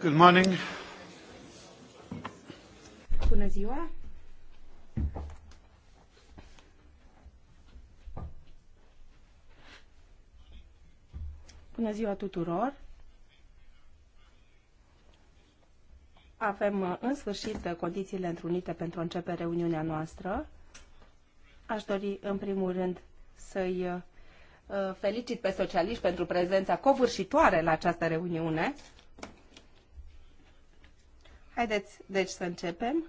Good morning. Bună ziua. Bună ziua tuturor. Avem uh, în sfârșit uh, condițiile întrunite pentru a începe reuniunea noastră. Aș dori în primul rând să-i uh, felicit pe socialiști pentru prezența covârșitoare la această reuniune. Haideți, deci, să începem.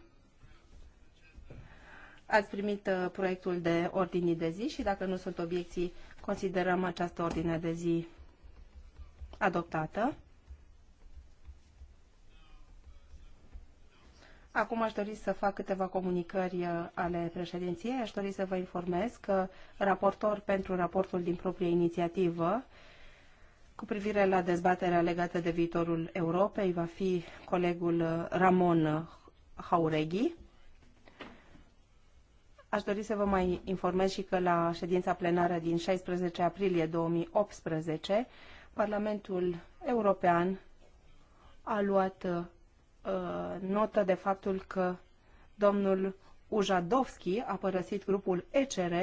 Ați primit uh, proiectul de ordini de zi și dacă nu sunt obiecții, considerăm această ordine de zi adoptată. Acum aș dori să fac câteva comunicări uh, ale președinției. Aș dori să vă informez că raportor pentru raportul din proprie inițiativă cu privire la dezbaterea legată de viitorul Europei va fi colegul uh, Ramon Haureghi. Aș dori să vă mai informez și că la ședința plenară din 16 aprilie 2018, Parlamentul European a luat uh, notă de faptul că domnul Ujadovski a părăsit grupul ECR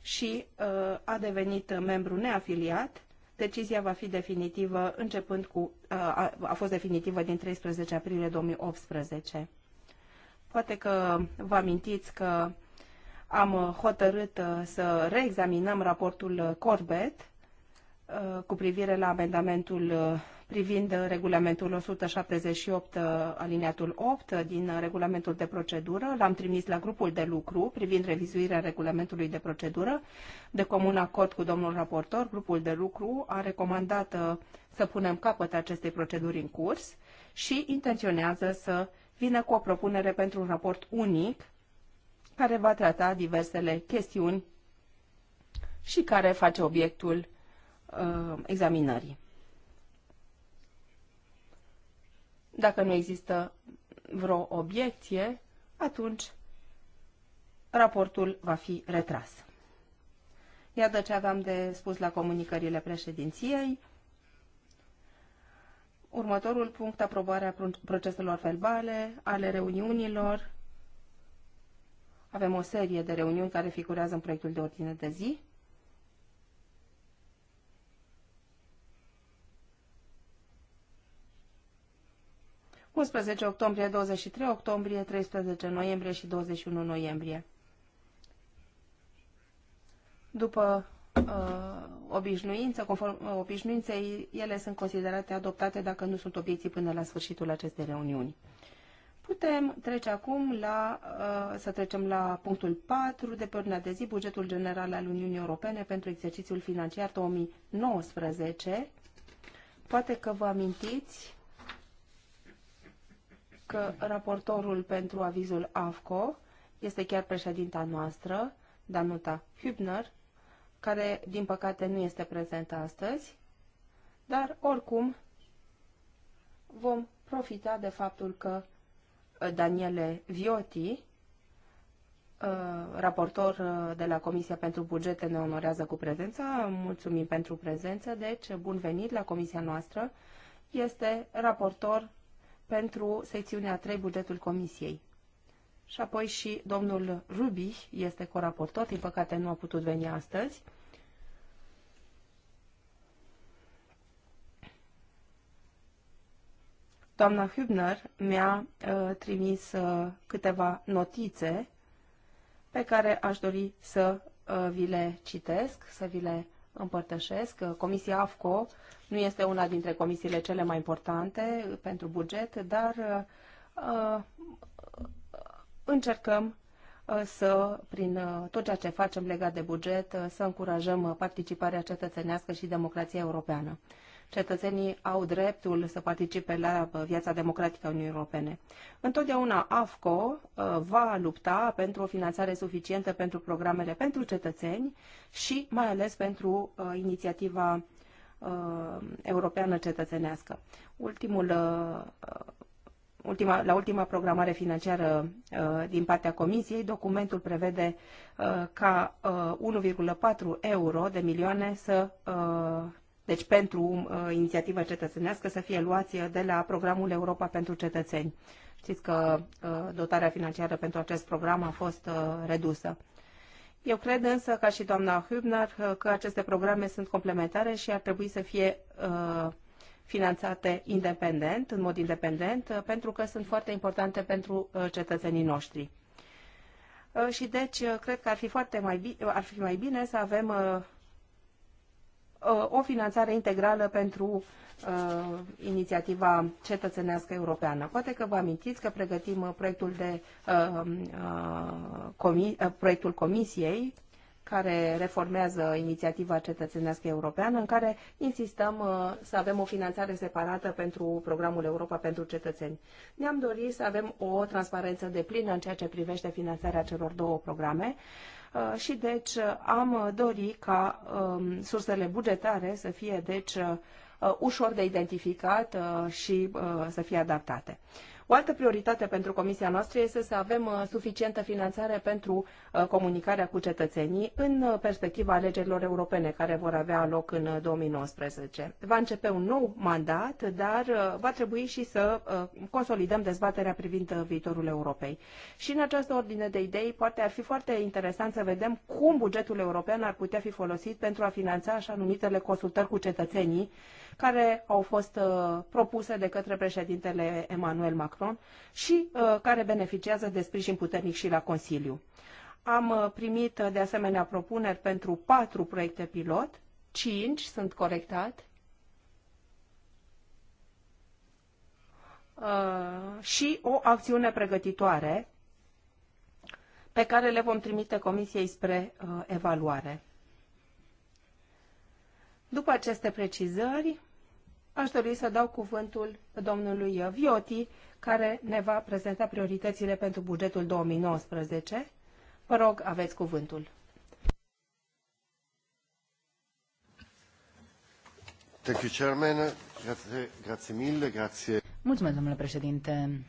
și uh, a devenit membru neafiliat Decizia va fi definitivă începând cu, a, a fost definitivă din 13 aprilie 2018. Poate că vă amintiți că am hotărât uh, să reexaminăm raportul Corbett uh, cu privire la amendamentul uh, privind regulamentul 178 uh, aliniatul 8 uh, din uh, regulamentul de procedură. L-am trimis la grupul de lucru privind revizuirea regulamentului de procedură. De comun acord cu domnul raportor, grupul de lucru a recomandat să punem capăt acestei proceduri în curs și intenționează să vină cu o propunere pentru un raport unic care va trata diversele chestiuni și care face obiectul uh, examinării. Dacă nu există vreo obiecție, atunci raportul va fi retras. Iată ce aveam de spus la comunicările președinției. Următorul punct, aprobarea proceselor verbale, ale reuniunilor. Avem o serie de reuniuni care figurează în proiectul de ordine de zi. 11 octombrie, 23 octombrie, 13 noiembrie și 21 noiembrie. După uh, obișnuință, conform uh, obișnuinței, ele sunt considerate adoptate dacă nu sunt obiecții până la sfârșitul acestei reuniuni. Putem trece acum la, uh, să trecem la punctul 4 de pe ordinea de zi, bugetul general al Uniunii Europene pentru exercițiul financiar 2019. Poate că vă amintiți că raportorul pentru avizul AFCO este chiar președinta noastră, Danuta Hübner, care, din păcate, nu este prezentă astăzi, dar, oricum, vom profita de faptul că uh, Daniele Vioti, uh, raportor uh, de la Comisia pentru Bugete, ne onorează cu prezența. Mulțumim pentru prezență, deci bun venit la comisia noastră. Este raportor pentru secțiunea 3, bugetul Comisiei. Și apoi și domnul Rubi este coraportor, din păcate nu a putut veni astăzi. Doamna Hübner mi-a uh, trimis uh, câteva notițe pe care aș dori să uh, vi le citesc, să vi le împărtășesc. Comisia AFCO nu este una dintre comisiile cele mai importante pentru buget, dar uh, încercăm uh, să, prin uh, tot ceea ce facem legat de buget, uh, să încurajăm participarea cetățenească și democrația europeană cetățenii au dreptul să participe la uh, viața democratică a Uniunii Europene. Întotdeauna AFCO uh, va lupta pentru o finanțare suficientă pentru programele pentru cetățeni și mai ales pentru uh, inițiativa europeană cetățenească. Ultimul ultima, la ultima programare financiară din partea Comisiei, documentul prevede ca 1,4 euro de milioane să deci pentru um, uh, inițiativă cetățenească, să fie luați de la programul Europa pentru cetățeni. Știți că uh, dotarea financiară pentru acest program a fost uh, redusă. Eu cred însă, ca și doamna Hübner, că aceste programe sunt complementare și ar trebui să fie finanțate independent, în mod independent, pentru că sunt foarte importante pentru cetățenii noștri. Și deci, cred că ar fi, foarte mai, ar fi mai bine să avem Uh, o finanțare integrală pentru uh, inițiativa cetățenească europeană. Poate că vă amintiți că pregătim uh, proiectul, de, uh, uh, comi uh, proiectul Comisiei care reformează inițiativa cetățenească europeană, în care insistăm să avem o finanțare separată pentru programul Europa pentru cetățeni. Ne-am dorit să avem o transparență de plină în ceea ce privește finanțarea celor două programe. Uh, Uh, și deci uh, am uh, dori ca um, sursele bugetare să fie deci ușor de identificat și să fie adaptate. O altă prioritate pentru comisia noastră este să avem uh, suficientă finanțare pentru uh, comunicarea cu cetățenii în uh, perspectiva alegerilor europene care vor avea loc în 2019. Va începe un nou mandat, dar va trebui și să consolidăm dezbaterea privind viitorul Europei. Și în această ordine de idei, poate ar fi foarte interesant să vedem cum bugetul european ar putea fi folosit pentru a finanța așa numitele consultări cu cetățenii, care au fost uh, propuse de către președintele Emmanuel Macron și uh, care beneficiază de sprijin puternic și la Consiliu. Am uh, primit de asemenea propuneri pentru patru proiecte pilot, cinci sunt corectate, și o acțiune pregătitoare pe care le vom trimite Comisiei spre evaluare. După aceste precizări, aș dori să dau cuvântul domnului Vioti, care ne va prezenta prioritățile pentru bugetul 2019. Vă rog, aveți cuvântul. Mulțumesc, domnule președinte.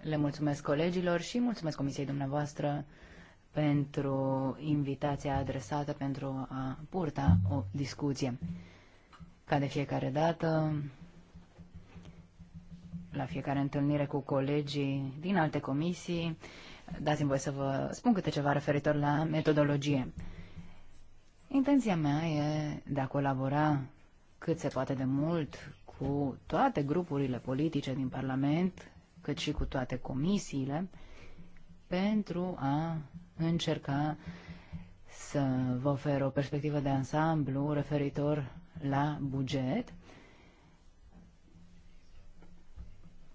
Le mulțumesc colegilor și mulțumesc comisiei dumneavoastră pentru invitația adresată pentru a purta o discuție. Ca de fiecare dată, la fiecare întâlnire cu colegii din alte comisii, dați-mi voi să vă spun câte ceva referitor la metodologie. Intenția mea e de a colabora cât se poate de mult cu toate grupurile politice din Parlament, cât și cu toate comisiile, pentru a încerca să vă ofer o perspectivă de ansamblu referitor la buget,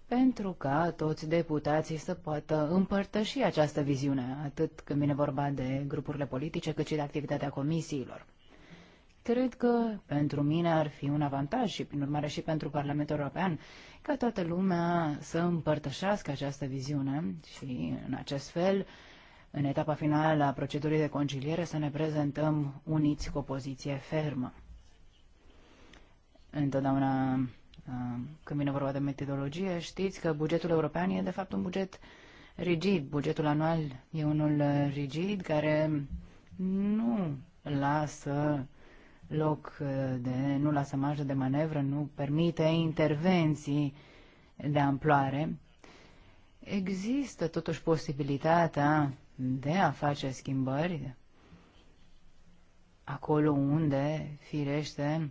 pentru ca toți deputații să poată împărtăși această viziune, atât când vine vorba de grupurile politice, cât și de activitatea comisiilor. Cred că pentru mine ar fi un avantaj și, prin urmare, și pentru Parlamentul European ca toată lumea să împărtășească această viziune și, în acest fel, în etapa finală a procedurii de conciliere, să ne prezentăm uniți cu o poziție fermă. Întotdeauna uh, când vine vorba de metodologie, știți că bugetul european e de fapt un buget rigid. Bugetul anual e unul uh, rigid care nu lasă loc uh, de, nu lasă marjă de manevră, nu permite intervenții de amploare. Există totuși posibilitatea de a face schimbări acolo unde, firește,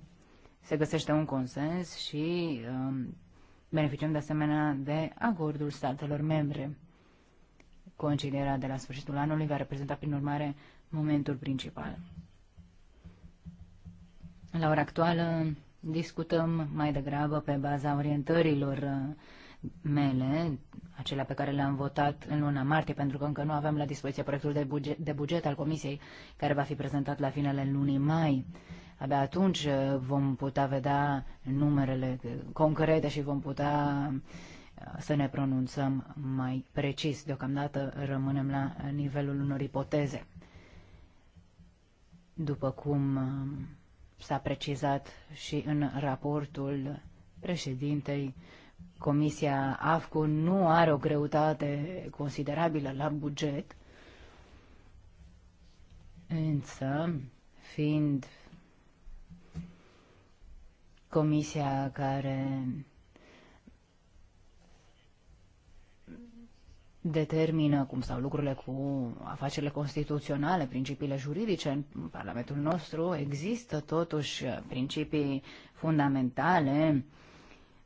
se găsește un consens și um, beneficiem de asemenea de acordul statelor membre. Concilierea de la sfârșitul anului va reprezenta, prin urmare, momentul principal. La ora actuală discutăm mai degrabă pe baza orientărilor uh, mele, acelea pe care le-am votat în luna martie, pentru că încă nu avem la dispoziție proiectul de buget, de buget al Comisiei, care va fi prezentat la finele lunii mai. Abia atunci uh, vom putea vedea numerele concrete și vom putea uh, să ne pronunțăm mai precis. Deocamdată rămânem la nivelul unor ipoteze. După cum um, s-a precizat și în raportul președintei, Comisia AFCO nu are o greutate considerabilă la buget, însă, fiind comisia care determină cum stau lucrurile cu afacerile constituționale, principiile juridice în Parlamentul nostru, există totuși principii fundamentale,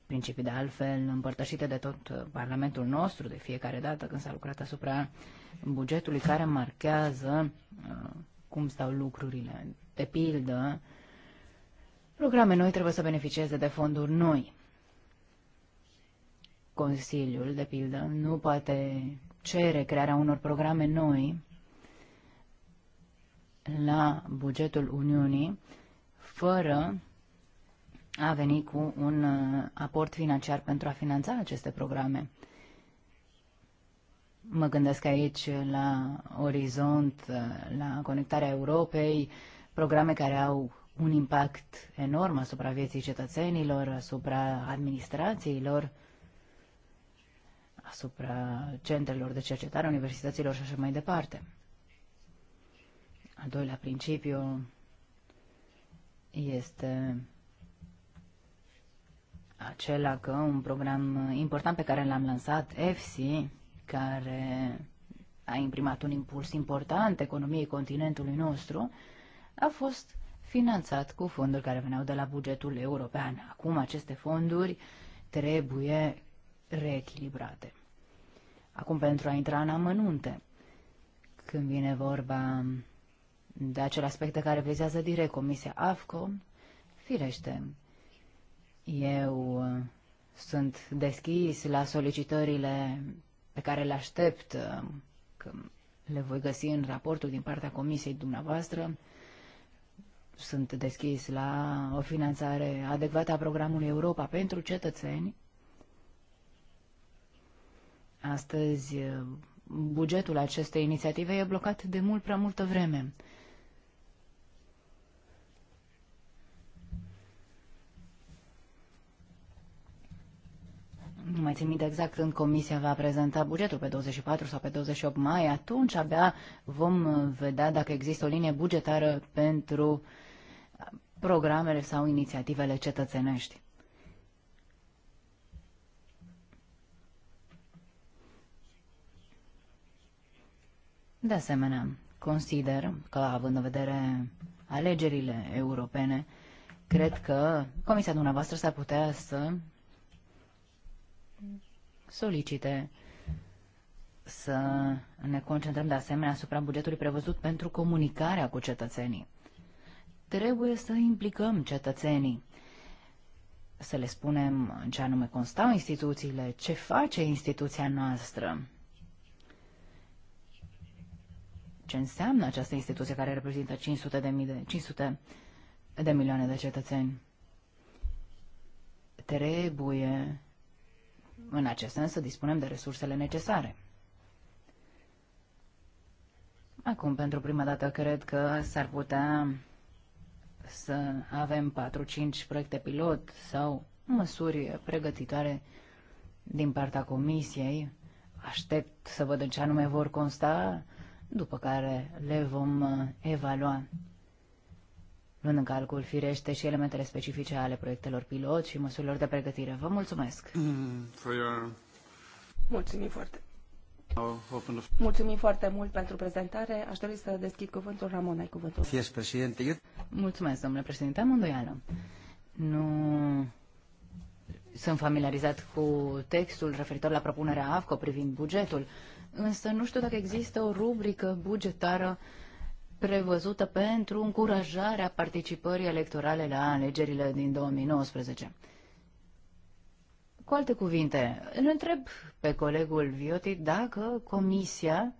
principii de altfel împărtășite de tot Parlamentul nostru, de fiecare dată când s-a lucrat asupra bugetului, care marchează uh, cum stau lucrurile. De pildă, uh, Programe noi trebuie să beneficieze de fonduri noi. Consiliul, de pildă, nu poate cere crearea unor programe noi la bugetul Uniunii fără a veni cu un uh, aport financiar pentru a finanța aceste programe. Mă gândesc aici la Orizont, uh, la Conectarea Europei, programe care au un impact enorm asupra vieții cetățenilor, asupra administrațiilor, asupra centrelor de cercetare, universităților și așa mai departe. Al doilea principiu este acela că un program important pe care l-am lansat, EFSI, care a imprimat un impuls important economiei continentului nostru, a fost finanțat cu fonduri care veneau de la bugetul european. Acum aceste fonduri trebuie reechilibrate. Acum pentru a intra în amănunte, când vine vorba de aspect de care vizează direct Comisia AFCO, firește, eu uh, sunt deschis la solicitările pe care le aștept, uh, că le voi găsi în raportul din partea Comisiei dumneavoastră, sunt deschis la o finanțare adecvată a programului Europa pentru cetățeni. Astăzi, bugetul acestei inițiative e blocat de mult prea multă vreme. Nu mai țin minte exact când comisia va prezenta bugetul, pe 24 sau pe 28 mai, atunci abia vom vedea dacă există o linie bugetară pentru programele sau inițiativele cetățenești. De asemenea, consider că, având în vedere alegerile europene, cred că Comisia dumneavoastră s-ar putea să solicite să ne concentrăm de asemenea asupra bugetului prevăzut pentru comunicarea cu cetățenii trebuie să implicăm cetățenii. Să le spunem în ce anume constau instituțiile, ce face instituția noastră, ce înseamnă această instituție care reprezintă 500 de, mii de, 500 de milioane de cetățeni. Trebuie, în acest sens, să dispunem de resursele necesare. Acum, pentru prima dată, cred că s-ar putea să avem 4-5 proiecte pilot sau măsuri pregătitoare din partea comisiei. Aștept să văd în ce anume vor consta, după care le vom uh, evalua. Luând în calcul firește și elementele specifice ale proiectelor pilot și măsurilor de pregătire. Vă mulțumesc! Mm, Mulțumim foarte! Mulțumim foarte mult pentru prezentare. Aș dori să deschid cuvântul. Ramon, ai cuvântul. Mulțumesc, președinte. Mulțumesc, domnule președinte. Am îndoială. Nu sunt familiarizat cu textul referitor la propunerea AFCO privind bugetul, însă nu știu dacă există o rubrică bugetară prevăzută pentru încurajarea participării electorale la alegerile din 2019. Cu alte cuvinte, îl întreb pe colegul Vioti dacă Comisia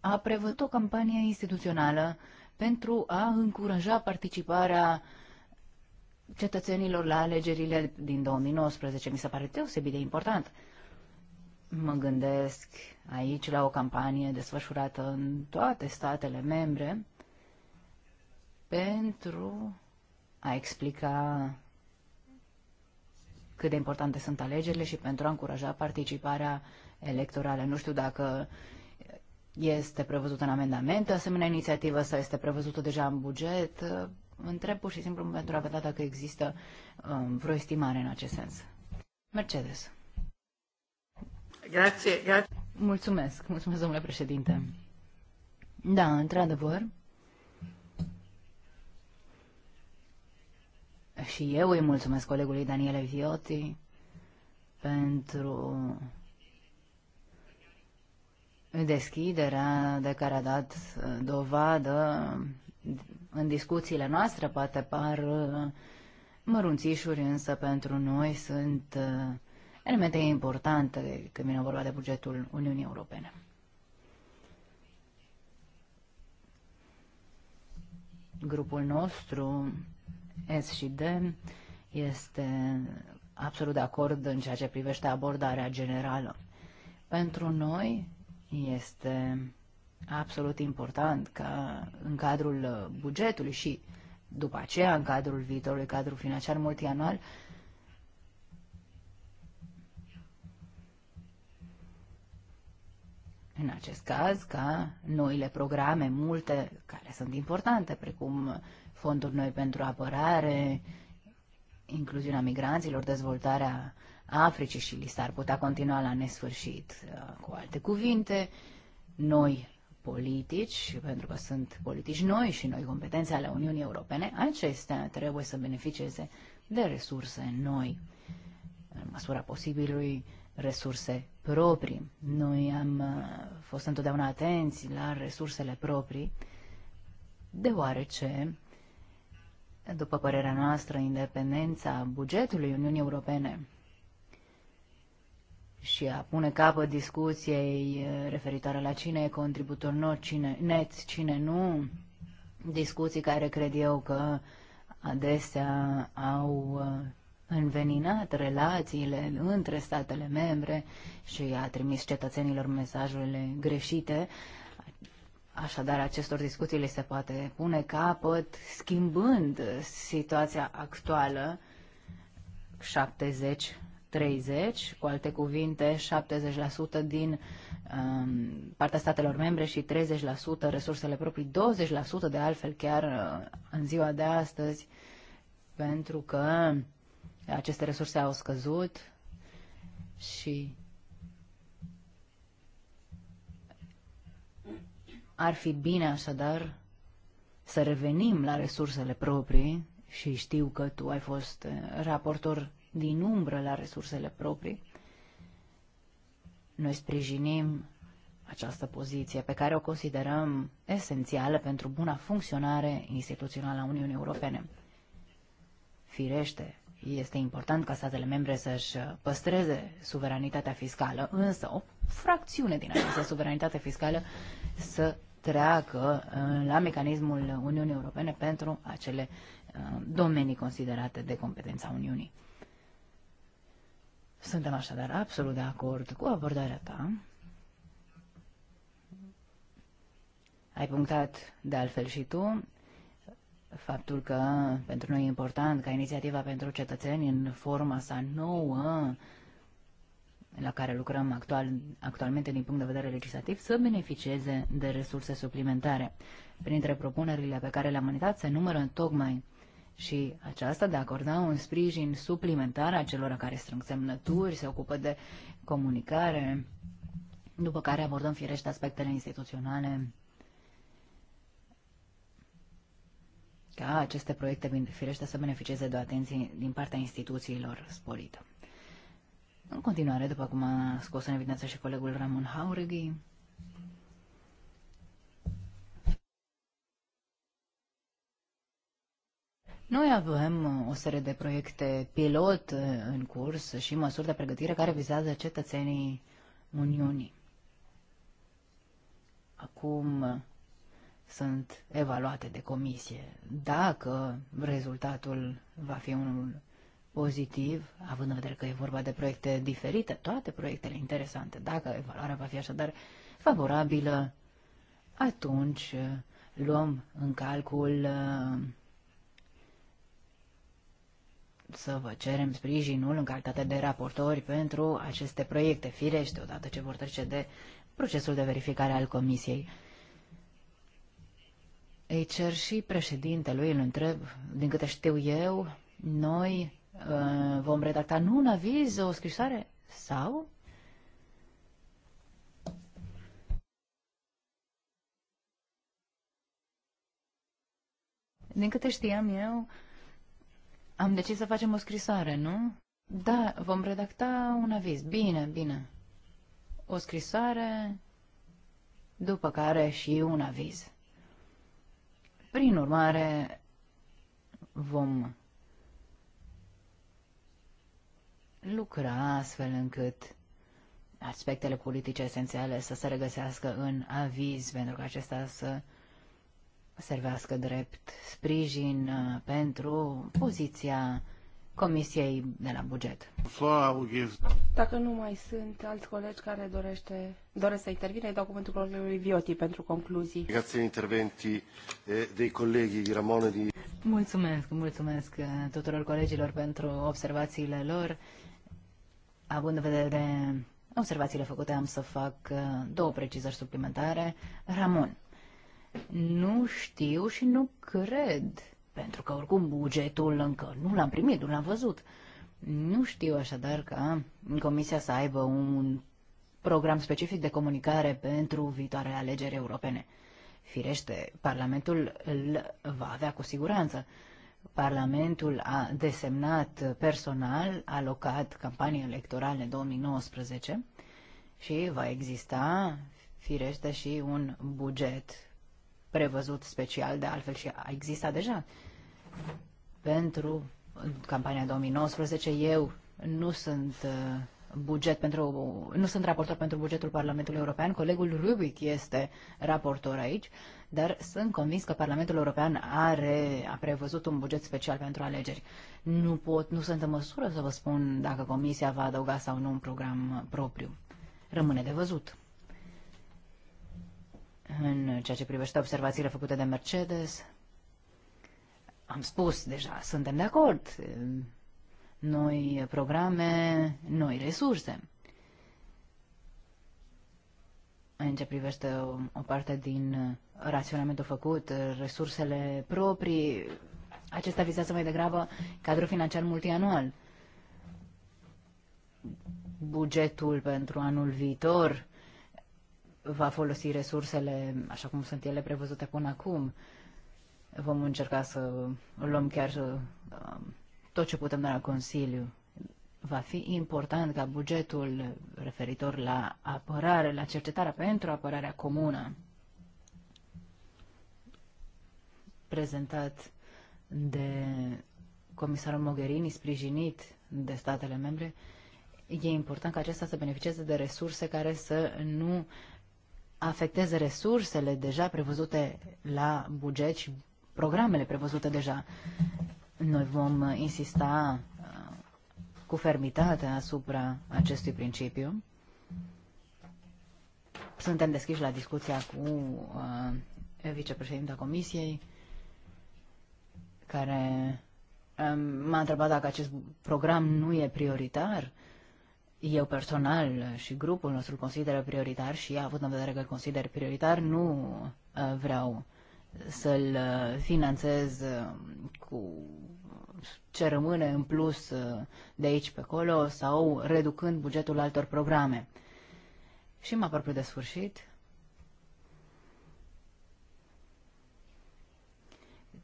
a prevăzut o campanie instituțională pentru a încuraja participarea cetățenilor la alegerile din 2019. Mi se pare deosebit de important. Mă gândesc aici la o campanie desfășurată în toate statele membre pentru a explica cât de importante sunt alegerile și pentru a încuraja participarea electorală. Nu știu dacă uh, este prevăzută în amendament. asemenea inițiativă sau este prevăzută deja în buget? Întreb pur și simplu pentru a vedea dacă există um, vreo estimare în acest sens. Mercedes. Grazie, grazie. Mulțumesc, mulțumesc, domnule președinte. Da, într-adevăr. Și eu îi mulțumesc colegului Daniele Vioti pentru deschiderea de care a dat uh, dovadă uh, în discuțiile noastre, poate par uh, mărunțișuri, însă pentru noi sunt elemente importante când vine vorba de bugetul Uniunii Europene. Grupul nostru, S și D, este absolut de acord în ceea ce privește abordarea generală. Pentru noi, este absolut important ca în cadrul bugetului și după aceea în cadrul viitorului cadru financiar multianual În acest caz, ca noile programe, multe care sunt importante, precum fonduri noi pentru apărare, incluziunea migranților, dezvoltarea uh, Africii și lista ar putea continua la nesfârșit. Uh, cu alte cuvinte, noi politici, pentru că sunt politici noi și noi competențe ale Uniunii Europene, acestea trebuie să beneficieze de resurse noi, în măsura posibilului resurse proprii. Noi am uh, fost întotdeauna atenți la resursele proprii, deoarece, după părerea noastră, independența bugetului Uniunii Europene și a pune capăt discuției uh, referitoare la cine e contributor nou, cine, net, cine nu, discuții care cred eu că adesea au uh, înveninat relațiile între statele membre și a trimis cetățenilor mesajele greșite. Așadar, acestor discuții le se poate pune capăt schimbând situația actuală 70 30, cu alte cuvinte 70% din um, partea statelor membre și 30% resursele proprii, 20% de altfel chiar uh, în ziua de astăzi, pentru că aceste resurse au scăzut și ar fi bine așadar să revenim la resursele proprii și știu că tu ai fost uh, raportor din umbră la resursele proprii. Noi sprijinim această poziție pe care o considerăm esențială pentru buna funcționare instituțională a Uniunii Europene. Firește, este important ca statele membre să-și păstreze suveranitatea fiscală, însă o fracțiune din această suveranitate fiscală să treacă uh, la mecanismul Uniunii Europene pentru acele uh, domenii considerate de competența Uniunii. Suntem așadar absolut de acord cu abordarea ta. Ai punctat de altfel și tu faptul că pentru noi e important ca inițiativa pentru cetățeni în forma sa nouă la care lucrăm actual, actualmente din punct de vedere legislativ să beneficieze de resurse suplimentare. Printre propunerile pe care le-am anunțat se numără tocmai uh, și aceasta de a acorda un sprijin suplimentar a celor care strâng semnături, se ocupă de comunicare, după care abordăm firește aspectele instituționale, ca aceste proiecte firește să beneficieze de o atenție din partea instituțiilor sporită. În continuare, după cum a scos în evidență și colegul Ramon Haurighi, Noi avem uh, o serie de proiecte pilot uh, în curs și măsuri de pregătire care vizează cetățenii Uniunii. Acum uh, sunt evaluate de comisie. Dacă rezultatul va fi unul pozitiv, având în vedere că e vorba de proiecte diferite, toate proiectele interesante, dacă evaluarea va fi așadar favorabilă, atunci luăm în calcul să vă cerem sprijinul în calitate de raportori pentru aceste proiecte, firește, odată ce vor trece de procesul de verificare al Comisiei. Ei cer și președintelui, îl întreb, din câte știu eu, noi uh, vom redacta nu un aviz, o scrisoare sau Din câte știam eu, am decis să facem o scrisoare, nu? Da, vom redacta un aviz. Bine, bine. O scrisoare, după care și un aviz. Prin urmare, vom lucra astfel încât aspectele politice esențiale să se regăsească în aviz, pentru că acesta să servească drept sprijin uh, pentru poziția Comisiei de la buget. Dacă nu mai sunt alți colegi care dorește, doresc să intervine, îi dau cuvântul colegului Vioti pentru concluzii. Grazie interventi eh, dei colegi Ramone di... Mulțumesc, mulțumesc eh, tuturor colegilor pentru observațiile lor. Având în vedere observațiile făcute, am să fac eh, două precizări suplimentare. Ramon, nu știu și nu cred, pentru că oricum bugetul încă nu l-am primit, nu l-am văzut. Nu știu așadar că Comisia să aibă un program specific de comunicare pentru viitoarele alegeri europene. Firește, Parlamentul îl va avea cu siguranță. Parlamentul a desemnat personal, a alocat campanii electorale 2019 și va exista, firește, și un buget prevăzut special, de altfel și a existat deja. Pentru campania 2019 eu nu sunt uh, buget pentru, nu sunt raportor pentru bugetul Parlamentului European, colegul Rubic este raportor aici, dar sunt convins că Parlamentul European are, a prevăzut un buget special pentru alegeri. Nu pot, nu sunt în măsură să vă spun dacă Comisia va adăuga sau nu un program propriu. Rămâne de văzut. În ceea ce privește observațiile făcute de Mercedes, am spus deja, suntem de acord. Noi programe, noi resurse. În ce privește o, o parte din raționamentul făcut, resursele proprii, acesta vizează mai degrabă cadrul financiar multianual. Bugetul pentru anul viitor va folosi resursele așa cum sunt ele prevăzute până acum. Vom încerca să luăm chiar uh, um, tot ce putem de la Consiliu. Va fi important ca bugetul referitor la apărare, la cercetarea pentru apărarea comună, prezentat de comisarul Mogherini, sprijinit de statele membre, e important ca acesta să beneficieze de resurse care să nu afecteze resursele deja prevăzute la buget și programele prevăzute deja. Noi vom insista uh, cu fermitate asupra acestui principiu. Suntem deschiși la discuția cu uh, vicepreședinta Comisiei, care um, m-a întrebat dacă acest program nu e prioritar uh, eu personal și grupul nostru consideră prioritar și având în vedere că îl consider prioritar, nu uh, vreau să-l uh, finanțez uh, cu ce rămâne în plus de aici pe acolo sau reducând bugetul altor programe. Și mă apropiu de sfârșit.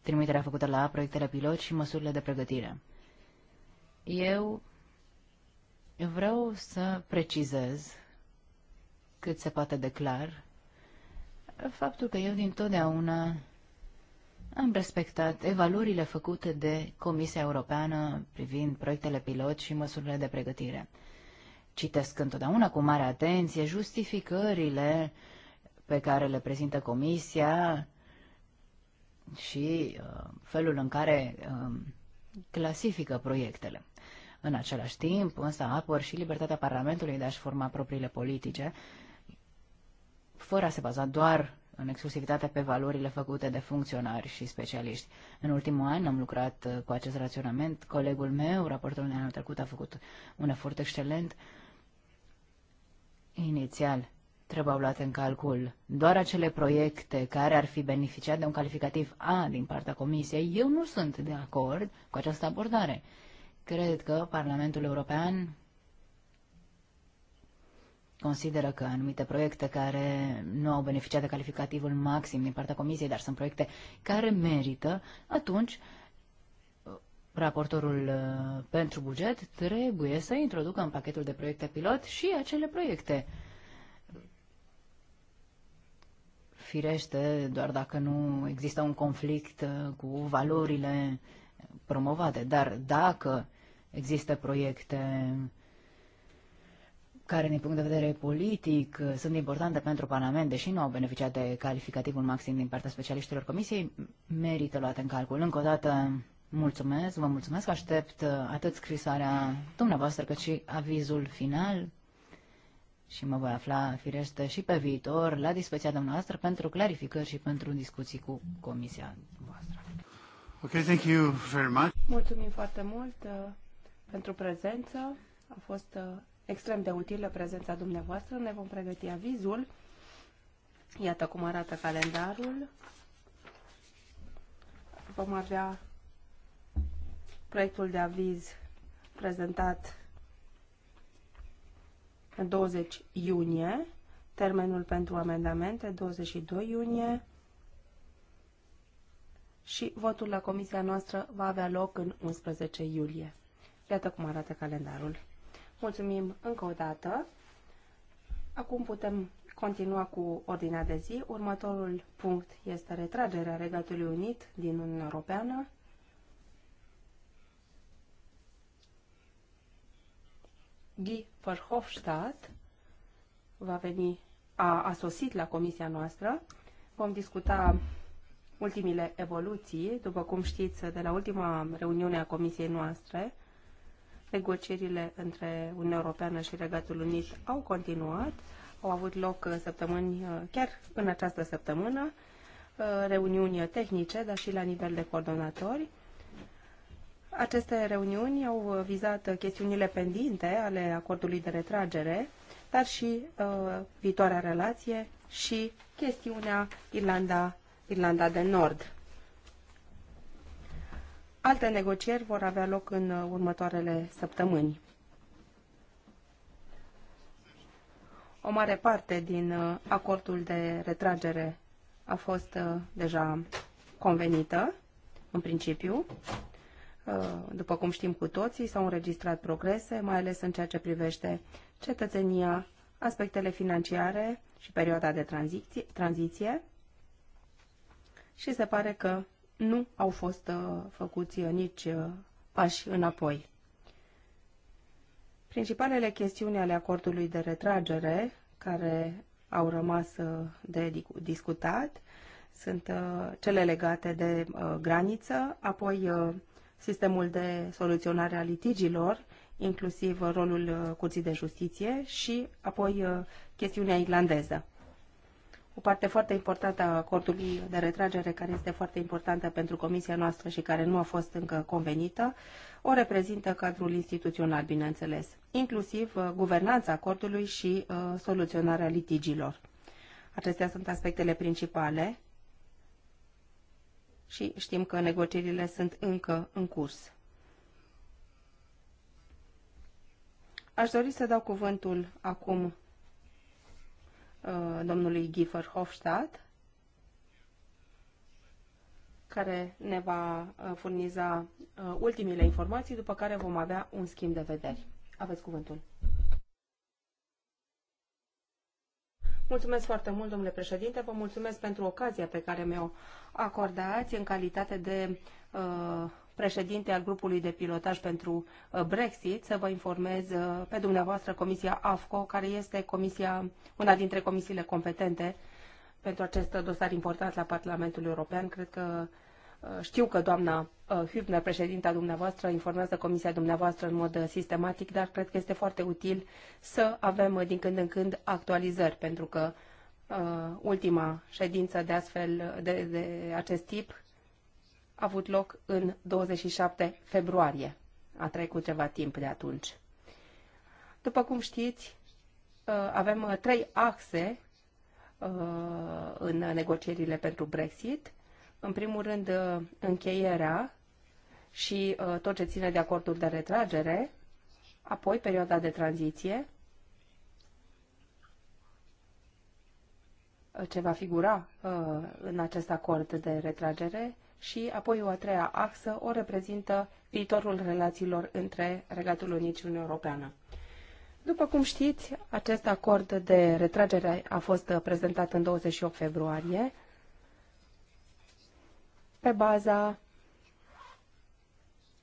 Trimiterea făcută la proiectele pilot și măsurile de pregătire. Eu Vreau să precizez cât se poate de clar faptul că eu dintotdeauna am respectat evaluările făcute de Comisia Europeană privind proiectele pilot și măsurile de pregătire. Citesc întotdeauna cu mare atenție justificările pe care le prezintă Comisia și uh, felul în care uh, clasifică proiectele. În același timp, însă, apăr și libertatea Parlamentului de a-și forma propriile politice, fără a se baza doar în exclusivitate pe valorile făcute de funcționari și specialiști. În ultimul an am lucrat uh, cu acest raționament. Colegul meu, raportorul de anul trecut, a făcut un efort excelent. Inițial, trebuiau luate în calcul doar acele proiecte care ar fi beneficiat de un calificativ A din partea Comisiei. Eu nu sunt de acord cu această abordare. Cred că Parlamentul European consideră că anumite proiecte care nu au beneficiat de calificativul maxim din partea Comisiei, dar sunt proiecte care merită, atunci raportorul uh, pentru buget trebuie să introducă în pachetul de proiecte pilot și acele proiecte. Firește, doar dacă nu există un conflict uh, cu valorile promovate, dar dacă Există proiecte care, din punct de vedere politic, sunt importante pentru Parlament, deși nu au beneficiat de calificativul maxim din partea specialiștilor Comisiei, merită luate în calcul. Încă o dată, mulțumesc, vă mulțumesc, aștept uh, atât scrisarea dumneavoastră cât și avizul final și mă voi afla, firește, și pe viitor la dispoziția dumneavoastră pentru clarificări și pentru discuții cu Comisia voastră. Okay, thank you very much. Mulțumim foarte mult pentru prezență. A fost uh, extrem de utilă prezența dumneavoastră. Ne vom pregăti avizul. Iată cum arată calendarul. Vom avea proiectul de aviz prezentat în 20 iunie, termenul pentru amendamente 22 iunie și votul la comisia noastră va avea loc în 11 iulie. Iată cum arată calendarul. Mulțumim încă o dată. Acum putem continua cu ordinea de zi. Următorul punct este retragerea Regatului Unit din Uniunea Europeană. Guy Verhofstadt va veni, a, a sosit la comisia noastră. Vom discuta ultimile evoluții, după cum știți, de la ultima reuniune a comisiei noastre, Negocierile între Uniunea Europeană și Regatul Unit au continuat, au avut loc uh, săptămâni, uh, chiar în această săptămână, uh, reuniuni tehnice, dar și la nivel de coordonatori. Aceste reuniuni au vizat chestiunile pendinte ale acordului de retragere, dar și uh, viitoarea relație și chestiunea Irlanda, Irlanda de Nord. Alte negocieri vor avea loc în uh, următoarele săptămâni. O mare parte din uh, acordul de retragere a fost uh, deja convenită, în principiu. După cum știm cu toții, s-au înregistrat progrese, mai ales în ceea ce privește cetățenia, aspectele financiare și perioada de tranziție, și se pare că nu au fost uh, făcuți uh, nici uh, pași înapoi. Principalele chestiuni ale acordului de retragere care au rămas de discutat sunt cele legate de graniță, apoi sistemul de soluționare a litigilor, inclusiv rolul Curții de Justiție și apoi chestiunea irlandeză o parte foarte importantă a acordului de retragere, care este foarte importantă pentru comisia noastră și care nu a fost încă convenită, o reprezintă cadrul instituțional, bineînțeles, inclusiv uh, guvernanța acordului și uh, soluționarea litigilor. Acestea sunt aspectele principale și știm că negocierile sunt încă în curs. Aș dori să dau cuvântul acum Uh, domnului Giefer Hofstadt, care ne va uh, furniza uh, ultimile informații, după care vom avea un schimb de vederi. Aveți cuvântul. Mulțumesc foarte mult, domnule președinte. Vă mulțumesc pentru ocazia pe care mi-o acordați în calitate de uh, președinte al grupului de pilotaj pentru uh, Brexit, să vă informez uh, pe dumneavoastră Comisia AFCO, care este comisia, una dintre comisiile competente pentru acest dosar important la Parlamentul European. Cred că uh, știu că doamna Hübner, președinta dumneavoastră, informează comisia dumneavoastră în mod sistematic, dar cred că este foarte util să avem din când în când actualizări, pentru că ultima ședință de astfel de, de acest tip avut loc în 27 februarie. A trecut ceva timp de atunci. După cum știți, uh, avem uh, trei axe uh, în negocierile pentru Brexit. În primul rând, încheierea și tot ce ține de acordul de retragere, apoi perioada de tranziție, ce va figura în acest acord de retragere, și apoi o a treia axă o reprezintă viitorul relațiilor între Regatul Unit și Uniunea Europeană. După cum știți, acest acord de retragere a fost prezentat în 28 februarie pe baza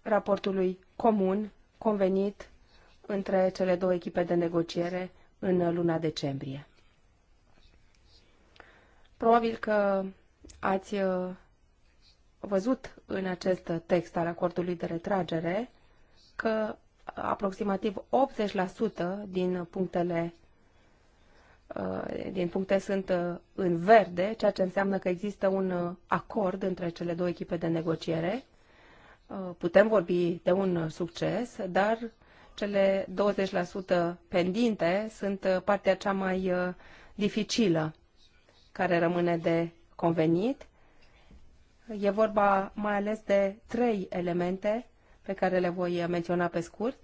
raportului comun convenit între cele două echipe de negociere în luna decembrie. Probabil că ați văzut în acest text al acordului de retragere că aproximativ 80% din punctele uh, din puncte sunt uh, în verde, ceea ce înseamnă că există un uh, acord între cele două echipe de negociere. Putem vorbi de un succes, dar cele 20% pendinte sunt partea cea mai dificilă care rămâne de convenit E vorba mai ales de trei elemente pe care le voi menționa pe scurt.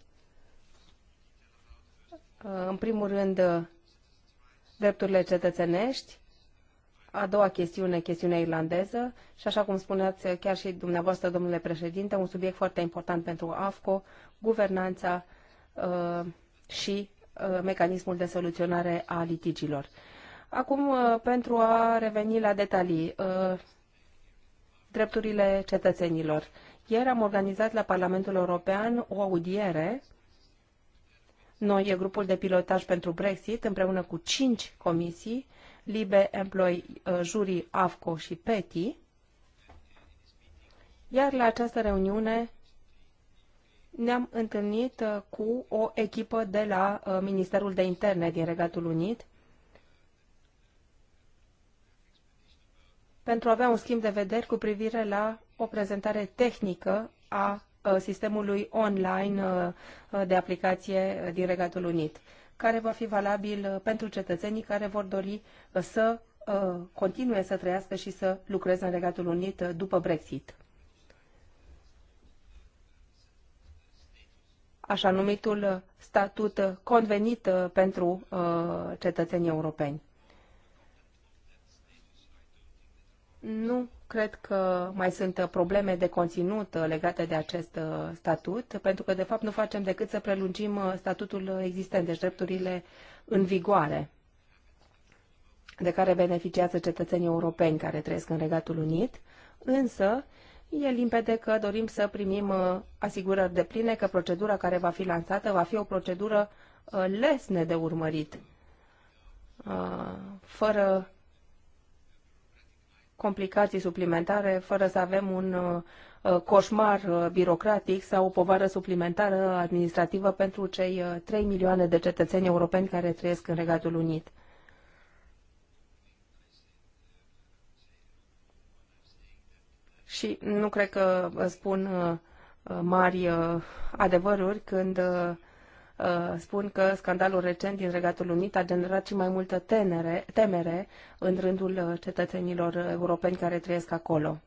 În primul rând, drepturile cetățenești, a doua chestiune, chestiunea irlandeză și așa cum spuneați chiar și dumneavoastră, domnule președinte, un subiect foarte important pentru AFCO, guvernanța uh, și uh, mecanismul de soluționare a litigilor. Acum, uh, pentru a reveni la detalii, drepturile cetățenilor. Ieri am organizat la Parlamentul European o audiere. Noi e grupul de pilotaj pentru Brexit împreună cu cinci comisii, Libe, Employ, uh, jury, AFCO și PETI. Iar la această reuniune ne-am întâlnit uh, cu o echipă de la uh, Ministerul de Interne din Regatul Unit pentru a avea un schimb de vederi cu privire la o prezentare tehnică a uh, sistemului online uh, uh, de aplicație din Regatul Unit, care va fi valabil pentru cetățenii care vor dori să continue să trăiască și să lucreze în Regatul Unit după Brexit. Așa numitul statut convenit pentru cetățenii europeni. Nu cred că mai sunt probleme de conținut uh, legate de acest uh, statut, pentru că, de fapt, nu facem decât să prelungim uh, statutul existent, deci drepturile în vigoare de care beneficiază cetățenii europeni care trăiesc în Regatul Unit, însă e limpede că dorim să primim asigurări de pline că procedura care va fi lansată va fi o procedură lesne de urmărit, fără complicații suplimentare fără să avem un uh, coșmar uh, birocratic sau o povară suplimentară administrativă pentru cei 3 uh, milioane de cetățeni europeni care trăiesc în Regatul Unit. Și nu cred că spun mari adevăruri când Uh, spun că scandalul recent din Regatul Unit a generat și mai multă tenere, temere în rândul uh, cetățenilor europeni care trăiesc acolo.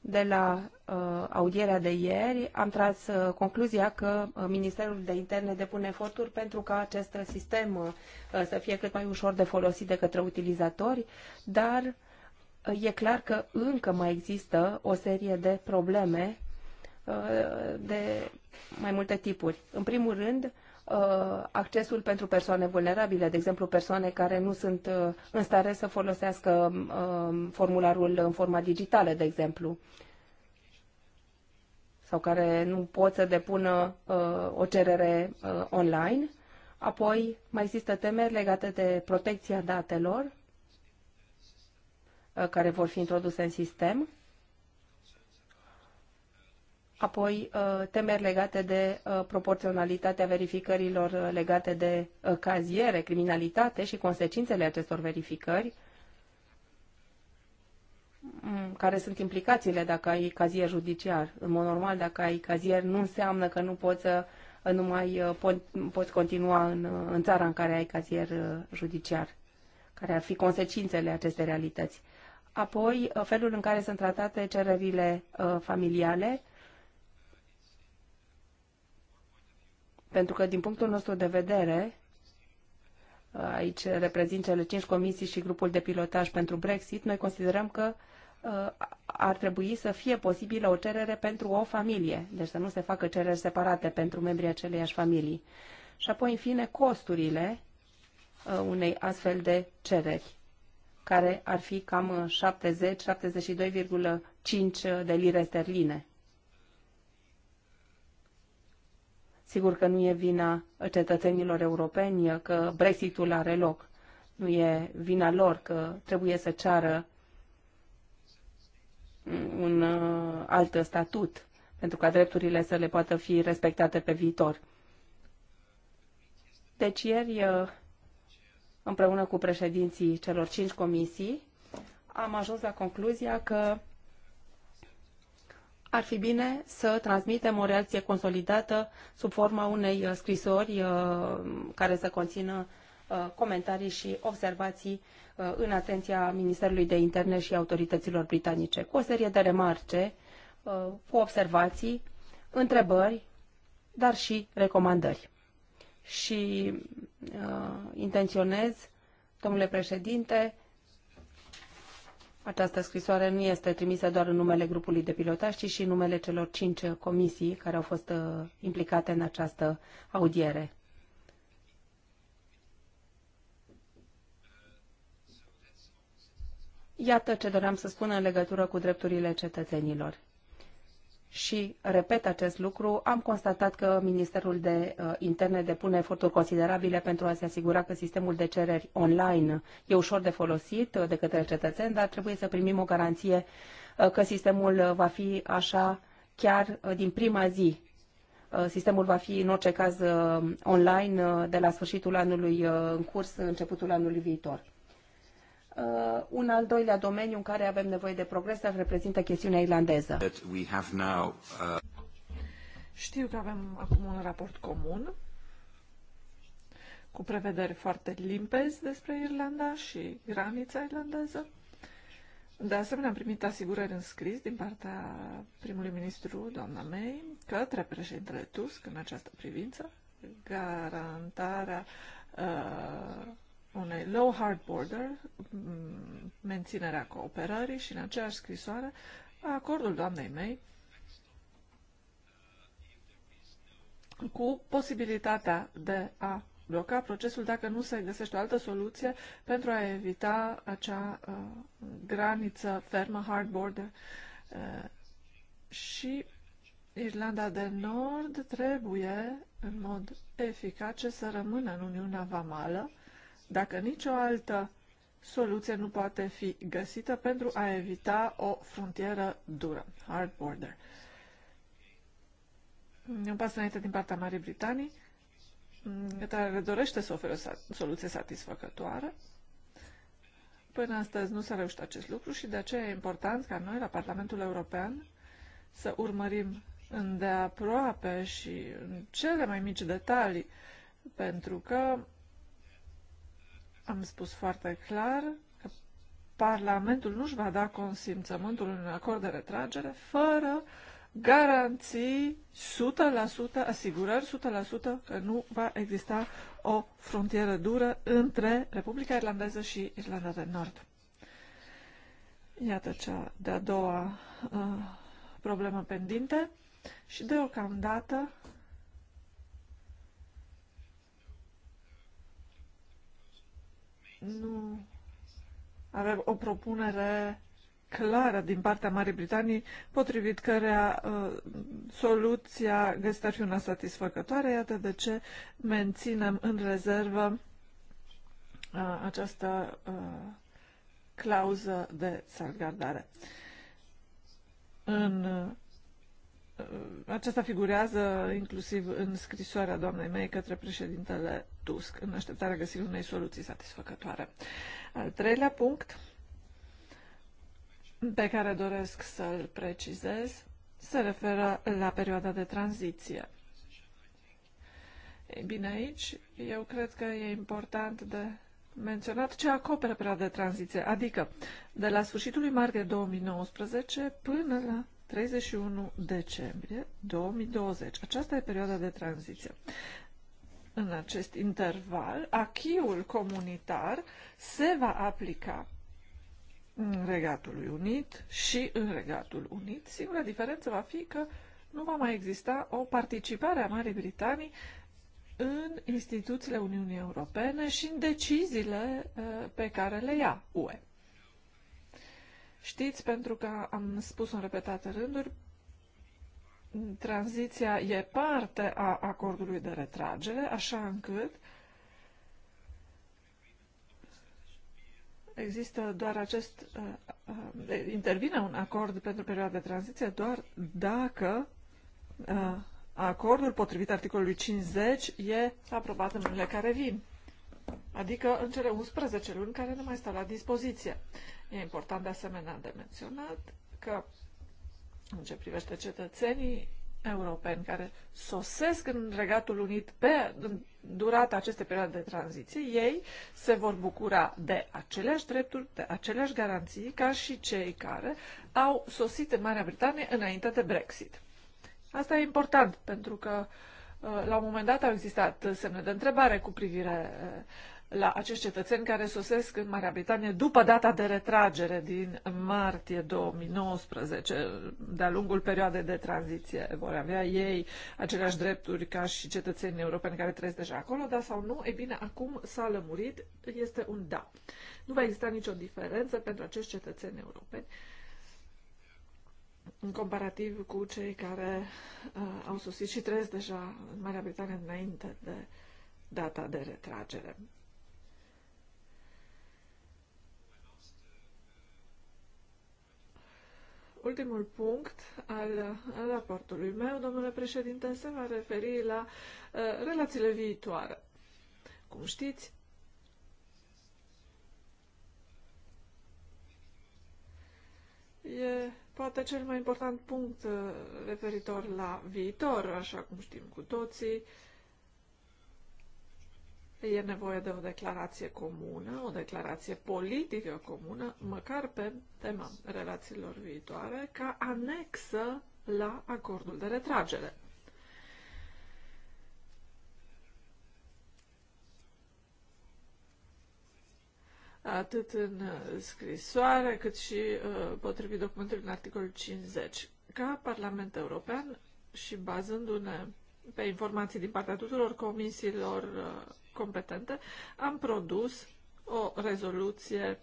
De la uh, audierea de ieri am tras uh, concluzia că uh, Ministerul de Interne depune eforturi pentru ca acest sistem uh, să fie cât mai ușor de folosit de către utilizatori, dar uh, e clar că încă mai există o serie de probleme Uh, de mai multe tipuri. În primul rând, uh, accesul pentru persoane vulnerabile, de exemplu persoane care nu sunt uh, în stare să folosească formularul în forma digitală, de exemplu, sau care nu pot să depună o cerere online. Apoi mai există temeri legate de protecția datelor care vor fi introduse în sistem Apoi, uh, temeri legate de uh, proporționalitatea verificărilor uh, legate de caziere, criminalitate și consecințele acestor verificări, mm, care sunt implicațiile dacă ai cazier judiciar. În mod normal, dacă ai cazier, nu înseamnă că nu poți să nu mai poți continua în, în țara în care ai cazier judiciar, care ar fi consecințele acestei realități. Apoi, felul în care sunt tratate cererile familiale, Pentru că, din punctul nostru de vedere, aici reprezint cele cinci comisii și grupul de pilotaj pentru Brexit, noi considerăm că uh, ar trebui să fie posibilă o cerere pentru o familie, deci să nu se facă cereri separate pentru membrii aceleiași familii. Și apoi, în fine, costurile uh, unei astfel de cereri, care ar fi cam 70-72,5 uh, de lire sterline. Sigur că nu e vina cetățenilor europeni că Brexitul are loc. Nu e vina lor că trebuie să ceară un uh, alt statut pentru ca drepturile să le poată fi respectate pe viitor. Deci ieri, uh, împreună cu președinții celor cinci comisii, am ajuns la concluzia că ar fi bine să transmitem o reacție consolidată sub forma unei uh, scrisori uh, care să conțină uh, comentarii și observații în atenția Ministerului de Interne și autorităților britanice, cu o serie de remarce, cu observații, întrebări, dar și recomandări. Și intenționez, domnule președinte, această scrisoare nu este trimisă doar în numele grupului de pilotaj, ci și în numele celor cinci comisii care au fost uh, implicate în această audiere. Iată ce doream să spun în legătură cu drepturile cetățenilor și repet acest lucru, am constatat că Ministerul de uh, Interne depune eforturi considerabile pentru a se asigura că sistemul de cereri online e ușor de folosit uh, de către cetățeni, dar trebuie să primim o garanție uh, că sistemul va fi așa chiar din prima zi. Sistemul va fi în orice caz online de la sfârșitul anului în curs, începutul anului viitor. Uh, un al doilea domeniu în care avem nevoie de progres ar reprezintă chestiunea irlandeză. Now, uh... Știu că avem acum un raport comun cu prevederi foarte limpezi despre Irlanda și granița irlandeză. De asemenea, am primit asigurări în scris din partea primului ministru, doamna May, către președintele Tusk în această privință, garantarea uh, unei low hard border, mm, menținerea cooperării și în aceeași scrisoare a acordul doamnei mei cu posibilitatea de a bloca procesul dacă nu se găsește o altă soluție pentru a evita acea uh, graniță fermă, hard border. Uh, și Irlanda de Nord trebuie în mod eficace să rămână în Uniunea Vamală dacă nicio altă soluție nu poate fi găsită pentru a evita o frontieră dură, hard border. ne un pas înainte din partea Marii Britanii, care dorește să ofere o soluție satisfăcătoare. Până astăzi nu s-a reușit acest lucru și de aceea e important ca noi, la Parlamentul European, să urmărim îndeaproape și în cele mai mici detalii, pentru că am spus foarte clar că Parlamentul nu-și va da consimțământul în acord de retragere fără garanții 100%, asigurări 100% că nu va exista o frontieră dură între Republica Irlandeză și Irlanda de Nord. Iată cea de-a doua uh, problemă pendinte și deocamdată nu avem o propunere clară din partea Marii Britanii, potrivit cărea uh, soluția găsită ar fi una satisfăcătoare. Iată de ce menținem în rezervă uh, această uh, clauză de salvgardare. În Uh, aceasta figurează inclusiv în scrisoarea doamnei mei către președintele Tusk, în așteptarea găsirii unei soluții satisfăcătoare. Al treilea punct pe care doresc să-l precizez se referă la perioada de tranziție. Ei bine, aici eu cred că e important de menționat ce acoperă perioada de tranziție, adică de la sfârșitul lui martie 2019 până la 31 decembrie 2020. Aceasta e perioada de tranziție. În acest interval, achiul comunitar se va aplica în regatul Unit și în Regatul Unit. Singura diferență va fi că nu va mai exista o participare a Marii Britanii în instituțiile Uniunii Europene și în deciziile uh, pe care le ia UE. Știți, pentru că am spus în repetate rânduri, tranziția e parte a acordului de retragere, așa încât există doar acest, uh, uh, intervine un acord pentru perioada de tranziție doar dacă uh, acordul potrivit articolului 50 e aprobat în lunile care vin adică în cele 11 luni care nu mai stau la dispoziție. E important de asemenea de menționat că în ce privește cetățenii europeni care sosesc în Regatul Unit pe durata acestei perioade de tranziție, ei se vor bucura de aceleași drepturi, de aceleași garanții ca și cei care au sosit în Marea Britanie înainte de Brexit. Asta e important pentru că uh, Uh, la un moment dat au existat semne de întrebare cu privire uh, la acești cetățeni care sosesc în Marea Britanie după data de retragere din martie 2019, de-a lungul perioadei de tranziție. Vor avea ei aceleași drepturi ca și cetățenii europeni care trăiesc deja acolo, dar sau nu? E bine, acum s-a lămurit, este un da. Nu va exista nicio diferență pentru acești cetățeni europeni în comparativ cu cei care uh, au susținut și trăiesc deja în Marea Britanie înainte de data de retragere. Ultimul punct al, al raportului meu, domnule președinte, se va referi la uh, relațiile viitoare. Cum știți, e Poate cel mai important punct uh, referitor la viitor, așa cum știm cu toții, e nevoie de o declarație comună, o declarație politică comună, măcar pe tema relațiilor viitoare, ca anexă la acordul de retragere. atât în uh, scrisoare, cât și uh, potrivit documentului în articolul 50. Ca Parlament European și bazându-ne pe informații din partea tuturor comisiilor uh, competente, am produs o rezoluție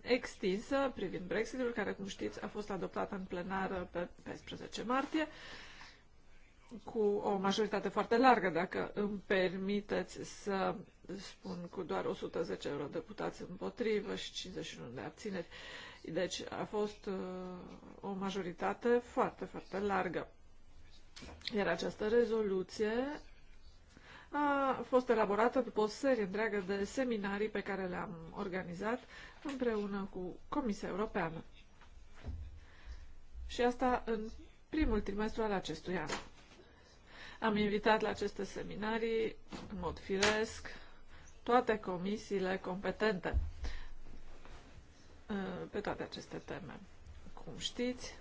extinsă privind Brexitul, care, cum știți, a fost adoptată în plenară pe 14 martie, cu o majoritate foarte largă, dacă îmi permiteți să spun cu doar 110 euro deputați împotrivă și 51 de abțineri. Deci a fost uh, o majoritate foarte, foarte largă. Iar această rezoluție a fost elaborată după o serie întreagă de seminarii pe care le-am organizat împreună cu Comisia Europeană. Și asta în primul trimestru al acestui an. Am invitat la aceste seminarii, în mod firesc, toate comisiile competente uh, pe toate aceste teme. Cum știți,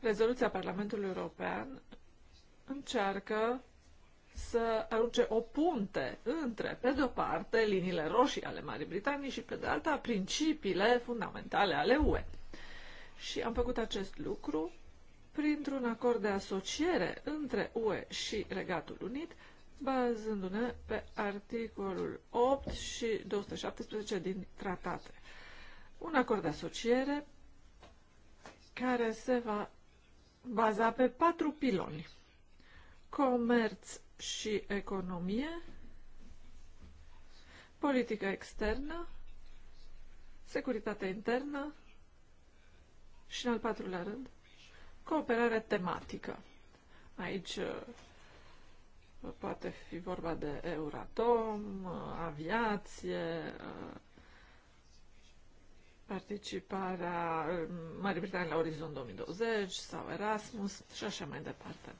rezoluția Parlamentului European încearcă să arunce o punte între, pe de-o parte, liniile roșii ale Marii Britanii și, pe de alta, principiile fundamentale ale UE. Și am făcut acest lucru printr-un acord de asociere între UE și Regatul Unit, bazându-ne pe articolul 8 și 217 din tratate. Un acord de asociere care se va baza pe patru piloni. Comerț și economie, politică externă, securitate internă și, în al patrulea rând, cooperare tematică. Aici Poate fi vorba de Euratom, aviație, participarea Marii Britanii la Orizon 2020 sau Erasmus și așa mai departe.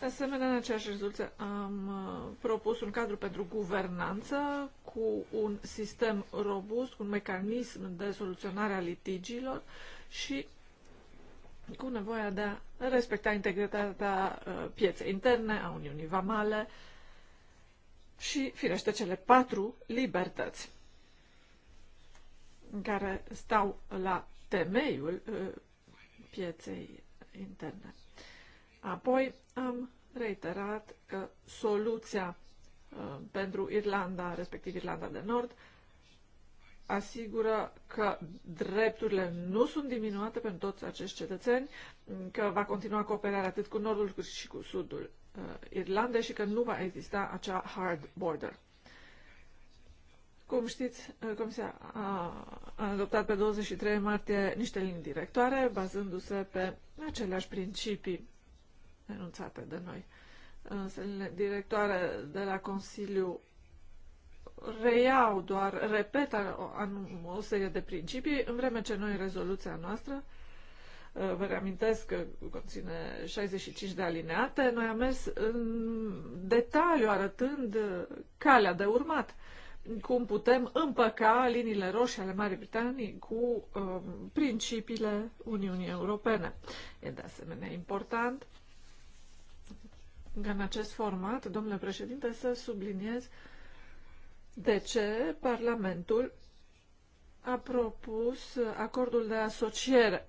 De asemenea, în aceeași rezultă am uh, propus un cadru pentru guvernanță cu un sistem robust, cu un mecanism de soluționare a litigiilor și cu nevoia de a respecta integritatea uh, pieței interne, a Uniunii Vamale și, firește, cele patru libertăți care stau la temeiul uh, pieței interne. Apoi am reiterat că soluția uh, pentru Irlanda, respectiv Irlanda de Nord, asigură că drepturile nu sunt diminuate pentru toți acești cetățeni, că va continua cooperarea atât cu Nordul cât și cu Sudul uh, Irlandei și că nu va exista acea hard border. Cum știți, uh, Comisia a adoptat pe 23 martie niște linii directoare, bazându-se pe aceleași principii enunțate de noi. Însă, uh, directoare de la Consiliu reiau doar, repet o serie de principii, în vreme ce noi rezoluția noastră vă reamintesc că conține 65 de alineate, noi am mers în detaliu arătând calea de urmat, cum putem împăca liniile roșii ale Marii Britanii cu um, principiile Uniunii Europene. E de asemenea important că în acest format, domnule președinte, să subliniez de ce Parlamentul a propus acordul de asociere.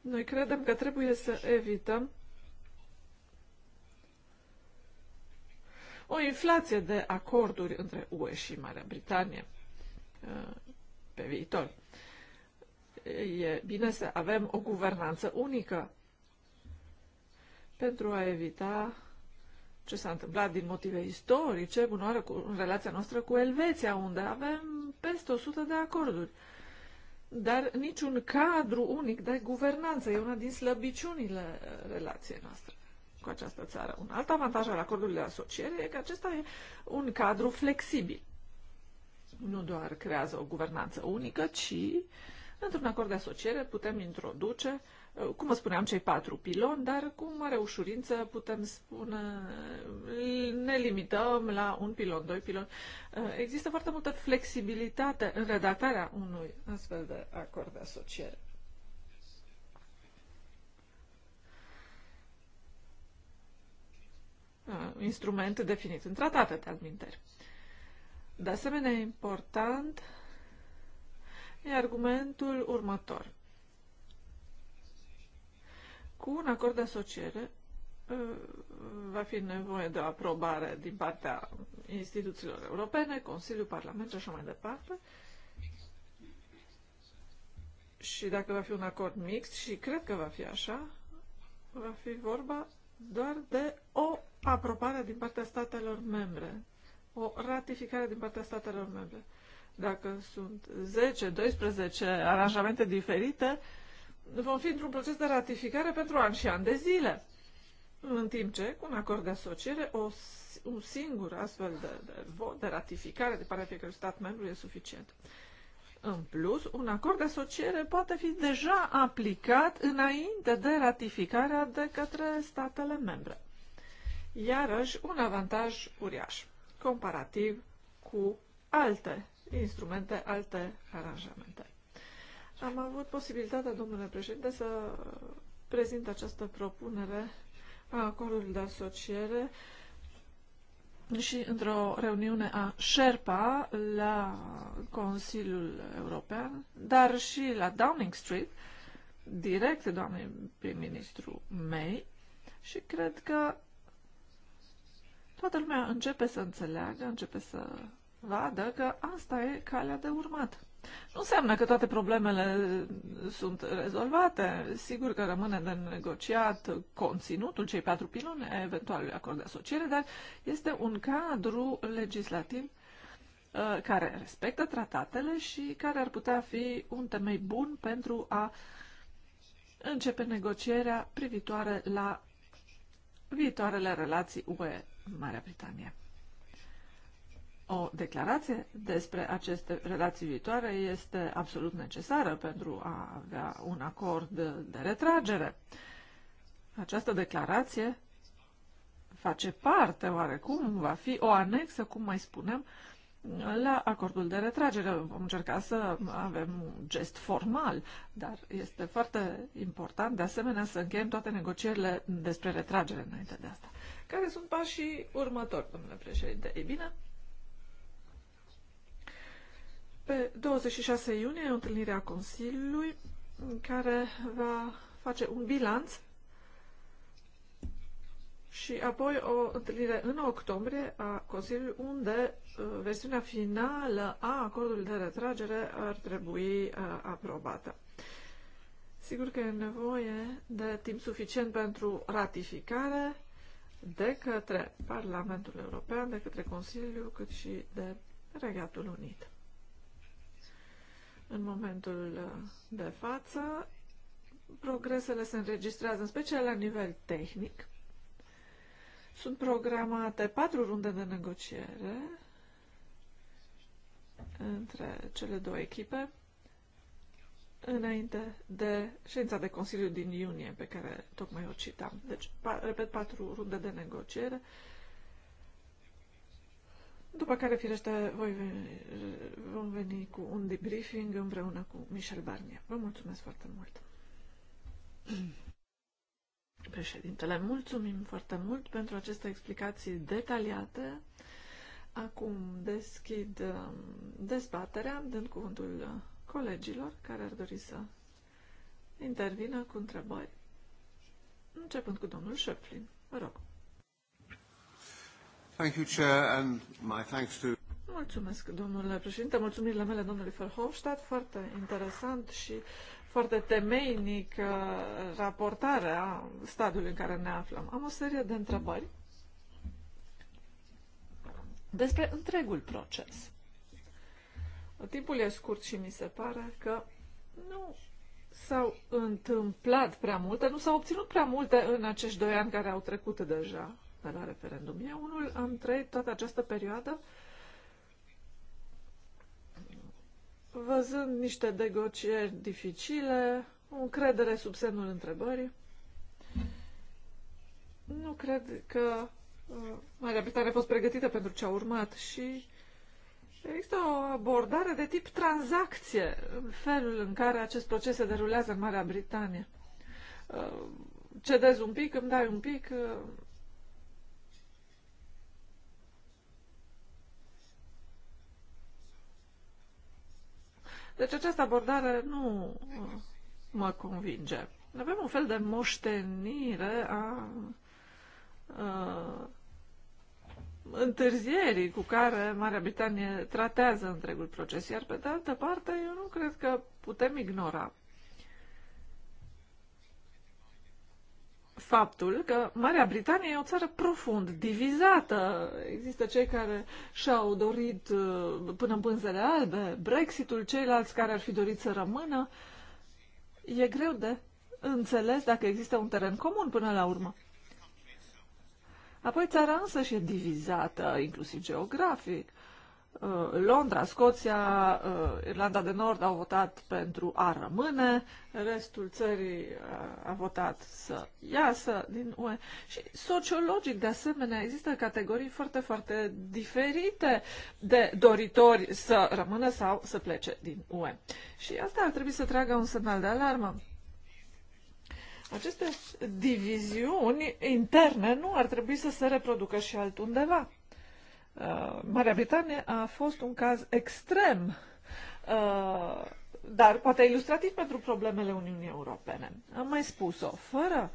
Noi credem că trebuie să evităm o inflație de acorduri între UE și Marea Britanie uh, pe viitor. E bine să avem o guvernanță unică pentru a evita ce s-a întâmplat din motive istorice, bunoară cu în relația noastră cu Elveția, unde avem peste 100 de acorduri. Dar niciun cadru unic de guvernanță e una din slăbiciunile uh, relației noastre cu această țară. Un alt avantaj al acordului de asociere e că acesta e un cadru flexibil. Nu doar creează o guvernanță unică, ci într-un acord de asociere putem introduce uh, Uh, cum vă spuneam, cei patru piloni, dar cu mare ușurință putem spune, ne limităm la un pilon, doi piloni. Uh, există foarte multă flexibilitate în redactarea unui astfel de acord de asociere. Uh, instrument definit în tratate de adminteri. De asemenea, important e argumentul următor. Cu un acord de asociere uh, va fi nevoie de o aprobare din partea instituțiilor europene, Consiliul, Parlament și așa mai departe. Și dacă va fi un acord mixt, și cred că va fi așa, va fi vorba doar de o aprobare din partea statelor membre, o ratificare din partea statelor membre. Dacă sunt 10-12 aranjamente diferite, uh, vom fi într-un proces de ratificare pentru ani și ani de zile. În timp ce, cu un acord de asociere, o, un singur astfel de, de vot, de ratificare de partea fiecărui stat membru e suficient. În plus, un acord de asociere poate fi deja aplicat înainte de ratificarea de către statele membre. Iarăși, un avantaj uriaș, comparativ cu alte instrumente, alte aranjamente. Am avut posibilitatea, domnule președinte, să prezint această propunere a acordului de asociere și într-o reuniune a Sherpa la Consiliul European, dar și la Downing Street, direct doamnei prim-ministru May, și cred că toată lumea începe să înțeleagă, începe să vadă că asta e calea de urmat. Nu înseamnă că toate problemele sunt rezolvate. Sigur că rămâne de negociat conținutul, cei patru piloni, eventualului acord de asociere, dar este un cadru legislativ uh, care respectă tratatele și care ar putea fi un temei bun pentru a începe negocierea privitoare la viitoarele relații UE-Marea Britanie. O declarație despre aceste relații viitoare este absolut necesară pentru a avea un acord de retragere. Această declarație face parte, oarecum, va fi o anexă, cum mai spunem, la acordul de retragere. Vom încerca să avem un gest formal, dar este foarte important, de asemenea, să încheiem toate negocierile despre retragere înainte de asta. Care sunt pașii următori, domnule președinte? Ei bine, pe 26 iunie, întâlnirea Consiliului, care va face un bilanț și apoi o întâlnire în octombrie a Consiliului, unde uh, versiunea finală a acordului de retragere ar trebui uh, aprobată. Sigur că e nevoie de timp suficient pentru ratificare de către Parlamentul European, de către Consiliu, cât și de Regatul Unit. În momentul uh, de față, progresele se înregistrează în special la nivel tehnic. Sunt programate patru runde de negociere între cele două echipe înainte de ședința de Consiliu din iunie pe care tocmai o citam. Deci, pa, repet, patru runde de negociere după care, firește, voi veni, vom veni cu un debriefing împreună cu Michel Barnier. Vă mulțumesc foarte mult! Președintele, mulțumim foarte mult pentru aceste explicații detaliate. Acum deschid um, dezbaterea, dând cuvântul uh, colegilor care ar dori să intervină cu întrebări, începând cu domnul Șeflin. Vă rog. Thank you, Chair, and my thanks to... Mulțumesc, domnule președinte. Mulțumirile mele domnului Verhofstadt. Foarte interesant și foarte temeinic uh, raportarea stadiului în care ne aflăm. Am o serie de întrebări despre întregul proces. Timpul e scurt și mi se pare că nu s-au întâmplat prea multe, nu s-au obținut prea multe în acești doi ani care au trecut deja pe la referendum. Eu unul am trăit toată această perioadă văzând niște negocieri dificile, o încredere sub semnul întrebării. Nu cred că uh, Marea Britanie a fost pregătită pentru ce a urmat și există o abordare de tip tranzacție în felul în care acest proces se derulează în Marea Britanie. Uh, Cedez un pic, îmi dai un pic, uh, Deci această abordare nu mă convinge. Avem un fel de moștenire a, a întârzierii cu care Marea Britanie tratează întregul proces. Iar pe de altă parte, eu nu cred că putem ignora faptul că Marea Britanie e o țară profund divizată. Există cei care și-au dorit uh, până în pânzele albe Brexitul, ceilalți care ar fi dorit să rămână. E greu de înțeles dacă există un teren comun până la urmă. Apoi țara însă și e divizată, inclusiv geografic. Uh, Londra, Scoția, uh, Irlanda de Nord au votat pentru a rămâne, restul țării uh, a votat să iasă din UE. Și sociologic, de asemenea, există categorii foarte, foarte diferite de doritori să rămână sau să plece din UE. Și asta ar trebui să tragă un semnal de alarmă. Aceste diviziuni interne nu ar trebui să se reproducă și altundeva Uh, Marea Britanie a fost un caz extrem, uh, dar poate ilustrativ pentru problemele Uniunii Europene. Am mai spus-o, fără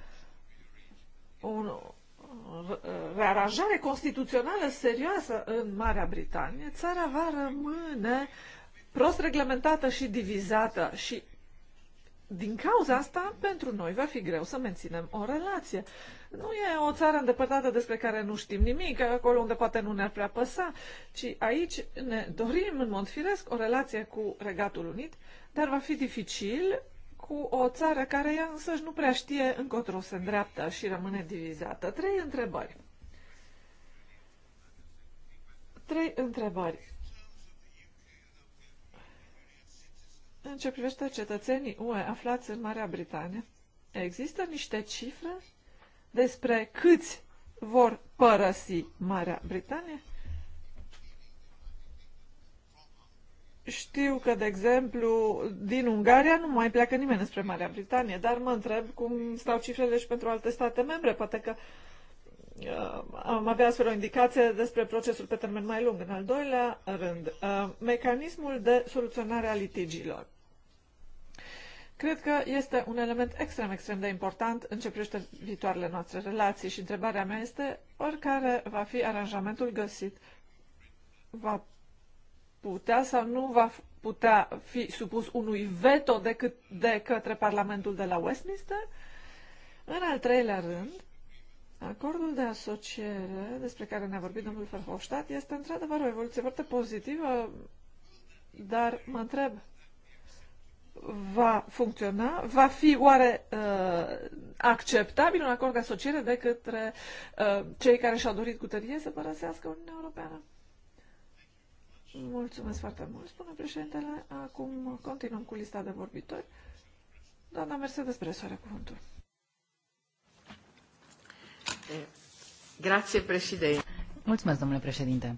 o uh, rearanjare constituțională serioasă în Marea Britanie, țara va rămâne prost reglementată și divizată și din cauza asta, pentru noi va fi greu să menținem o relație. Uh, nu e o țară îndepărtată despre care nu știm nimic, acolo unde poate nu ne-ar prea păsa, ci aici ne dorim în mod firesc o relație cu Regatul Unit, dar va fi dificil cu o țară care ea însăși nu prea știe încotro se îndreaptă și rămâne divizată. Trei întrebări. Trei întrebări. În ce privește cetățenii UE aflați în Marea Britanie, există niște cifre despre câți vor părăsi Marea Britanie? Știu că, de exemplu, din Ungaria nu mai pleacă nimeni spre Marea Britanie, dar mă întreb cum stau cifrele și pentru alte state membre. Poate că uh, am avea astfel o indicație despre procesul pe termen mai lung. În al doilea rând, uh, mecanismul de soluționare a litigiilor. Cred că este un element extrem, extrem de important în ce privește viitoarele noastre relații și întrebarea mea este, oricare va fi aranjamentul găsit, va putea sau nu va putea fi supus unui veto decât de către Parlamentul de la Westminster? În al treilea rând, acordul de asociere despre care ne-a vorbit domnul Verhofstadt este într-adevăr o evoluție foarte pozitivă, dar mă întreb, va funcționa? Va fi oare uh, acceptabil un acord de asociere de către uh, cei care și-au dorit cu tărie să părăsească Uniunea Europeană? Mulțumesc foarte mult, spune președintele. Acum continuăm cu lista de vorbitori. Doamna Mercedes Bresu are cuvântul. Eh, grazie, președinte. Mulțumesc, domnule președinte.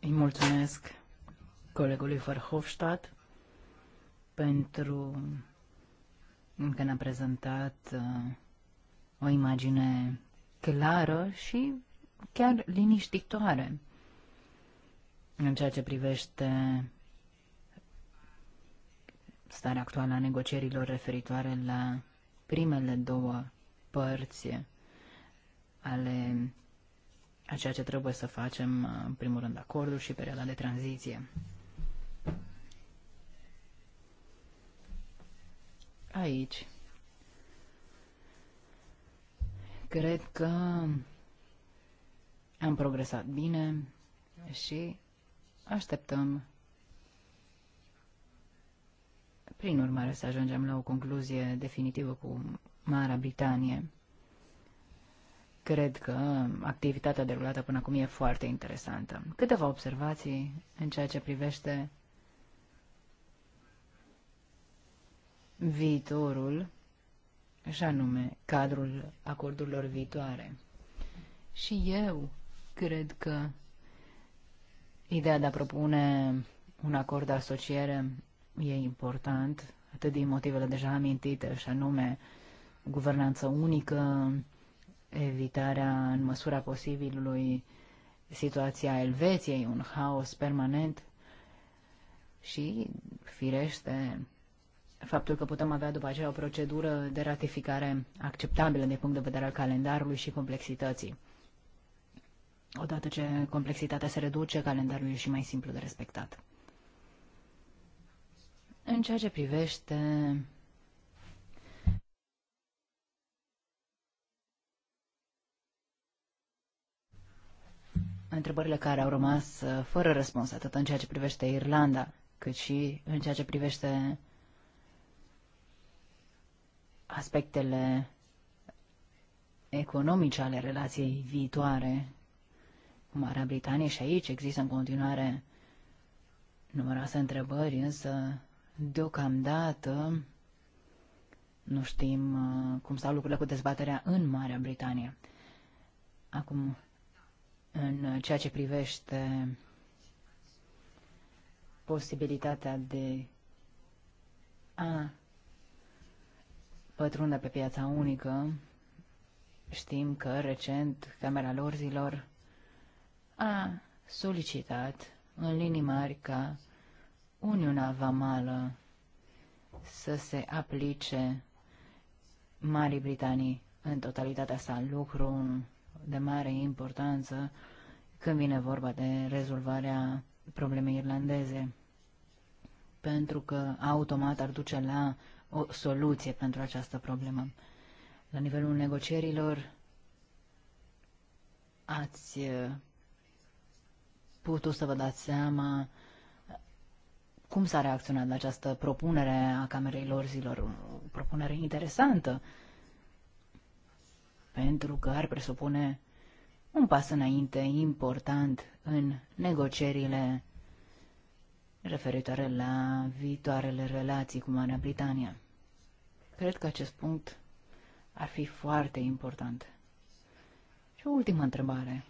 Îi mulțumesc colegului Verhofstadt pentru că ne-a prezentat uh, o imagine clară și chiar liniștitoare în ceea ce privește starea actuală a negocierilor referitoare la primele două părți ale ceea ce trebuie să facem, uh, în primul rând, acordul și perioada de tranziție. Aici, cred că am progresat bine și așteptăm prin urmare să ajungem la o concluzie definitivă cu Marea Britanie cred că activitatea derulată până acum e foarte interesantă. Câteva observații în ceea ce privește viitorul, și anume cadrul acordurilor viitoare. Și eu cred că ideea de a propune un acord de asociere e important, atât din motivele deja amintite, și anume guvernanță unică, evitarea în măsura posibilului situația Elveției, un haos permanent și, firește, faptul că putem avea după aceea o procedură de ratificare acceptabilă din punct de vedere al calendarului și complexității. Odată ce complexitatea se reduce, calendarul e și mai simplu de respectat. În ceea ce privește întrebările care au rămas uh, fără răspuns, atât în ceea ce privește Irlanda, cât și în ceea ce privește aspectele economice ale relației viitoare cu Marea Britanie și aici există în continuare numeroase întrebări, însă deocamdată nu știm uh, cum stau lucrurile cu dezbaterea în Marea Britanie. Acum, în ceea ce privește posibilitatea de a pătrunde pe piața unică. Știm că recent Camera Lorzilor a solicitat în linii mari ca Uniunea Vamală să se aplice Marii Britanii în totalitatea sa lucru de mare importanță când vine vorba de rezolvarea problemei irlandeze, pentru că automat ar duce la o soluție pentru această problemă. La nivelul negocierilor, ați eh, putut să vă dați seama cum s-a reacționat la această propunere a Camerei Lorzilor, o propunere interesantă, uh, pentru că ar presupune un pas înainte important în negocierile referitoare la viitoarele relații cu Marea Britanie. Cred că acest punct ar fi foarte important. Și o ultimă întrebare.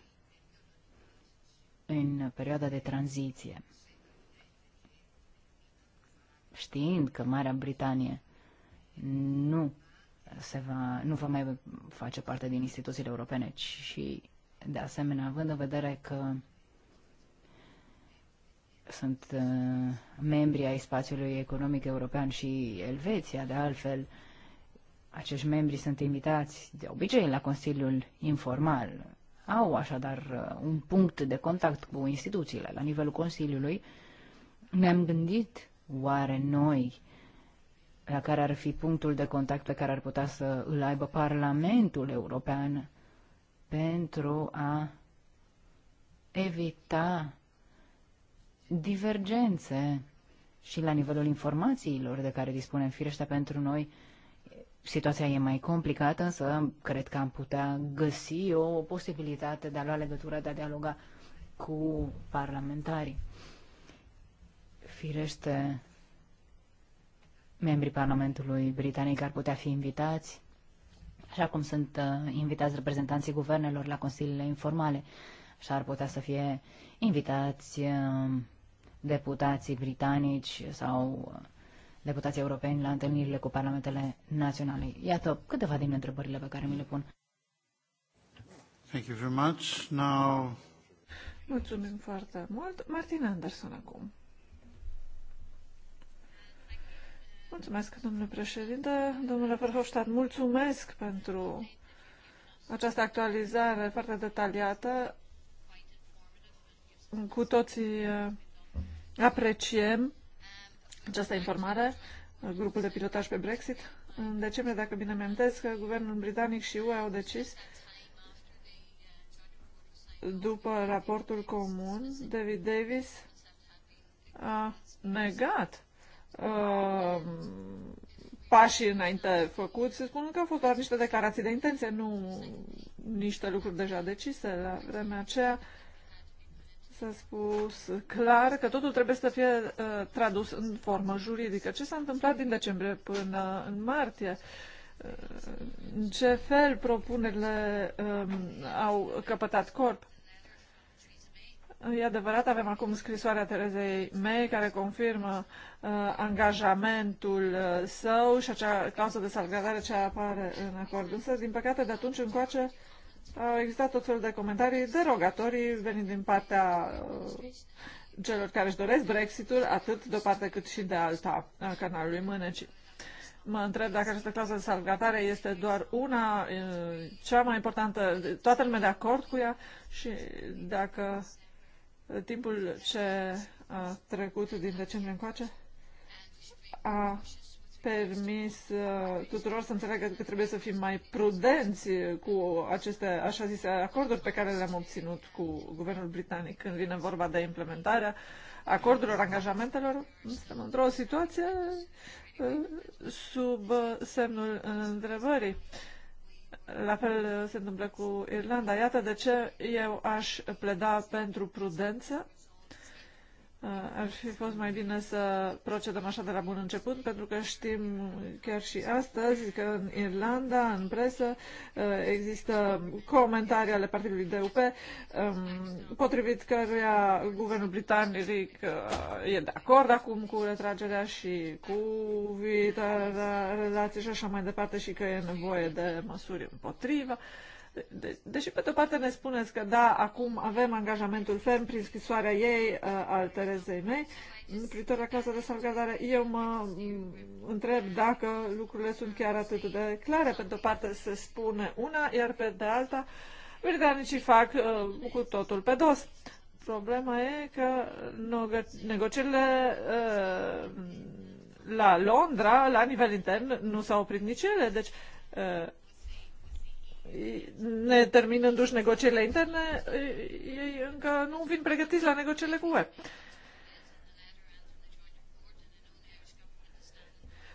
În perioada de tranziție, știind că Marea Britanie nu se va, nu va mai face parte din instituțiile europene și, de asemenea, având în vedere că sunt uh, membri ai spațiului economic european și Elveția, de altfel, acești membri sunt invitați de obicei la Consiliul Informal. Au așadar uh, un punct de contact cu instituțiile la nivelul Consiliului. Ne-am gândit oare noi la care ar fi punctul de contact pe care ar putea să îl aibă Parlamentul European pentru a evita divergențe și la nivelul informațiilor de care dispunem firește pentru noi, situația e mai complicată, însă cred că am putea găsi o posibilitate de a lua legătura, de a dialoga cu parlamentarii. Firește, membrii Parlamentului Britanic ar putea fi invitați, așa cum sunt uh, invitați reprezentanții guvernelor la consiliile informale, așa ar putea să fie invitați uh, deputații britanici sau uh, deputații europeni la întâlnirile cu parlamentele naționale. Iată câteva din întrebările pe care mi le pun. Thank you very much. Now... Mulțumim foarte mult. Martin Anderson acum. Mulțumesc, domnule președinte. Domnule Verhofstadt, mulțumesc pentru această actualizare foarte detaliată. Cu toții eh, apreciem această informare, eh, grupul de pilotaj pe Brexit. În decembrie, dacă bine mi amintesc, eh, că guvernul britanic și UE au decis după raportul comun, David Davis a negat Uh, pașii înainte făcuți, se spun că au fost doar niște declarații de intenție, nu niște lucruri deja decise. La vremea aceea s-a spus clar că totul trebuie să fie uh, tradus în formă juridică. Ce s-a întâmplat din decembrie până în martie? Uh, în ce fel propunerile um, au căpătat corp? E adevărat, avem acum scrisoarea Terezei May care confirmă uh, angajamentul uh, său și acea clauză de salvgardare ce apare în acord. Însă, din păcate, de atunci încoace au existat tot felul de comentarii derogatorii venind din partea uh, celor care își doresc Brexitul, atât de o parte cât și de alta a canalului Mânecii. Mă întreb dacă această clauză de salvgatare este doar una, uh, cea mai importantă, toată lumea de acord cu ea și dacă timpul ce a trecut din decembrie încoace a permis uh, tuturor să înțeleagă că trebuie să fim mai prudenți cu aceste, așa zise, acorduri pe care le-am obținut cu guvernul britanic când vine vorba de implementarea acordurilor, angajamentelor. Suntem într-o situație uh, sub uh, semnul întrebării. La fel se întâmplă cu Irlanda. Iată de ce eu aș pleda pentru prudență ar fi fost mai bine să procedăm așa de la bun început, pentru că știm chiar și astăzi că în Irlanda, în presă, există comentarii ale partidului DUP, um, potrivit căruia guvernul britanic e de acord acum cu retragerea și cu viitoarea relație și așa mai departe și că e nevoie de măsuri împotriva. De, deși, pe de-o parte, ne spuneți că, da, acum avem angajamentul ferm prin scrisoarea ei, uh, al Terezei mei, privitor la casa de salvgardare, eu mă întreb dacă lucrurile sunt chiar atât de clare. Pe de-o parte se spune una, iar pe de alta britanicii fac uh, cu totul pe dos. Problema e că negocierile uh, la Londra, la nivel intern, nu s-au oprit nici ele. Deci, uh, ne terminându-și negocierile interne, ei încă nu vin pregătiți la negocierile cu UE.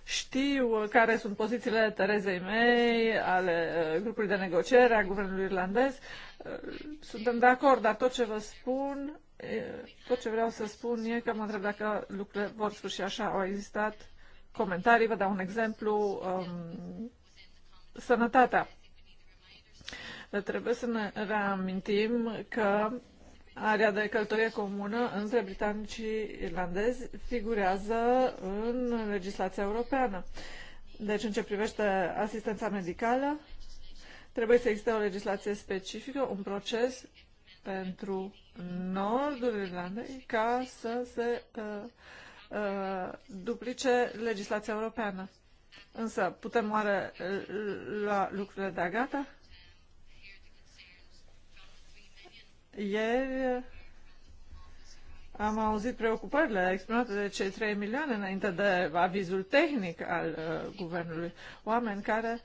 Știu care sunt pozițiile Terezei mei, ale uh, grupului de negociere, a guvernului irlandez. Uh, suntem de acord, dar tot ce vă spun, uh, tot ce vreau să spun e că mă întreb dacă lucrurile vor sfârși așa. Au existat comentarii, vă dau un exemplu, um, sănătatea. Trebuie să ne reamintim că area de călătorie comună între britanici și irlandezi figurează în legislația europeană. Deci, în ce privește asistența medicală, trebuie să existe o legislație specifică, un proces pentru nordul Irlandei ca să se uh, uh, duplice legislația europeană. Însă, putem oare uh, lua lucrurile de-a gata? Ieri eh, am auzit preocupările exprimate de cei 3 milioane înainte de avizul tehnic al uh, guvernului. Oameni care,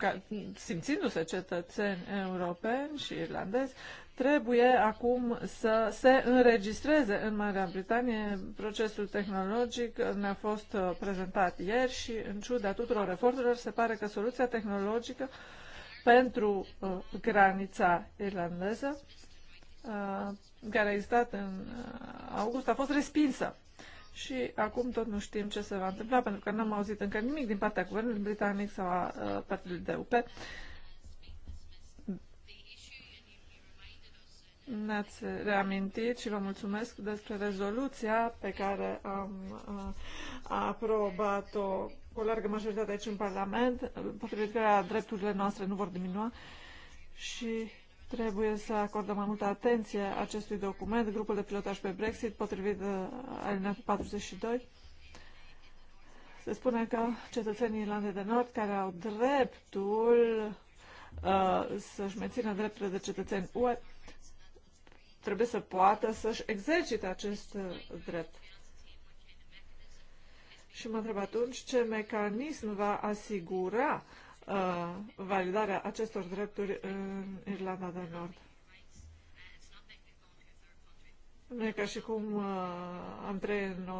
uh, simțindu-se cetățeni europeni și irlandezi, trebuie acum să se înregistreze în Marea Britanie. Procesul tehnologic ne-a fost prezentat ieri și, în ciuda tuturor eforturilor, se pare că soluția tehnologică uh, pentru uh, granița irlandeză, uh, care a existat în uh, august, a fost respinsă. Și acum tot nu știm ce se va întâmpla, pentru că n-am auzit încă nimic din partea guvernului britanic sau a uh, partidului DUP. Ne-ați reamintit și vă mulțumesc despre rezoluția pe care am uh, aprobat-o cu o largă majoritate aici în Parlament, potrivit cărea drepturile noastre nu vor diminua și trebuie să acordăm mai multă atenție acestui document, grupul de pilotaj pe Brexit, potrivit uh, alineatul 42. Se spune că cetățenii Irlandei de Nord care au dreptul uh, să-și mențină drepturile de cetățeni UE trebuie să poată să-și exercite acest drept. Și mă întreb atunci ce mecanism va asigura uh, validarea acestor drepturi în Irlanda de Nord. Nu e ca și cum uh, am trăit în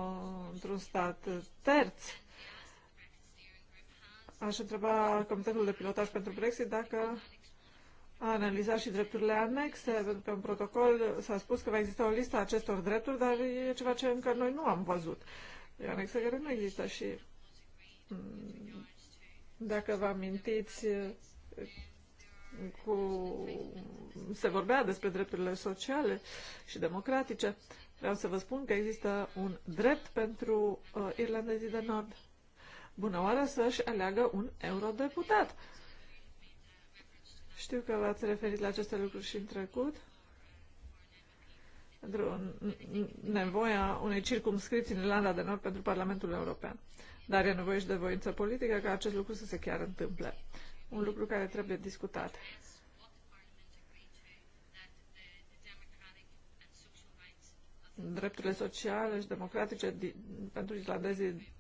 într-un stat terț. Aș întreba Comitetul de Pilotaj pentru Brexit dacă a analizat și drepturile anexe, pentru că în protocol s-a spus că va exista o listă a acestor drepturi, dar e ceva ce încă noi nu am văzut. Uh, E o nu există și mm, dacă vă amintiți cu... se vorbea despre drepturile sociale și democratice, vreau să vă spun că există un drept pentru uh, irlandezii de nord. Bună oară să-și aleagă un eurodeputat. Știu că v-ați referit la aceste lucruri și în trecut nevoia unei circumscripții în Irlanda de Nord pentru Parlamentul European. Dar e nevoie și de voință politică ca acest lucru să se chiar întâmple. Un lucru care trebuie discutat. drepturile sociale și democratice pentru islandezii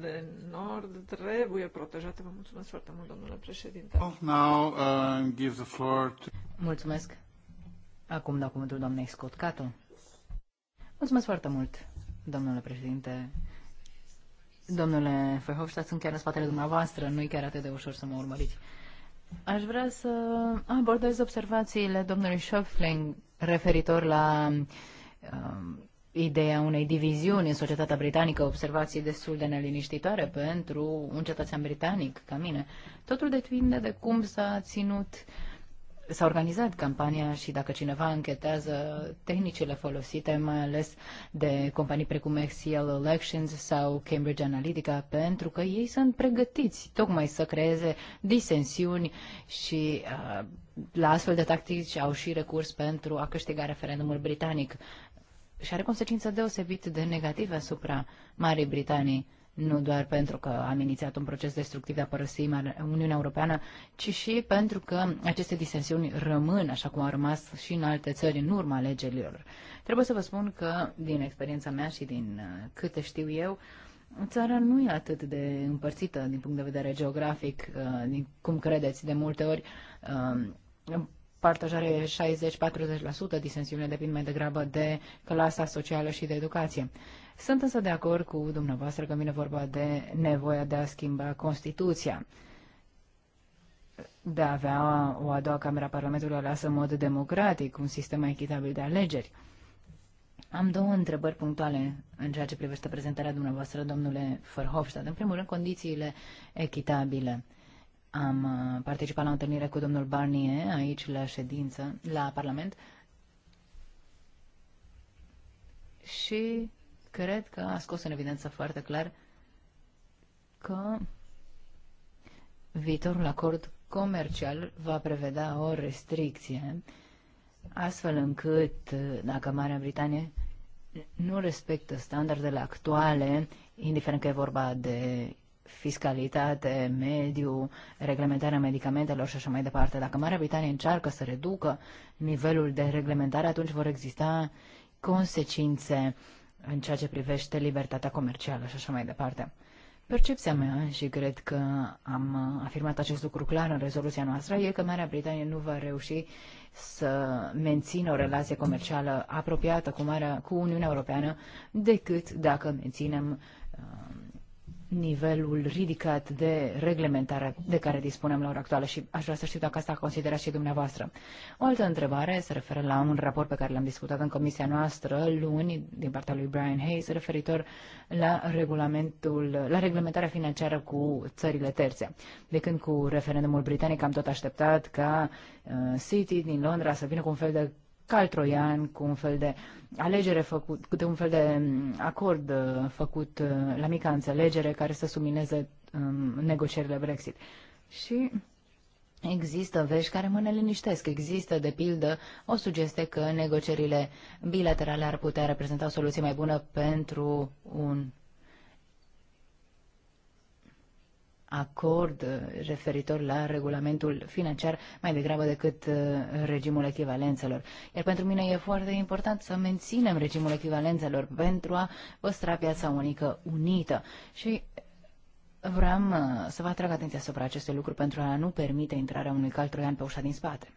de nord trebuie protejate. Vă mulțumesc foarte mult, domnule președinte. Now, uh, give the floor to... Mulțumesc. Acum dau cuvântul doamnei Scott Cato. Mulțumesc foarte mult, domnule președinte. Domnule Verhofstadt, sunt chiar în spatele dumneavoastră, nu-i chiar atât de ușor să mă urmăriți. Aș vrea să abordez observațiile domnului Schöffling referitor la uh, ideea unei diviziuni în societatea britanică, observații destul de neliniștitoare pentru un cetățean britanic ca mine. Totul depinde de cum s-a ținut uh, s-a organizat campania și dacă cineva închetează tehnicile folosite, mai ales de companii precum Excel Elections sau Cambridge Analytica, pentru că ei sunt pregătiți tocmai să creeze disensiuni și uh, la astfel de tactici au și recurs pentru a câștiga referendumul britanic și are consecință deosebit de negative asupra Marii Britanii nu doar pentru că am inițiat un proces destructiv de a părăsi Uniunea Europeană, ci și pentru că aceste disensiuni rămân așa cum au rămas și în alte țări în urma alegerilor. Trebuie să vă spun că, din experiența mea și din uh, câte știu eu, țara nu e atât de împărțită din punct de vedere geografic, uh, din cum credeți de multe ori. Um, Partajare 60-40%, disensiune depinde mai degrabă de clasa socială și de educație. Sunt însă de acord cu dumneavoastră că vine vorba de nevoia de a schimba Constituția, de a avea o a doua camera Parlamentului aleasă în mod democratic, un sistem mai echitabil de alegeri. Am două întrebări punctuale în ceea ce privește prezentarea dumneavoastră, domnule Fărhofstad. În primul rând, condițiile echitabile. Am uh, participat la o întâlnire cu domnul Barnier aici la ședință, la Parlament și cred că a scos în evidență foarte clar că viitorul acord comercial va prevedea o restricție astfel încât uh, dacă Marea Britanie nu respectă standardele actuale, indiferent că e vorba de fiscalitate, mediu, reglementarea medicamentelor și așa mai departe. Dacă Marea Britanie încearcă să reducă nivelul de reglementare, atunci vor exista consecințe în ceea ce privește libertatea comercială și așa mai departe. Percepția mea, și cred că am afirmat acest lucru clar în rezoluția noastră, e că Marea Britanie nu va reuși să mențină o relație comercială apropiată cu, Marea, cu Uniunea Europeană decât dacă menținem uh, nivelul ridicat de reglementare de care dispunem la ora actuală și aș vrea să știu dacă asta considerați și dumneavoastră. O altă întrebare se referă la un raport pe care l-am discutat în comisia noastră luni din partea lui Brian Hayes referitor la regulamentul, la reglementarea financiară cu țările terțe. De când cu referendumul britanic am tot așteptat ca uh, City din Londra să vină cu un fel de cal troian, cu un fel de alegere făcut, cu un fel de mm, acord uh, făcut uh, la mica înțelegere care să sumineze um, negocierile Brexit. Și Există vești care mă neliniștesc. Există, de pildă, o sugestie că negocierile bilaterale ar putea reprezenta o soluție mai bună pentru un acord uh, referitor la regulamentul financiar mai degrabă decât uh, regimul echivalențelor. Iar pentru mine e foarte important să menținem regimul echivalențelor pentru a păstra piața unică unită. Și vreau uh, să vă atrag atenția asupra acestui lucru pentru a nu permite intrarea unui cal troian pe ușa din spate.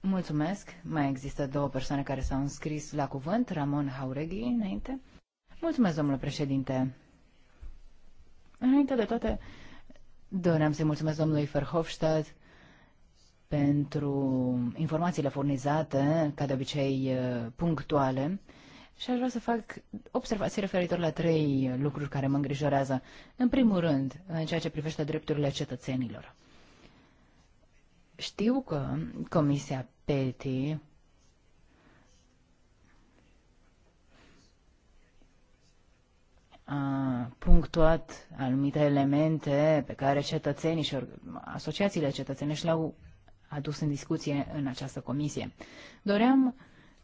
Mulțumesc. Mai există două persoane care s-au înscris la cuvânt. Ramon Haureghi, înainte. Mulțumesc, domnule președinte. Înainte de toate, doream să-i mulțumesc domnului Ferhofstadt pentru informațiile furnizate, ca de obicei uh, punctuale, și aș vrea să fac observații referitor la trei lucruri care mă îngrijorează. În primul rând, în ceea ce privește drepturile cetățenilor. Știu că Comisia PETI punctuat anumite elemente pe care cetățenii și asociațiile cetățenești le-au adus în discuție în această comisie. Doream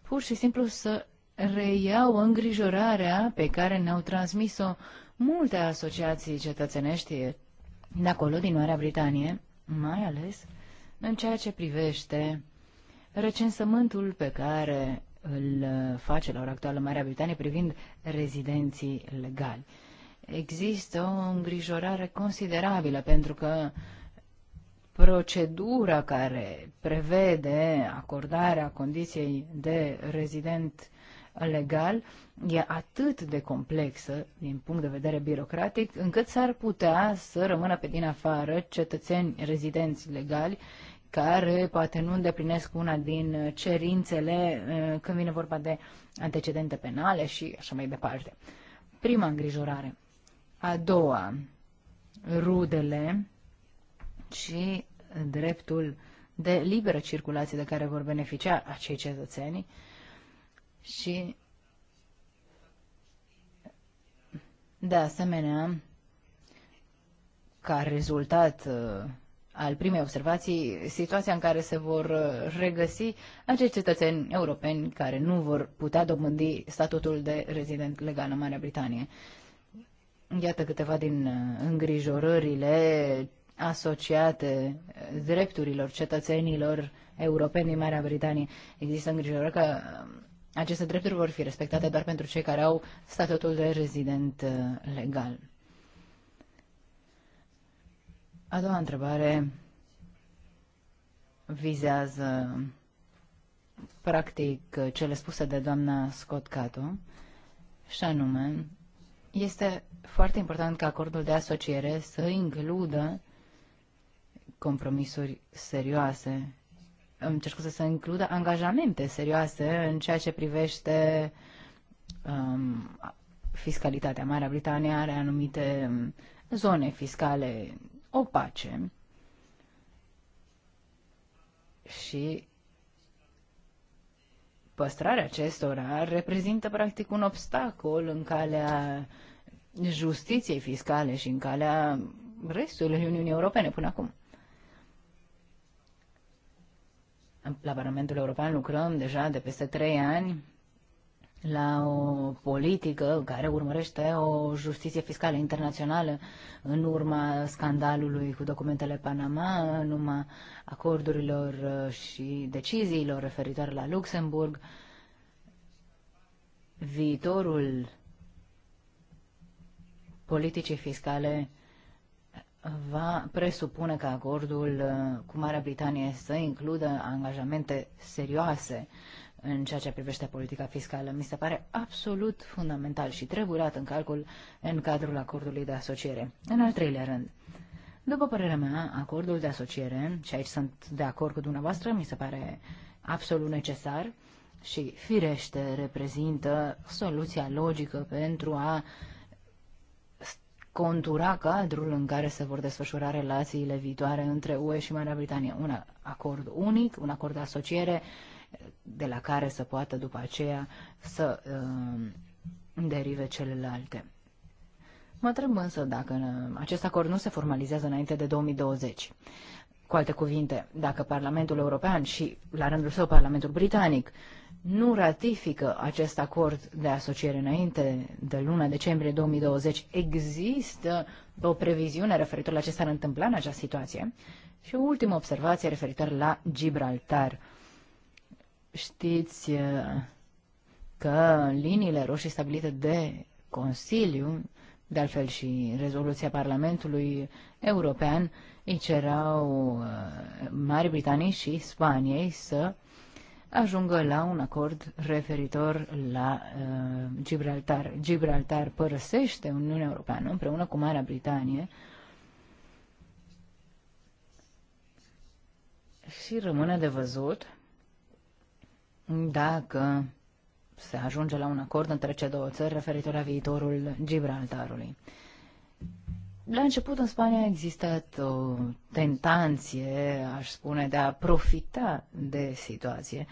pur și simplu să reiau îngrijorarea pe care ne-au transmis-o multe asociații cetățenești de acolo, din Marea Britanie, mai ales în ceea ce privește recensământul pe care îl uh, face la ora actuală Marea Britanie privind rezidenții legali. Există o îngrijorare considerabilă pentru că procedura care prevede acordarea condiției de rezident legal e atât de complexă din punct de vedere birocratic încât s-ar putea să rămână pe din afară cetățeni rezidenți legali care poate nu îndeplinesc una din cerințele uh, când vine vorba de antecedente penale și așa mai departe. Prima îngrijorare. A doua, rudele și dreptul de liberă circulație de care vor beneficia acei cetățeni și de asemenea, ca rezultat uh, al primei observații, situația în care se vor uh, regăsi acești cetățeni europeni care nu vor putea dobândi statutul de rezident legal în Marea Britanie. Iată câteva din uh, îngrijorările asociate uh, drepturilor cetățenilor europeni din Marea Britanie. Există îngrijorări că um, aceste drepturi vor fi respectate doar pentru cei care au statutul de rezident legal. A doua întrebare vizează practic cele spuse de doamna Scott Cato și anume este foarte important ca acordul de asociere să includă compromisuri serioase, îmi cer să includă angajamente serioase în ceea ce privește um, fiscalitatea. Marea Britanie are anumite um, zone fiscale o pace și păstrarea acestora reprezintă practic un obstacol în calea justiției fiscale și în calea restului Uniunii Europene până acum. La Parlamentul European lucrăm deja de peste trei ani la o politică care urmărește o justiție fiscală internațională în urma scandalului cu documentele Panama, în urma acordurilor uh, și deciziilor referitoare la Luxemburg. Viitorul politicii fiscale va presupune că acordul uh, cu Marea Britanie să includă angajamente serioase în ceea ce privește politica fiscală. Mi se pare absolut fundamental și trebuie luat în calcul în cadrul acordului de asociere. În al treilea rând, după părerea mea, acordul de asociere, și aici sunt de acord cu dumneavoastră, mi se pare absolut necesar și firește reprezintă soluția logică pentru a contura cadrul în care se vor desfășura relațiile viitoare între UE și Marea Britanie. Un acord unic, un acord de asociere de la care să poată după aceea să uh, derive celelalte. Mă întreb însă dacă uh, acest acord nu se formalizează înainte de 2020. Cu alte cuvinte, dacă Parlamentul European și, la rândul său, Parlamentul Britanic nu ratifică acest acord de asociere înainte de luna decembrie 2020, există o previziune referitor la ce s-ar întâmpla în această situație? Și o ultimă observație referitor la Gibraltar. Știți uh, că liniile roșii stabilite de Consiliu, de altfel și rezoluția Parlamentului European, îi cerau uh, Marii Britanii și Spaniei să ajungă la un acord referitor la uh, Gibraltar. Gibraltar părăsește Uniunea Europeană împreună cu Marea Britanie și rămâne de văzut dacă se ajunge la un acord între cele două țări referitor la viitorul Gibraltarului. La început în Spania a existat o tentanție, aș spune, de a profita de situație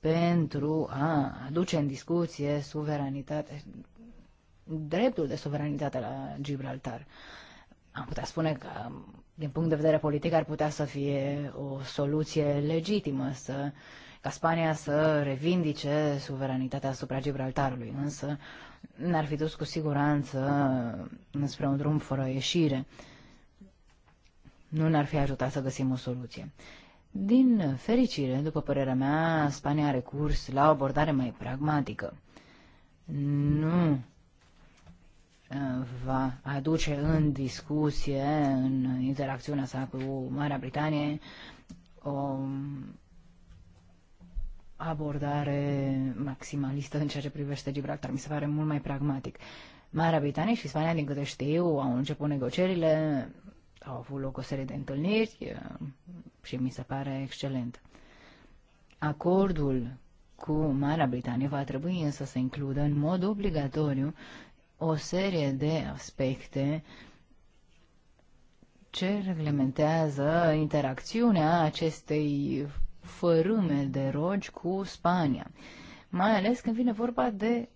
pentru a aduce în discuție suveranitate, dreptul de suveranitate la Gibraltar. Am putea spune că, din punct de vedere politic, ar putea să fie o soluție legitimă să uh, ca Spania să revindice suveranitatea asupra Gibraltarului, însă n-ar fi dus cu siguranță spre un drum fără ieșire. Nu ne-ar fi ajutat să găsim o soluție. Din fericire, după părerea mea, Spania are curs la o abordare mai pragmatică. Nu uh, va aduce în discuție, în interacțiunea sa cu Marea Britanie, o abordare maximalistă în ceea ce privește Gibraltar. Mi se pare mult mai pragmatic. Marea Britanie și Spania, din câte știu, au început negocierile, au avut loc o serie de întâlniri eh, și mi se pare excelent. Acordul cu Marea Britanie va trebui însă să includă în mod obligatoriu o serie de aspecte ce reglementează interacțiunea acestei fărâme de rogi cu Spania, mai ales când vine vorba de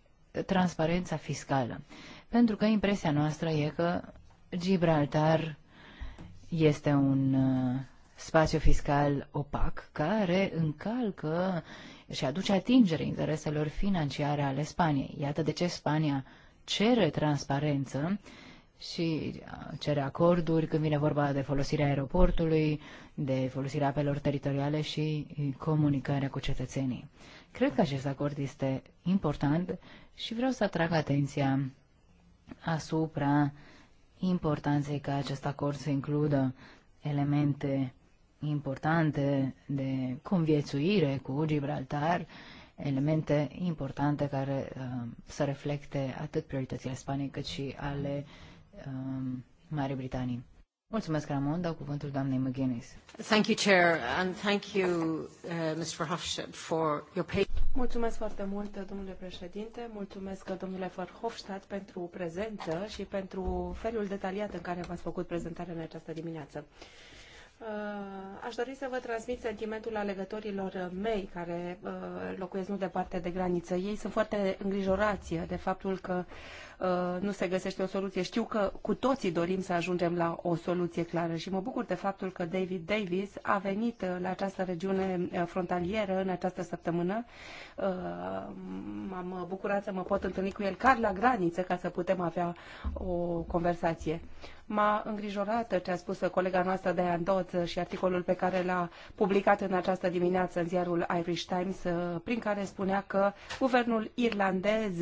transparența fiscală. Pentru că impresia noastră e că Gibraltar este un uh, spațiu fiscal opac care încalcă și aduce atingere intereselor financiare ale Spaniei. Iată de ce Spania cere transparență și uh, cere acorduri când vine vorba de folosirea aeroportului, de folosirea apelor teritoriale și uh, comunicarea cu cetățenii. Cred că acest acord este important și vreau să atrag atenția asupra importanței ca acest acord să includă elemente importante de conviețuire cu Gibraltar, elemente importante care uh, să reflecte atât prioritățile Spaniei cât și ale uh, um, Marii Britanii. Mulțumesc, Ramon. Dau cuvântul doamnei McGuinness. Thank you, Chair, and thank you, uh, Mr. Hofstadt, for your patience. Mulțumesc foarte mult, domnule președinte. Mulțumesc, domnule Verhofstadt, pentru prezență și pentru felul detaliat în care v-ați făcut prezentarea în această dimineață. Uh, aș dori să vă transmit sentimentul alegătorilor mei care uh, locuiesc nu departe de graniță. Ei sunt foarte îngrijorați de faptul că Uh, nu se găsește o soluție. Știu că cu toții dorim să ajungem la o soluție clară și mă bucur de faptul că David Davis a venit uh, la această regiune uh, frontalieră în această săptămână. M-am bucurat să mă pot întâlni cu el chiar la graniță ca să putem avea o conversație. M-a îngrijorat ce a spus colega noastră de Andoț și articolul pe care l-a publicat în această dimineață în ziarul Irish Times, prin care spunea că guvernul irlandez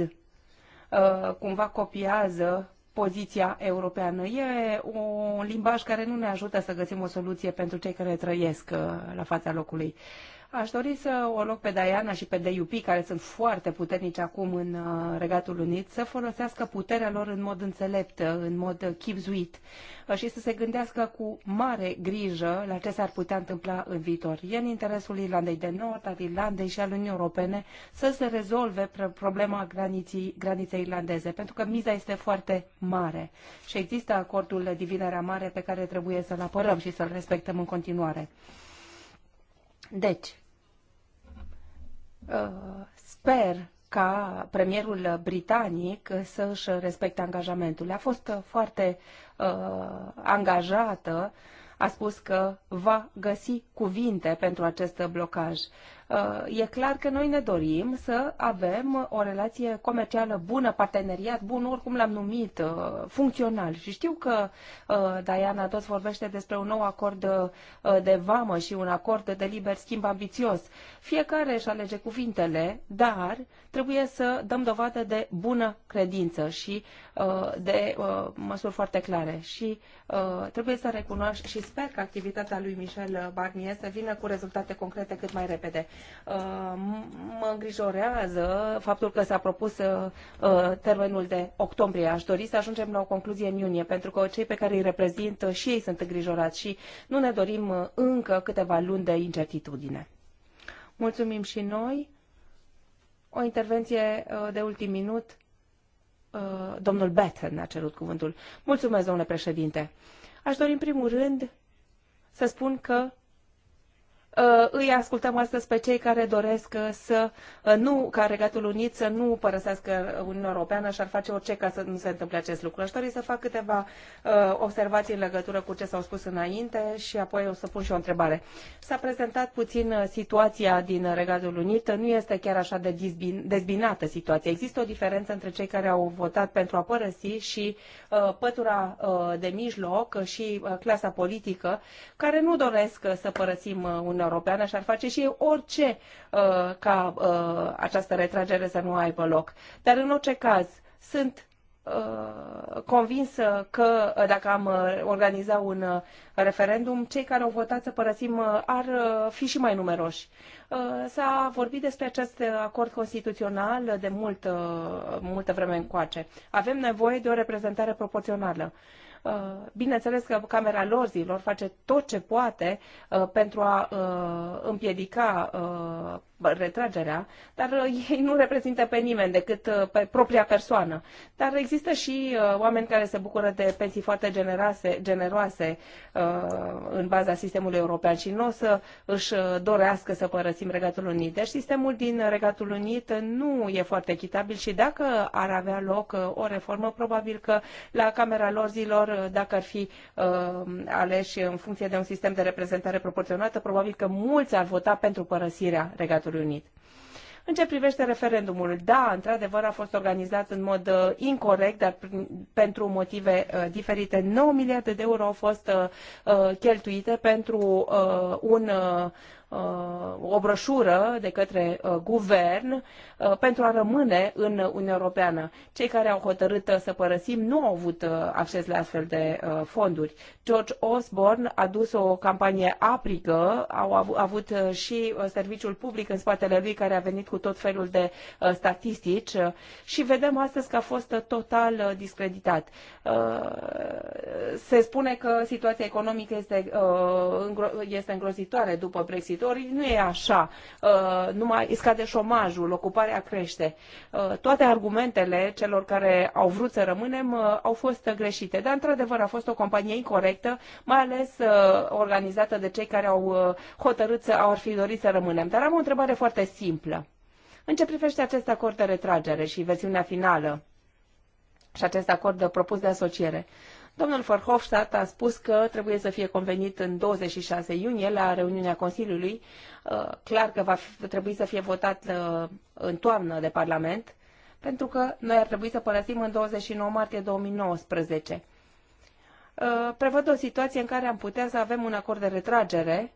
Uh, cumva copiază poziția europeană. E un limbaj care nu ne ajută să găsim o soluție pentru cei care trăiesc uh, la fața locului. Aș dori să o loc pe Diana și pe DUP, care sunt foarte puternici acum în uh, Regatul Unit, să folosească puterea lor în mod înțelept, uh, în mod uh, chipzuit și să se gândească cu mare grijă la ce s-ar putea întâmpla în viitor. E în interesul Irlandei de Nord, al Irlandei și al Uniunii Europene să se rezolve problema graniții, graniței irlandeze, pentru că miza este foarte mare și există acordul din Mare pe care trebuie să-l apărăm și să-l respectăm în continuare. Deci, Uh, sper ca premierul britanic să își respecte angajamentul. A fost uh, foarte uh, angajată, a spus că va găsi cuvinte pentru acest blocaj. Uh, e clar că noi ne dorim să avem o relație comercială bună, parteneriat bun, oricum l-am numit, uh, funcțional. Și știu că uh, Diana tot vorbește despre un nou acord de vamă și un acord de liber schimb ambițios. Fiecare își alege cuvintele, dar trebuie să dăm dovadă de bună credință și de măsuri foarte clare. Și trebuie să recunoaști și sper că activitatea lui Michel Barnier să vină cu rezultate concrete cât mai repede. Uh, mă îngrijorează faptul că s-a propus uh, uh, termenul de octombrie. Aș dori să ajungem la o concluzie în iunie, pentru că cei pe care îi reprezint și ei sunt îngrijorați și nu ne dorim încă câteva luni de incertitudine. Mulțumim și noi. O intervenție de ultim minut. Domnul Batten a cerut cuvântul. Mulțumesc, domnule președinte. Aș dori, în primul rând, să spun că Uh, îi ascultăm astăzi pe cei care doresc uh, să uh, nu, ca Regatul Unit să nu părăsească Uniunea Europeană și ar face orice ca să nu se întâmple acest lucru. Aș dori să fac câteva observații în legătură cu ce s-au spus înainte și apoi o să pun și o întrebare. S-a prezentat puțin situația din Regatul Unit, nu este chiar așa de dezbinată situația. Există o diferență între cei care au votat pentru a părăsi și pătura de mijloc și clasa politică, care nu doresc să părăsim Uniunea Uniunea Europeană și ar face și ei orice uh, ca uh, această retragere să nu aibă loc. Dar în orice caz, sunt uh, convinsă că uh, dacă am uh, organiza un referendum, cei care au votat să părăsim ar fi și mai numeroși. S-a vorbit despre acest acord constituțional de mult, multă vreme încoace. Avem nevoie de o reprezentare proporțională. Uh, bineînțeles că Camera lor face tot ce poate uh, pentru a uh, împiedica retragerea, dar uh, ei nu reprezintă pe nimeni decât uh, pe propria persoană. Dar există și uh, oameni care se bucură de pensii foarte generase, generoase în baza sistemului european și nu o să își dorească să părăsim Regatul Unit. Deci sistemul din Regatul Unit nu e foarte echitabil și dacă ar avea loc o reformă, probabil că la Camera lor zilor, dacă ar fi aleși în funcție de un sistem de reprezentare proporționată, probabil că mulți ar vota pentru părăsirea Regatului Regatului Unit. În ce privește referendumul, da, într-adevăr a fost organizat în mod uh, incorrect, dar pentru motive uh, diferite. 9 miliarde de euro au fost uh, uh cheltuite pentru uh, un uh, Uh, o broșură de către uh, guvern uh, pentru a rămâne în Uniunea Europeană. Cei care au hotărât să părăsim nu au avut acces la astfel de fonduri. George Osborne a dus o campanie aprigă, au avut și serviciul public în spatele lui care a venit cu tot felul de statistici și vedem astăzi că a fost total discreditat. Se spune că situația economică este, este îngrozitoare după Brexit ori nu e așa. Uh, numai scade șomajul, ocuparea crește. Uh, toate argumentele celor care au vrut să rămânem uh, au fost greșite. Dar, într-adevăr, a fost o companie incorrectă, mai ales organizată de cei care au hotărât să ar fi dorit să rămânem. Dar am o întrebare foarte simplă. În ce privește acest acord de retragere și versiunea finală și acest acord de propus de asociere, Domnul Verhofstadt a spus că trebuie să fie convenit în 26 iunie la reuniunea Consiliului. Uh, clar că va trebui să fie votat uh, în toamnă de Parlament, pentru că noi ar trebui să părăsim în 29 martie 2019. Uh, prevăd o situație în care am putea să avem un acord de retragere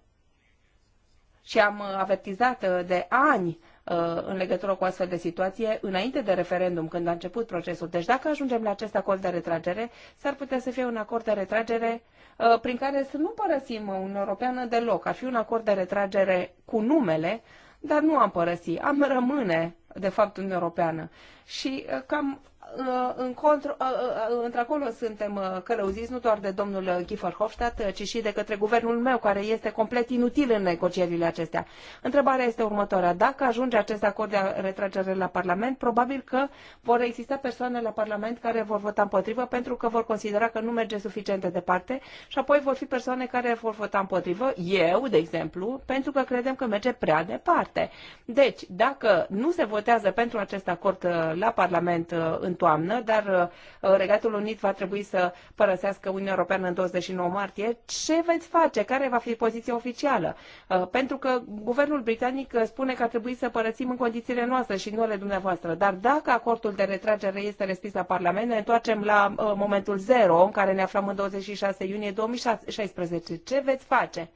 și am avertizat de ani Uh, în legătură cu astfel de situație înainte de referendum, când a început procesul. Deci dacă ajungem la acest acord de retragere, s-ar putea să fie un acord de retragere uh, prin care să nu părăsim Uniunea Europeană deloc. Ar fi un acord de retragere cu numele, dar nu am părăsit. Am rămâne, de fapt, Uniunea Europeană. Și uh, cam Uh, în contru, uh, uh, într-acolo suntem călăuziți nu doar de domnul Giefer Hofstadt, ci și de către guvernul meu, care este complet inutil în negocierile acestea. Întrebarea este următoarea. Dacă ajunge acest acord de retragere la Parlament, probabil că vor exista persoane la Parlament care vor vota împotrivă pentru că vor considera că nu merge suficient de departe și apoi vor fi persoane care vor vota împotrivă, eu, de exemplu, pentru că credem că merge prea departe. Deci, dacă nu se votează pentru acest acord la Parlament în toamnă, dar uh, Regatul Unit va trebui să părăsească Uniunea Europeană în 29 martie. Ce veți face? Care va fi poziția oficială? Uh, pentru că guvernul britanic uh, spune că ar trebui să părăsim în condițiile noastre și nu ale dumneavoastră. Dar dacă acordul de retragere este respins la Parlament, ne întoarcem la momentul zero în care ne aflăm în 26 iunie 2016. Ce veți face?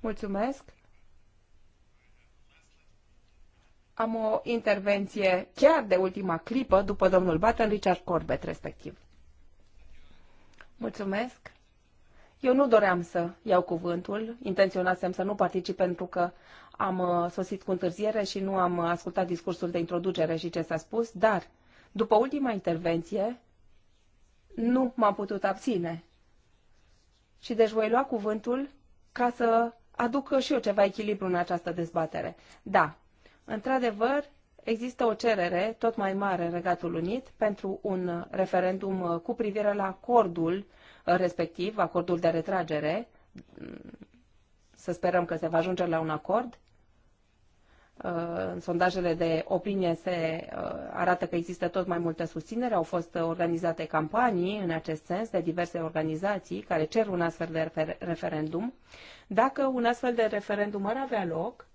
Mulțumesc. am o intervenție chiar de ultima clipă după domnul Batten, Richard Corbett respectiv. Mulțumesc. Eu nu doream să iau cuvântul, intenționasem să nu particip pentru că am uh, sosit cu întârziere și nu am uh, ascultat discursul de introducere și ce s-a spus, dar după ultima intervenție nu m-am putut abține. Și deci voi lua cuvântul ca să aducă și eu ceva echilibru în această dezbatere. Da, într-adevăr, există o cerere tot mai mare în Regatul Unit pentru un referendum uh, cu privire la acordul uh, respectiv, acordul de retragere. Mm, să sperăm că se va ajunge la un acord. Uh, în sondajele de opinie se arată că există tot mai multă susținere. Au fost organizate campanii în acest sens de diverse organizații care cer un astfel de referendum. Dacă un astfel de referendum ar avea loc,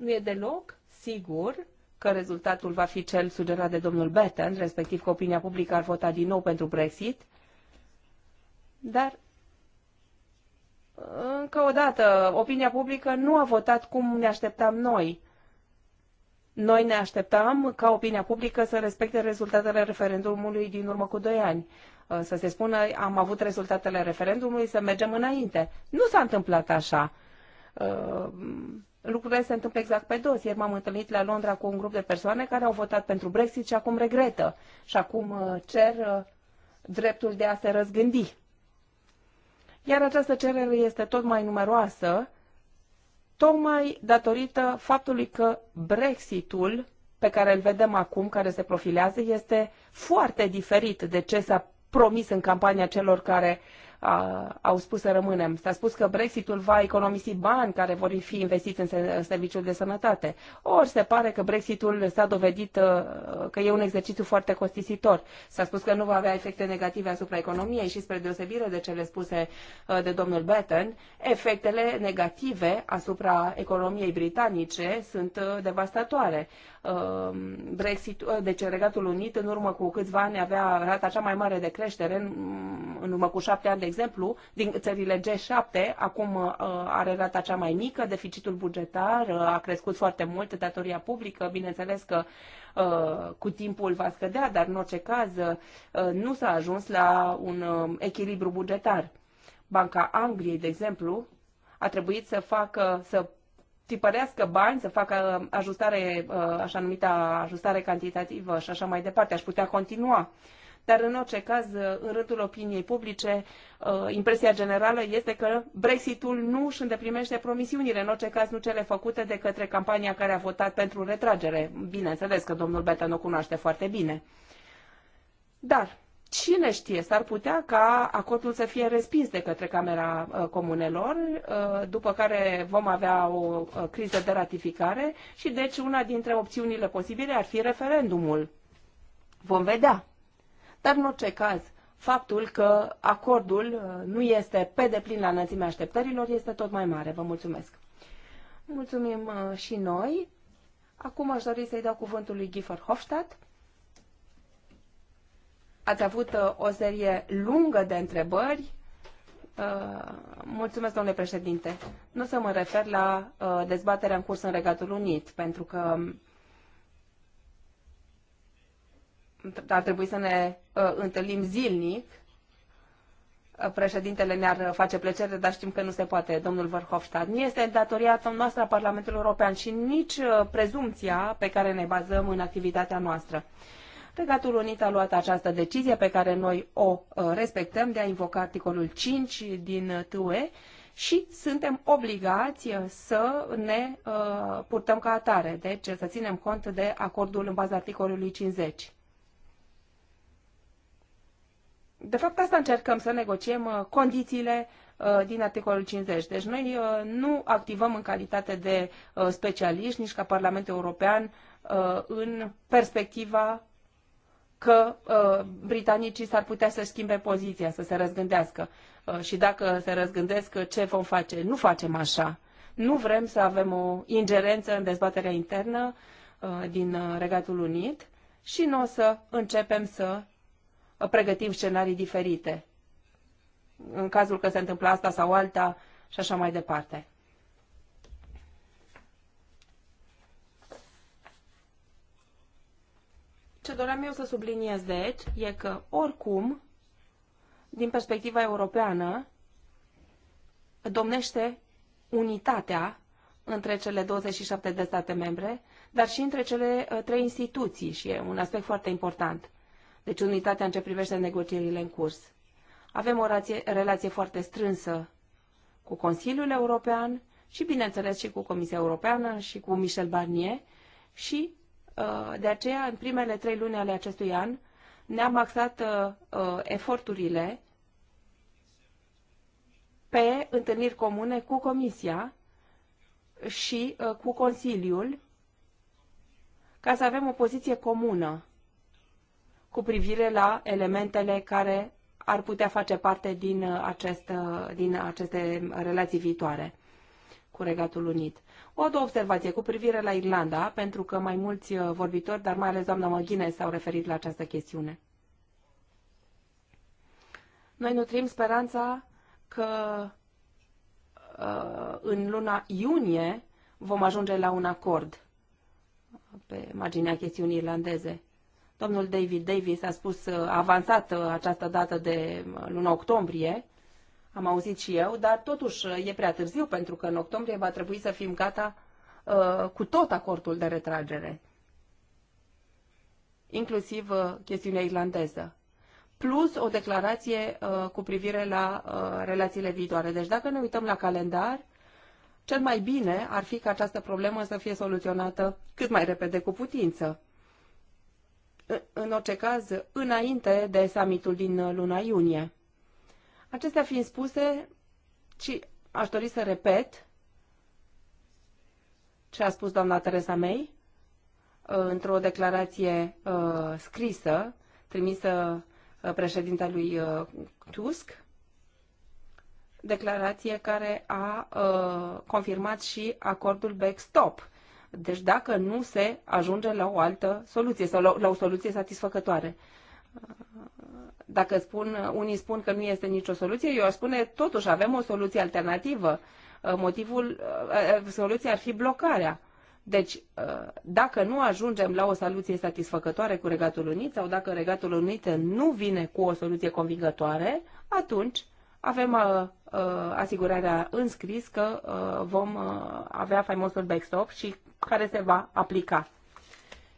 nu e deloc sigur că rezultatul va fi cel sugerat de domnul Batten, respectiv că opinia publică ar vota din nou pentru Brexit, dar încă o dată, opinia publică nu a votat cum ne așteptam noi. Noi ne așteptam ca opinia publică să respecte rezultatele referendumului din urmă cu doi ani. Ă, să se spună, am avut rezultatele referendumului, să mergem înainte. Nu s-a întâmplat așa. Ă, lucrurile se întâmplă exact pe dos. Ieri m-am întâlnit la Londra cu un grup de persoane care au votat pentru Brexit și acum regretă și acum uh, cer uh, dreptul de a se răzgândi. Iar această cerere este tot mai numeroasă, tocmai datorită faptului că Brexitul pe care îl vedem acum, care se profilează, este foarte diferit de ce s-a promis în campania celor care a, au spus să rămânem. S-a spus că Brexitul va economisi bani care vor fi investiți în, în serviciul de sănătate. Ori se pare că Brexitul s-a dovedit că e un exercițiu foarte costisitor. S-a spus că nu va avea efecte negative asupra economiei și spre deosebire de cele spuse de domnul Batten, efectele negative asupra economiei britanice sunt devastatoare. Um, Brexit, uh, deci Regatul Unit în urmă cu câțiva ani avea rata cea mai mare de creștere, în, în urmă cu șapte ani, de exemplu, din țările G7, acum uh, are rata cea mai mică, deficitul bugetar uh, a crescut foarte mult, datoria publică, bineînțeles că cu timpul va scădea, dar în orice caz nu s-a ajuns la un um, echilibru bugetar. Banca Angliei, de exemplu, a trebuit să facă, să tipărească bani, să facă uh, ajustare, uh, așa numită ajustare cantitativă și așa mai departe. Aș putea continua. Dar în orice caz, uh, în rândul opiniei publice, impresia generală este că Brexitul nu își îndeplinește promisiunile, în orice caz nu cele făcute de către campania care a votat pentru retragere. Bineînțeles că domnul Beta nu cunoaște foarte bine. Dar Cine știe, s-ar putea ca acordul să fie respins de către Camera uh, Comunelor, uh, după care vom avea o uh, criză de ratificare și deci una dintre opțiunile posibile ar fi referendumul. Vom vedea. Dar în orice caz, faptul că acordul nu este pe deplin la înălțimea așteptărilor este tot mai mare. Vă mulțumesc. Mulțumim și noi. Acum aș dori să-i dau cuvântul lui Gifford Hofstadt Ați avut uh, o serie lungă de întrebări. Uh, mulțumesc, domnule președinte. Nu să mă refer la uh, dezbaterea în curs în Regatul Unit, pentru că mm, ar trebui să ne întâlnim zilnic. Președintele ne-ar face plăcere, dar știm că nu se poate, domnul Verhofstadt. Nu este datoria noastră a Parlamentului European și nici prezumția pe care ne bazăm în activitatea noastră. Regatul Unit a luat această decizie pe care noi o uh, respectăm de a invoca articolul 5 din TUE și suntem obligați uh, să ne uh, purtăm ca atare, deci să ținem cont de acordul în baza articolului 50. De fapt, asta încercăm să negociem condițiile din articolul 50. Deci noi nu activăm în calitate de specialiști, nici ca Parlamentul European, în perspectiva că uh, britanicii s-ar putea să schimbe poziția, să se răzgândească. Uh, și dacă se răzgândesc, ce vom face? Nu facem așa. Nu vrem să avem o ingerență în dezbaterea internă uh, din uh, Regatul Unit și nu o să începem să uh, pregătim scenarii diferite în cazul că se întâmplă asta sau alta și așa mai departe. ce doream eu să subliniez, deci, e că, oricum, din perspectiva europeană, domnește unitatea între cele 27 de state membre, dar și între cele ă, trei instituții și e un aspect foarte important. Deci unitatea în ce privește negocierile în curs. Avem o rație, relație foarte strânsă cu Consiliul European și, bineînțeles, și cu Comisia Europeană și cu Michel Barnier și Uh, de aceea, în primele trei luni ale acestui an, ne-am axat uh, uh, eforturile pe întâlniri comune cu Comisia și cu Consiliul ca să avem o poziție comună cu privire la elementele care ar putea face parte din, acest, din aceste relații viitoare cu Regatul Unit. O două observație cu privire la Irlanda, pentru că mai mulți uh, vorbitori, dar mai ales doamna Măghine, s-au referit la această chestiune. Noi nutrim speranța că uh, în luna iunie vom ajunge la un acord pe marginea chestiunii irlandeze. Domnul David Davis a spus, uh, avansat această dată de luna octombrie, am auzit și eu, dar totuși e prea târziu pentru că în octombrie va trebui să fim gata uh, cu tot acordul de retragere, inclusiv uh, chestiunea irlandeză, plus o declarație uh, cu privire la uh, relațiile viitoare. Deci dacă ne uităm la calendar, cel mai bine ar fi ca această problemă să fie soluționată cât mai repede cu putință. În orice caz, înainte de summitul din uh, luna iunie. Acestea fiind spuse, și aș dori să repet ce a spus doamna Teresa May uh, într-o declarație uh, scrisă trimisă uh, președintelui uh, Tusk, declarație care a uh, confirmat și acordul backstop. Deci dacă nu se ajunge la o altă soluție sau la, la o soluție satisfăcătoare. Uh, dacă spun, unii spun că nu este nicio soluție, eu aș spune totuși avem o soluție alternativă. Uh, motivul, uh, uh, soluția ar fi blocarea. Deci, dacă nu ajungem la o soluție satisfăcătoare cu Regatul Unit sau dacă Regatul Unit nu vine cu o soluție convingătoare, atunci avem asigurarea înscris că vom avea faimosul backstop și care se va aplica.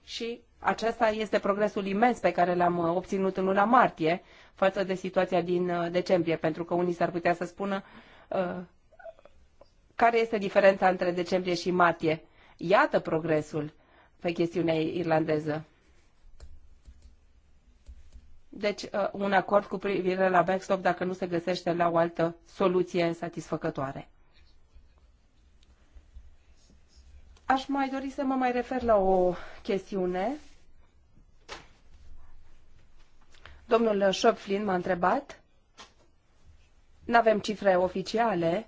Și acesta este progresul imens pe care l-am obținut în luna martie față de situația din uh, decembrie, pentru că unii s-ar putea să spună uh, care este diferența între decembrie și martie. Iată progresul pe chestiunea irlandeză. Deci, uh, un acord cu privire la backstop dacă nu se găsește la o altă soluție satisfăcătoare. Aș mai dori să mă mai refer la o chestiune Domnul Șopflin m-a întrebat. Nu avem cifre oficiale.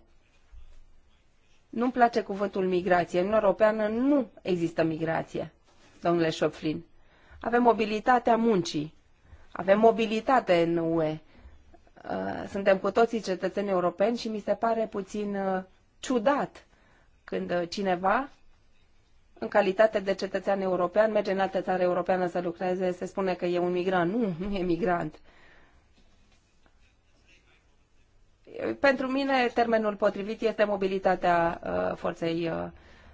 Nu-mi place cuvântul migrație. În Europeană nu există migrație, domnule Șopflin. Avem mobilitatea muncii. Avem mobilitate în UE. Uh, suntem cu toții cetățeni europeni și mi se pare puțin uh, ciudat când uh, cineva în calitate de cetățean european, merge în altă țară europeană să lucreze, se spune că e un migrant. Nu, nu e migrant. Pentru mine, termenul potrivit este mobilitatea uh, forței uh,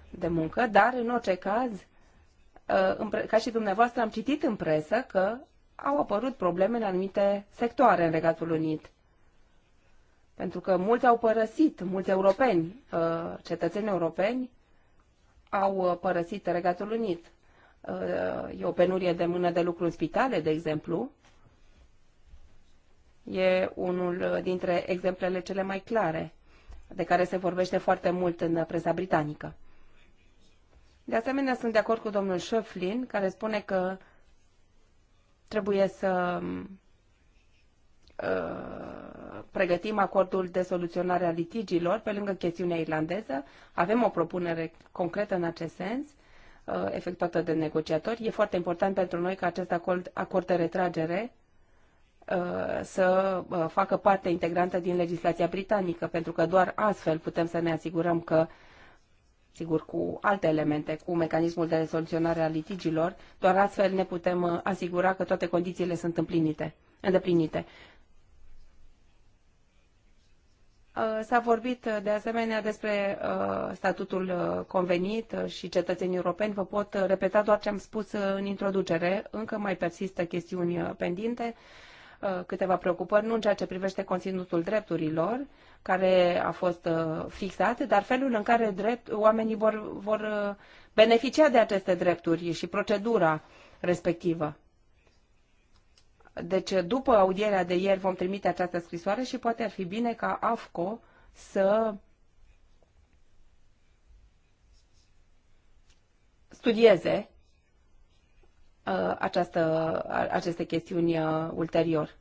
de muncă, dar, în orice caz, uh, ca și dumneavoastră, am citit în presă că au apărut probleme în anumite sectoare în Regatul Unit pentru că mulți au părăsit, mulți europeni, uh, cetățeni europeni, au uh, părăsit Regatul Unit. Uh, e o penurie de mână de lucru în spitale, de exemplu. E unul uh, dintre exemplele cele mai clare, de care se vorbește foarte mult în presa britanică. De asemenea, sunt de acord cu domnul Schöflin, care spune că trebuie să mm, pregătim acordul de soluționare a litigiilor pe lângă chestiunea irlandeză. Avem o propunere concretă în acest sens uh, efectuată de negociatori. E foarte important pentru noi ca acest acord, acord de retragere uh, să uh, facă parte integrantă din legislația britanică, pentru că doar astfel putem să ne asigurăm că, sigur, cu alte elemente, cu mecanismul de soluționare a litigilor, doar astfel ne putem asigura că toate condițiile sunt împlinite, îndeplinite. Uh, s-a vorbit uh, de asemenea despre uh, statutul convenit și cetățenii europeni. Vă pot repeta doar ce am spus în introducere. Încă mai persistă chestiuni pendinte, câteva preocupări, nu în ceea ce privește conținutul drepturilor, care a fost fixat, dar felul în care drept, oamenii vor, vor beneficia de aceste drepturi și procedura respectivă. Deci, după audierea de ieri, vom trimite această scrisoare și poate ar fi bine ca AFCO să studieze uh, această, aceste chestiuni uh, ulterior.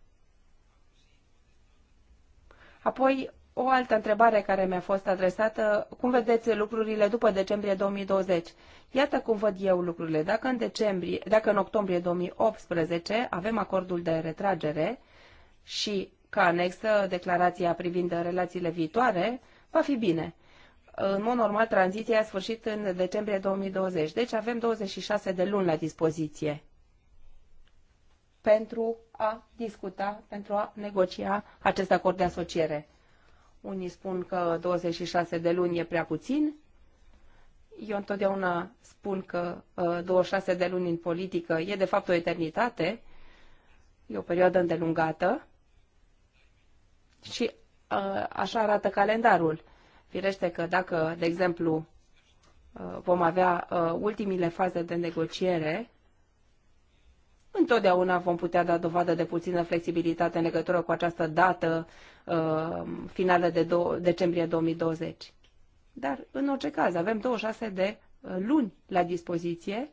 Apoi, o altă întrebare care mi-a fost adresată. Cum vedeți lucrurile după decembrie 2020? Iată cum văd eu lucrurile. Dacă în, decembrie, dacă în octombrie 2018 avem acordul de retragere și ca anexă declarația privind relațiile viitoare, va fi bine. În mod normal, tranziția a sfârșit în decembrie 2020, deci avem 26 de luni la dispoziție pentru a discuta, pentru a negocia acest acord de asociere. Unii spun că 26 de luni e prea puțin. Eu întotdeauna spun că 26 uh, de luni în politică e de fapt o eternitate, e o perioadă îndelungată și uh, așa arată calendarul. Firește că dacă, de exemplu, uh, vom avea ultimile faze de negociere, întotdeauna vom putea da dovadă de puțină flexibilitate în legătură cu această dată Uh, finală de decembrie 2020. Dar, în orice caz, avem 26 de uh, luni la dispoziție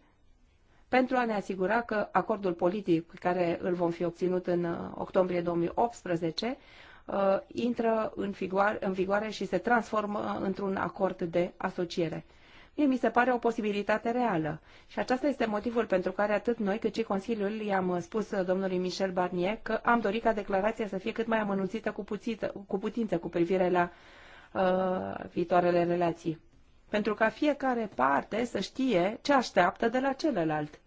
pentru a ne asigura că acordul politic pe care îl vom fi obținut în uh, octombrie 2018 intră în vigoare, în vigoare și se transformă într-un acord de asociere mie mi se pare o posibilitate reală. Și acesta este motivul pentru care atât noi cât și Consiliul i-am uh, spus uh, domnului Michel Barnier că am dorit ca declarația să fie cât mai amănunțită cu, puțită, cu putință cu privire la uh, viitoarele relații. Pentru ca fiecare parte să știe ce așteaptă de la celălalt.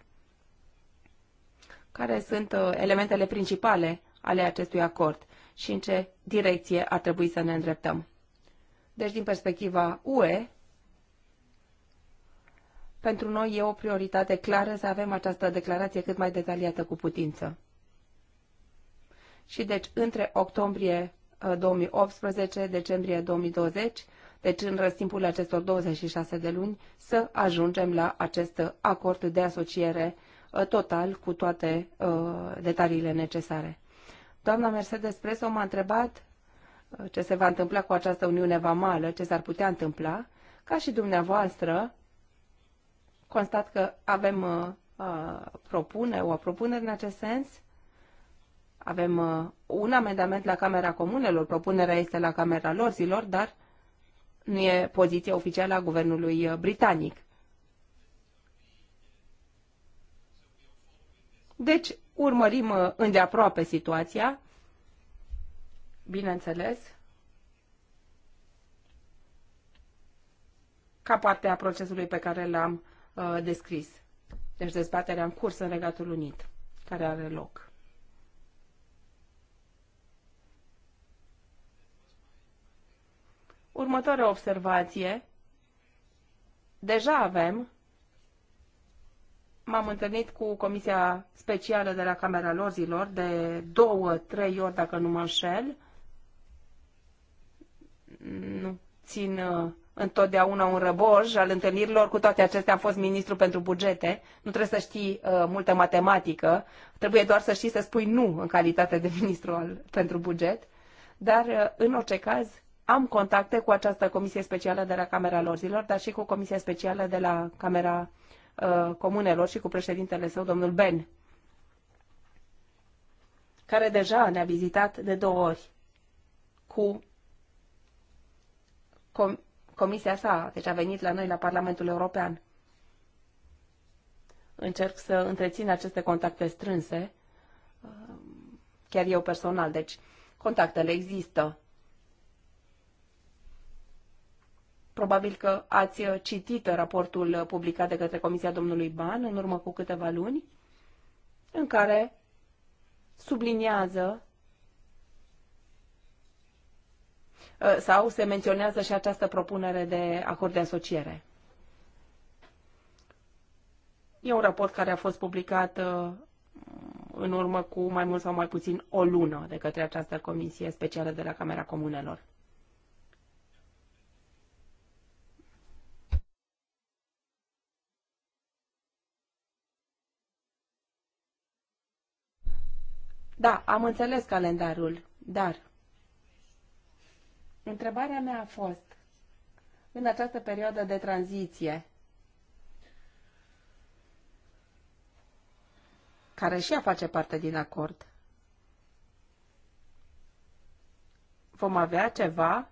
Care sunt uh, elementele principale ale acestui acord și în ce direcție ar trebui să ne îndreptăm. Deci, din perspectiva UE, pentru noi e o prioritate clară să avem această declarație cât mai detaliată cu putință. Și deci între octombrie 2018, uh, decembrie 2020, deci în răstimpul acestor 26 de luni, să ajungem la acest acord de asociere uh, total cu toate uh, detaliile necesare. Doamna Mercedes Preso m-a întrebat ce se va întâmpla cu această Uniune Vamală, ce s-ar putea întâmpla, ca și dumneavoastră, constat că avem uh, uh, propune, o propunere în acest sens. Avem uh, un amendament la Camera Comunelor, propunerea este la Camera Lorzilor, dar nu e poziția oficială a guvernului uh, britanic. Deci, urmărim uh, îndeaproape situația, bineînțeles, ca parte a procesului pe care l-am Uh, descris. Deci dezbaterea în curs în Regatul Unit, care are loc. Următoarea observație. Deja avem m-am întâlnit cu Comisia Specială de la Camera Lorzilor de două, trei ori, dacă nu mă înșel. Nu țin uh, întotdeauna un răboj al întâlnirilor. Cu toate acestea am fost ministru pentru bugete. Nu trebuie să știi uh, multă matematică. Trebuie doar să știi să spui nu în calitate de ministru al, pentru buget. Dar, uh, în orice caz, am contacte cu această comisie specială de la Camera Lorzilor, dar și cu comisia specială de la Camera uh, Comunelor și cu președintele său, domnul Ben, care deja ne-a vizitat de două ori cu com- comisia sa, deci a venit la noi, la Parlamentul European. Încerc să întrețin aceste contacte strânse, chiar eu personal, deci contactele există. Probabil că ați citit raportul publicat de către Comisia domnului Ban în urmă cu câteva luni, în care subliniază Uh, sau se menționează și această propunere de acord de asociere. E un raport care a fost publicat uh, în urmă cu mai mult sau mai puțin o lună de către această comisie specială de la Camera Comunelor. Da, am înțeles calendarul, dar Întrebarea mea a fost, în această perioadă de tranziție, care și ea face parte din acord, vom avea ceva,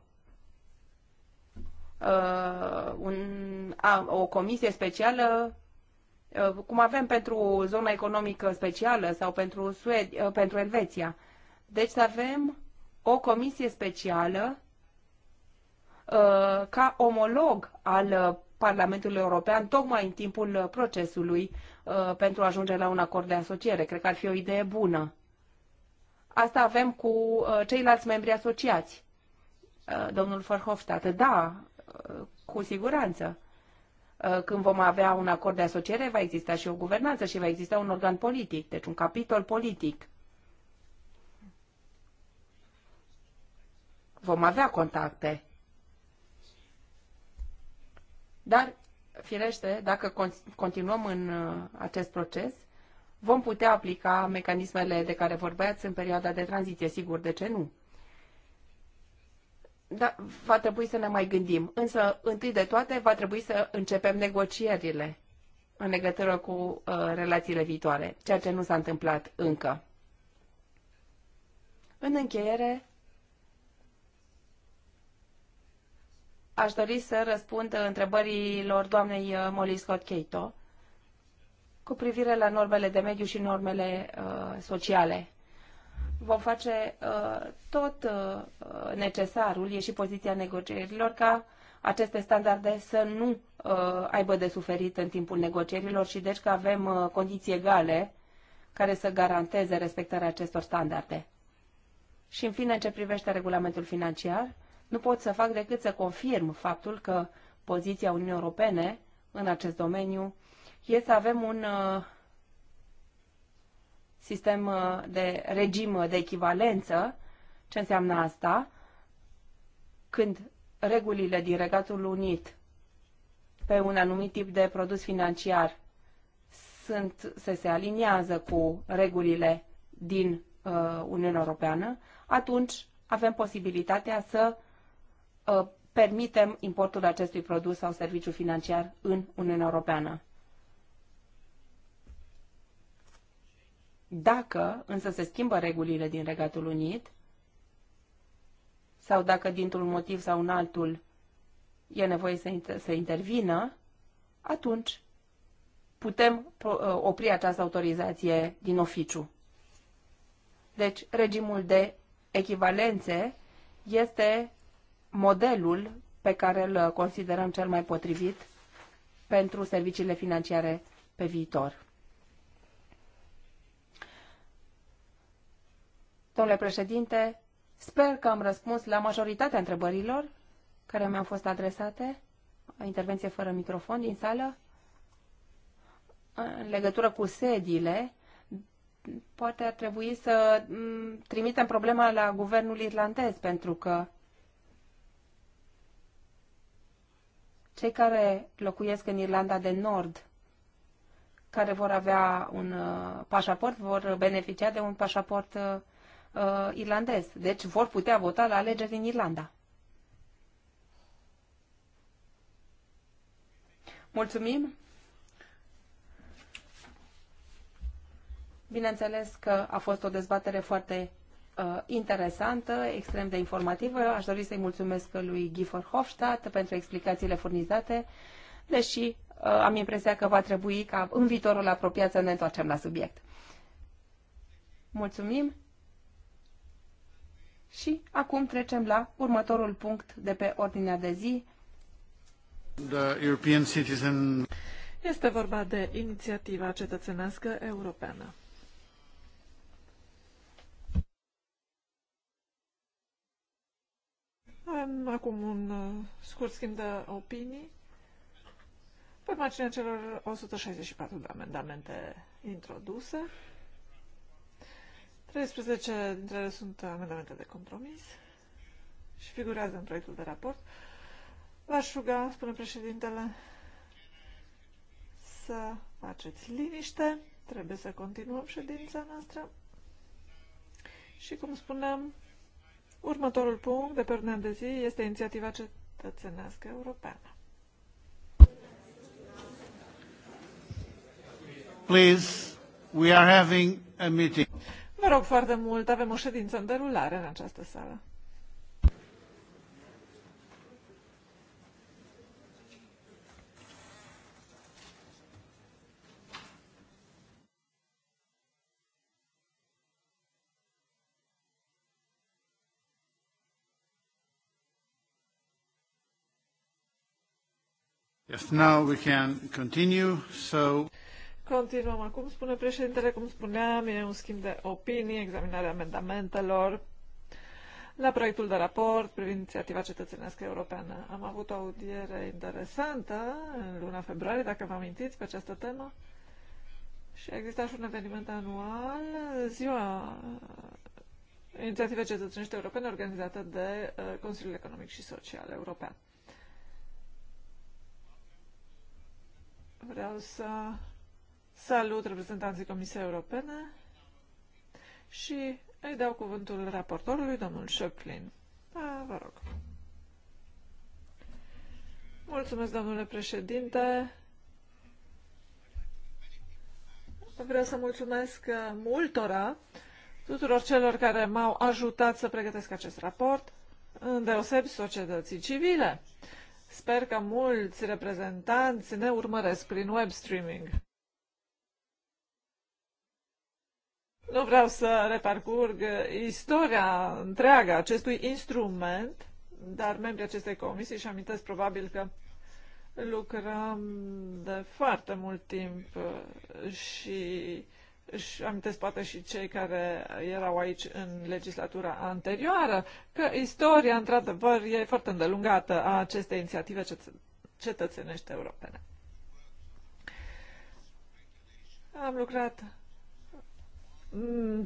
uh, un, a, o comisie specială, uh, cum avem pentru zona economică specială sau pentru, Sued- uh, pentru Elveția. Deci să avem o comisie specială Uh, ca omolog al uh, Parlamentului European tocmai în timpul uh, procesului pentru a ajunge la un acord de asociere. Cred că ar fi o idee bună. Asta avem cu ceilalți membri asociați. domnul Verhofstadt, da, cu siguranță. Când vom avea un acord de asociere, va exista și o guvernanță și va exista un organ politic, deci un capitol politic. Vom avea contacte dar, firește, dacă continuăm în uh, acest proces, vom putea aplica mecanismele de care vorbeați în perioada de tranziție, sigur, de ce nu? Da, va trebui să ne mai gândim. Însă, întâi de toate, va trebui să începem negocierile în legătură cu uh, relațiile viitoare, ceea ce nu s-a întâmplat încă. În încheiere, aș dori să răspund întrebărilor doamnei uh, Molly Scott Cato cu privire la normele de mediu și normele uh, sociale. Vom face uh, tot uh, necesarul, e și poziția negocierilor, ca aceste standarde să nu uh, aibă de suferit în timpul negocierilor și deci că avem uh, condiții egale care să garanteze respectarea acestor standarde. Și în fine, în ce privește regulamentul financiar, uh, nu pot să fac decât să confirm faptul că poziția Uniunii Europene în acest domeniu este să avem un uh, sistem uh, de regim de echivalență. Ce înseamnă asta? Când regulile din Regatul Unit pe un anumit tip de produs financiar sunt, se, se aliniază cu regulile din uh, Uniunea Europeană, atunci avem posibilitatea să Uh, permitem importul acestui produs sau serviciu financiar în Uniunea Europeană. Dacă însă se schimbă regulile din Regatul Unit, sau dacă dintr-un motiv sau un altul e nevoie să, inter- să intervină, atunci putem uh, opri această autorizație din oficiu. Deci, regimul de echivalențe este modelul pe care îl considerăm cel mai potrivit pentru serviciile financiare pe viitor. Domnule președinte, sper că am răspuns la majoritatea întrebărilor care mi-au fost adresate. Intervenție fără microfon din sală. În legătură cu sediile, poate ar trebui să mm, trimitem problema la guvernul irlandez, pentru că Cei care locuiesc în Irlanda de Nord, care vor avea un uh, pașaport, vor beneficia de un pașaport uh, uh, irlandez. Deci vor putea vota la alegeri din Irlanda. Mulțumim! Bineînțeles că a fost o dezbatere foarte Uh, interesantă, extrem de informativă. Aș dori să-i mulțumesc lui Gifford Hofstadt pentru explicațiile furnizate, deși uh, am impresia că va trebui ca în viitorul apropiat să ne întoarcem la subiect. Mulțumim! Și acum trecem la următorul punct de pe ordinea de zi. The European Citizen... Este vorba de inițiativa cetățenească europeană. Avem acum un uh, scurt schimb de opinii pe marginea celor 164 de amendamente introduse. 13 dintre ele sunt amendamente de compromis și figurează în proiectul de raport. V-aș ruga, spune președintele, să faceți liniște. Trebuie să continuăm ședința noastră. Și cum spuneam, Următorul punct de pe ordinea de zi este inițiativa cetățenească europeană. Please, we are having a meeting. Vă rog foarte mult, avem o ședință în derulare în această sală. Now we can continue, so... Continuăm acum, spune președintele, cum spuneam, e un schimb de opinii, examinarea amendamentelor la proiectul de raport privind inițiativa cetățenească europeană. Am avut o audiere interesantă în luna februarie, dacă vă amintiți, pe această temă. Și exista și un eveniment anual, ziua inițiativei cetățenești europene organizată de uh, Consiliul Economic și Social European. Vreau să salut reprezentanții Comisiei Europene și îi dau cuvântul raportorului, domnul Schöpflin. Da, vă rog. Mulțumesc, domnule președinte. Vreau să mulțumesc multora, tuturor celor care m-au ajutat să pregătesc acest raport, îndeosebi societății civile, Sper că mulți reprezentanți ne urmăresc prin web streaming. Nu vreau să reparcurg istoria întreaga acestui instrument, dar membrii acestei comisii și amintesc probabil că lucrăm de foarte mult timp uh, și își amintesc poate și cei care erau aici în legislatura anterioară, că istoria, într-adevăr, e foarte îndelungată a acestei inițiative cetățenești europene. Am lucrat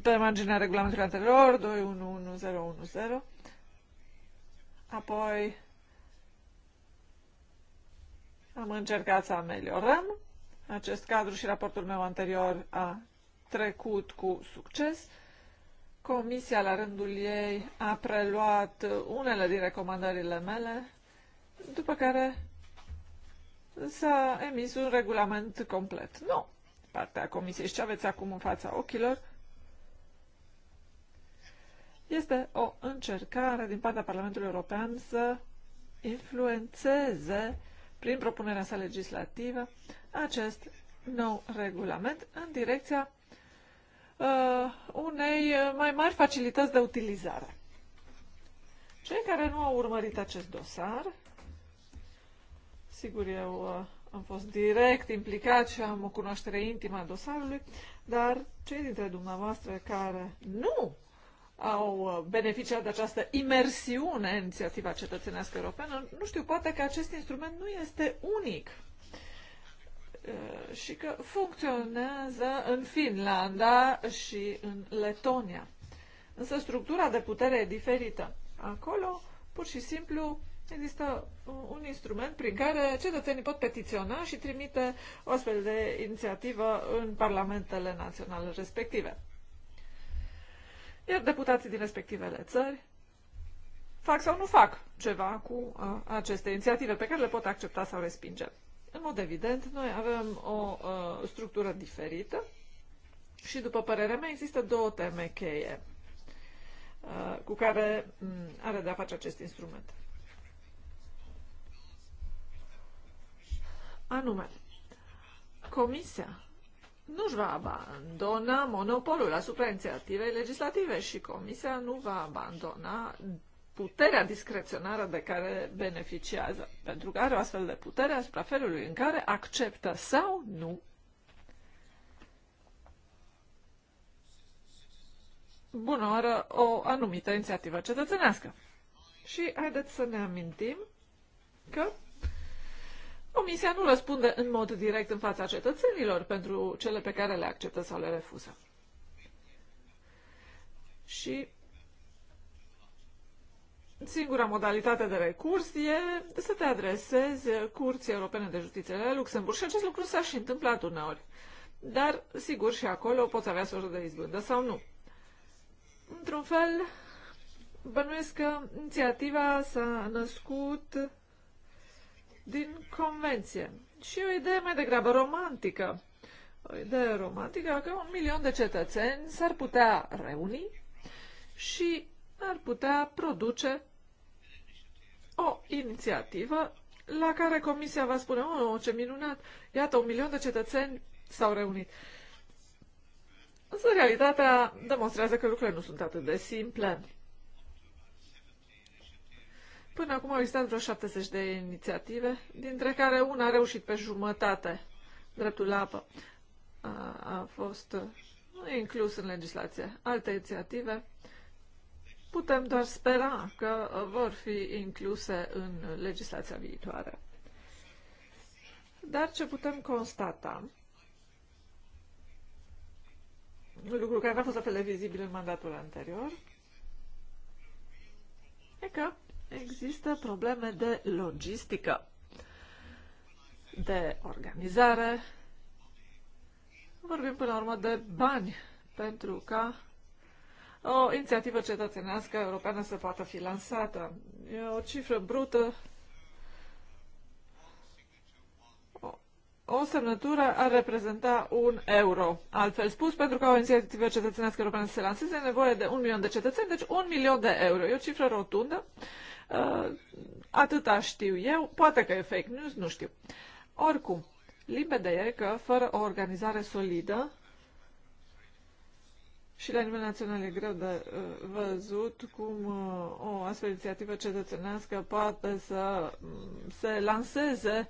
pe marginea regulamentului anterior, 211010, apoi am încercat să ameliorăm acest cadru și raportul meu anterior a trecut cu succes. Comisia, la rândul ei, a preluat unele din recomandările mele, după care s-a emis un regulament complet. Nu, partea Comisiei. Și ce aveți acum în fața ochilor? Este o încercare din partea Parlamentului European să influențeze prin propunerea sa legislativă acest nou regulament în direcția Uh, unei uh, mai mari facilități de utilizare. Cei care nu au urmărit acest dosar, sigur eu uh, am fost direct implicat și am o cunoaștere intimă a dosarului, dar cei dintre dumneavoastră care nu au beneficiat de această imersiune în inițiativa cetățenească europeană, nu știu, poate că acest instrument nu este unic Uh, și că funcționează în Finlanda și în Letonia. Însă structura de putere e diferită. Acolo, pur și simplu, există un instrument prin care cetățenii pot petiționa și trimite o astfel de inițiativă în parlamentele naționale respective. Iar deputații din respectivele țări fac sau nu fac ceva cu uh, aceste inițiative pe care le pot accepta sau respinge. În mod evident, noi avem o uh, structură diferită și, după părerea mea, există două teme cheie uh, cu care um, are de-a face acest instrument. Anume, Comisia nu își va abandona monopolul asupra inițiativei legislative și Comisia nu va abandona puterea discreționară de care beneficiază, pentru că are o astfel de putere asupra felului în care acceptă sau nu bună oară o anumită inițiativă cetățenească. Și haideți să ne amintim că Comisia nu răspunde în mod direct în fața cetățenilor pentru cele pe care le acceptă sau le refuză. Și singura modalitate de recurs e să te adresezi Curții Europene de Justiție la Luxemburg și acest lucru s-a și întâmplat uneori. Dar, sigur, și acolo poți avea sursă de izbândă sau nu. Într-un fel, bănuiesc că inițiativa s-a născut din convenție și o idee mai degrabă romantică. O idee romantică că un milion de cetățeni s-ar putea reuni și ar putea produce o inițiativă la care Comisia va spune, oh, ce minunat, iată, un milion de cetățeni s-au reunit. Însă realitatea demonstrează că lucrurile nu sunt atât de simple. Până acum au existat vreo 70 de inițiative, dintre care una a reușit pe jumătate. Dreptul la apă a, a fost uh, inclus în legislație. Alte inițiative Putem doar spera că uh, vor fi incluse în legislația viitoare. Dar ce putem constata? Lucru care a fost la fel de vizibil în mandatul anterior, e că există probleme de logistică, de organizare. Vorbim până la urmă de bani pentru ca o inițiativă cetățenească europeană să poată fi lansată. E o cifră brută. O, semnătură ar reprezenta un euro. Altfel spus, pentru ca o inițiativă cetățenească europeană să se lanseze, e nevoie de un milion de cetățeni, deci un milion de euro. E o cifră rotundă. Atâta știu eu. Poate că e fake news, nu știu. Oricum, limpede e că, fără o organizare solidă, și la nivel național e greu de uh, văzut cum uh, o astfel inițiativă cetățenească poate să mm, se lanseze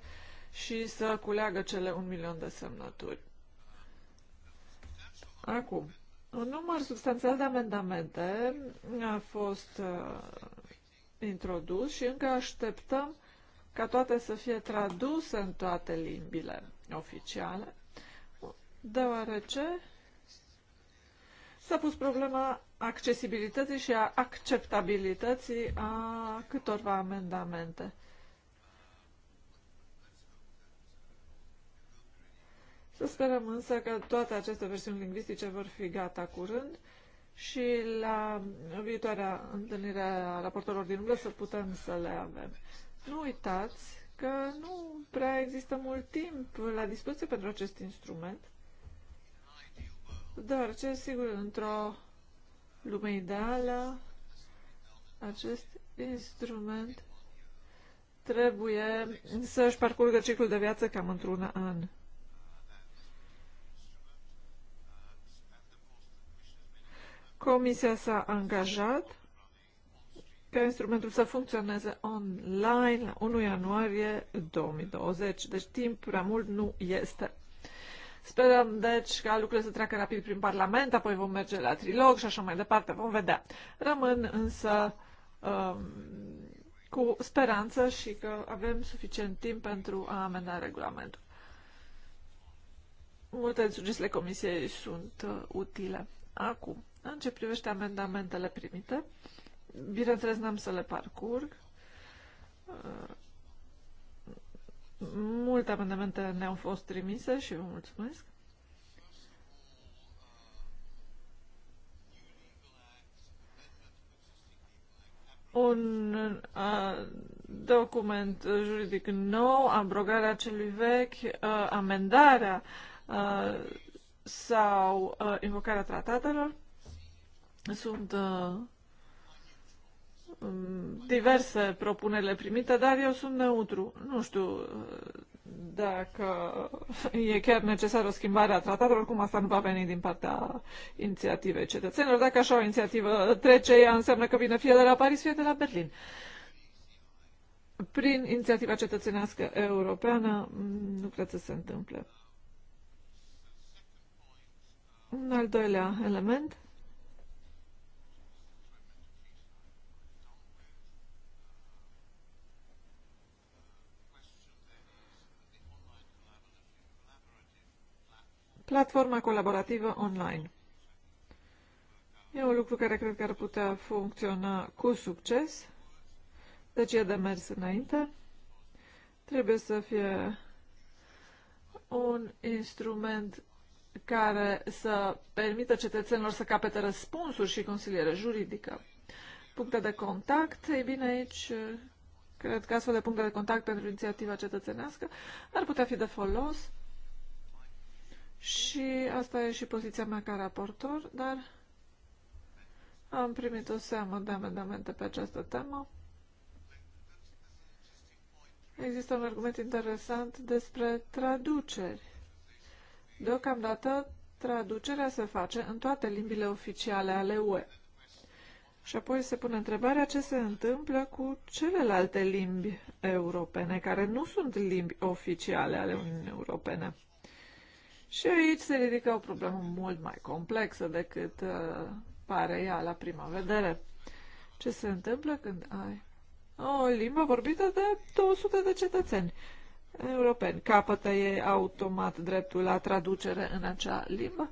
și să culeagă cele un milion de semnături. Acum, un număr substanțial de amendamente a fost uh, introdus și încă așteptăm ca toate să fie traduse în toate limbile oficiale, deoarece S-a pus problema accesibilității și a acceptabilității a câtorva amendamente. Să sperăm însă că toate aceste versiuni lingvistice vor fi gata curând și la viitoarea întâlnire a raportorilor din umbră să putem să le avem. Nu uitați că nu prea există mult timp la dispoziție pentru acest instrument dar, ce sigur, într-o lume ideală, acest instrument trebuie să-și parcurgă ciclul de viață cam într-un an. Comisia s-a angajat ca instrumentul să funcționeze online la 1 ianuarie 2020, deci timp prea mult nu este Sperăm, deci, ca lucrurile să treacă rapid prin Parlament, apoi vom merge la trilog și așa mai departe. Vom vedea. Rămân însă um, cu speranță și că avem suficient timp pentru a amenda regulamentul. Multe din sugestiile comisiei sunt uh, utile. Acum, în ce privește amendamentele primite, bineînțeles n-am să le parcurg. Uh, Multe amendamente ne-au fost trimise și vă mulțumesc. un uh, document juridic nou, abrogarea celui vechi, uh, amendarea uh, sau uh, invocarea tratatelor. Sunt uh, Mm, diverse propunerile primite, dar eu sunt neutru. Nu știu uh, dacă e chiar necesară o schimbare a tratatelor, cum asta nu va veni din partea inițiativei cetățenilor. Dacă așa o inițiativă trece, ea înseamnă că vine fie de la Paris, fie de la Berlin. Prin inițiativa cetățenească europeană mm, nu cred să se întâmple. Un al doilea element platforma colaborativă online. E un lucru care cred că ar putea funcționa cu succes, deci e de mers înainte. Trebuie să fie un instrument care să permită cetățenilor să capete răspunsuri și consiliere juridică. Puncte de contact, ei bine, aici cred că astfel de puncte de contact pentru inițiativa cetățenească ar putea fi de folos și asta e și poziția mea ca raportor, dar am primit o seamă de amendamente pe această temă. Există un argument interesant despre traduceri. Deocamdată, traducerea se face în toate limbile oficiale ale UE. Și apoi se pune întrebarea ce se întâmplă cu celelalte limbi europene, care nu sunt limbi oficiale ale Uniunii Europene. Și aici se ridică o problemă mult mai complexă decât uh, pare ea la prima vedere. Ce se întâmplă când ai o limbă vorbită de 200 de cetățeni europeni? Capătă ei automat dreptul la traducere în acea limbă?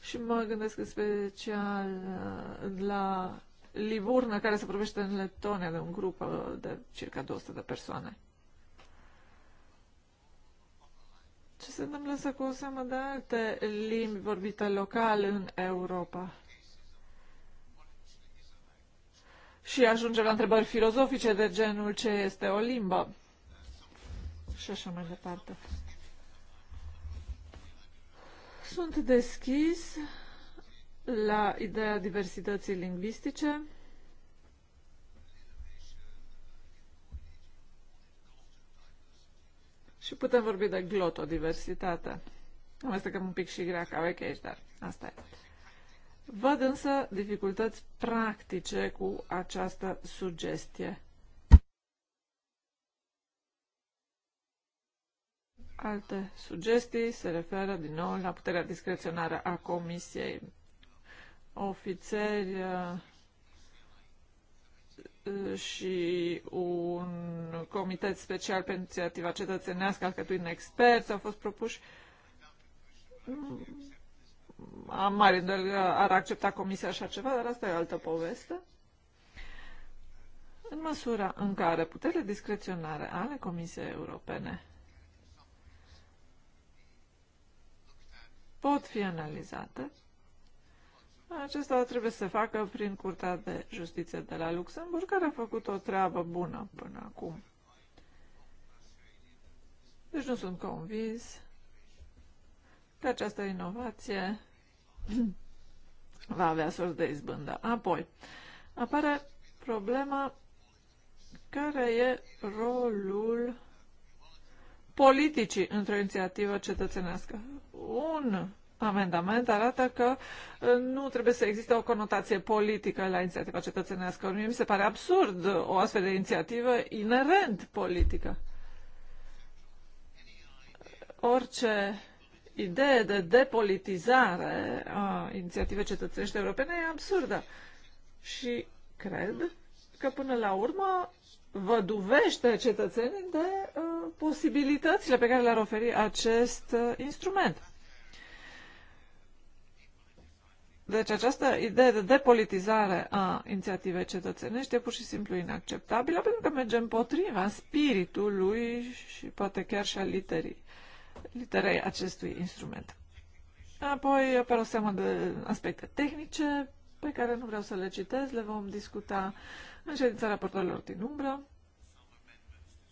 Și mă gândesc în special uh, la Livurnă, care se vorbește în Letonia de un grup uh, de circa 200 de persoane. Ce se întâmplă să cu o seamă de alte limbi vorbite local în Europa? Și ajunge la întrebări filozofice de genul ce este o limbă și așa mai departe. Sunt deschis la ideea diversității lingvistice. Și putem vorbi de glotodiversitate. Amestecăm un pic și greaca veche aici, dar asta e. Văd însă dificultăți practice cu această sugestie. Alte sugestii se referă din nou la puterea discreționară a Comisiei. Ofițeri uh, și un comitet special pentru inițiativa cetățenească alcătuit în experți, au fost propuși am mare îndoială ar accepta comisia așa ceva, dar asta e altă poveste. În măsura în care puterile discreționare ale Comisiei Europene pot fi analizate, acesta trebuie să se facă prin Curtea de Justiție de la Luxemburg, care a făcut o treabă bună până acum. Deci nu sunt convins că această inovație va avea sort de izbândă. Apoi, apare problema care e rolul politicii într-o inițiativă cetățenească. Un amendament arată că uh, nu trebuie să existe o conotație politică la inițiativa cetățenească. Mie mi se pare absurd o astfel de inițiativă inerent politică. Orice idee de depolitizare a inițiativei cetățenești europene e absurdă. Și cred că până la urmă duvește cetățenii de uh, posibilitățile pe care le-ar oferi acest uh, instrument. Deci această idee de depolitizare a inițiativei cetățenești e pur și simplu inacceptabilă pentru că merge împotriva spiritului și poate chiar și a literii, literei acestui instrument. Apoi apar o seamă de aspecte tehnice pe care nu vreau să le citez, le vom discuta în ședința raportorilor din umbră.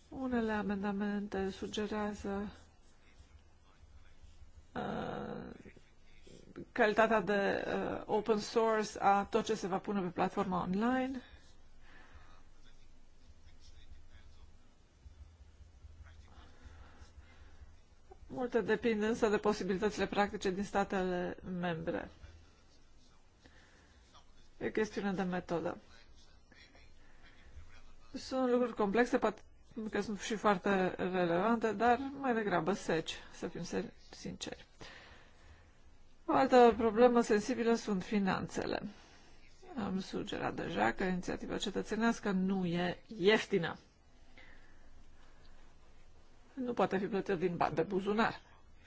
Unele amendamente sugerează uh, calitatea de uh, open source a tot ce se va pune pe platforma online. Multe depind însă de posibilitățile practice din statele membre. E chestiune de metodă. Sunt lucruri complexe, poate că sunt și foarte relevante, dar mai degrabă seci, să fim sinceri. O altă problemă sensibilă sunt finanțele. Am sugerat deja că inițiativa cetățenească nu e ieftină. Nu poate fi plătită din bani de buzunar.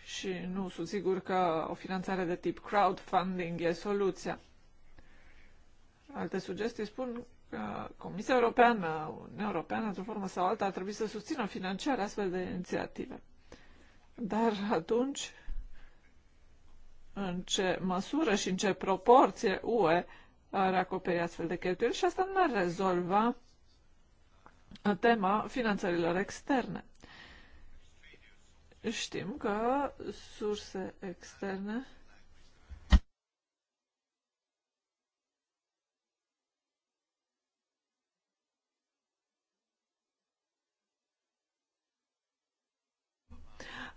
Și nu sunt sigur că o finanțare de tip crowdfunding e soluția. Alte sugestii spun că Comisia Europeană, Uniunea Europeană, într-o formă sau alta, ar trebui să susțină financiar astfel de inițiative. Dar atunci în ce măsură și în ce proporție UE ar acoperi astfel de cheltuieli și asta nu ar rezolva tema finanțărilor externe. Știm că surse externe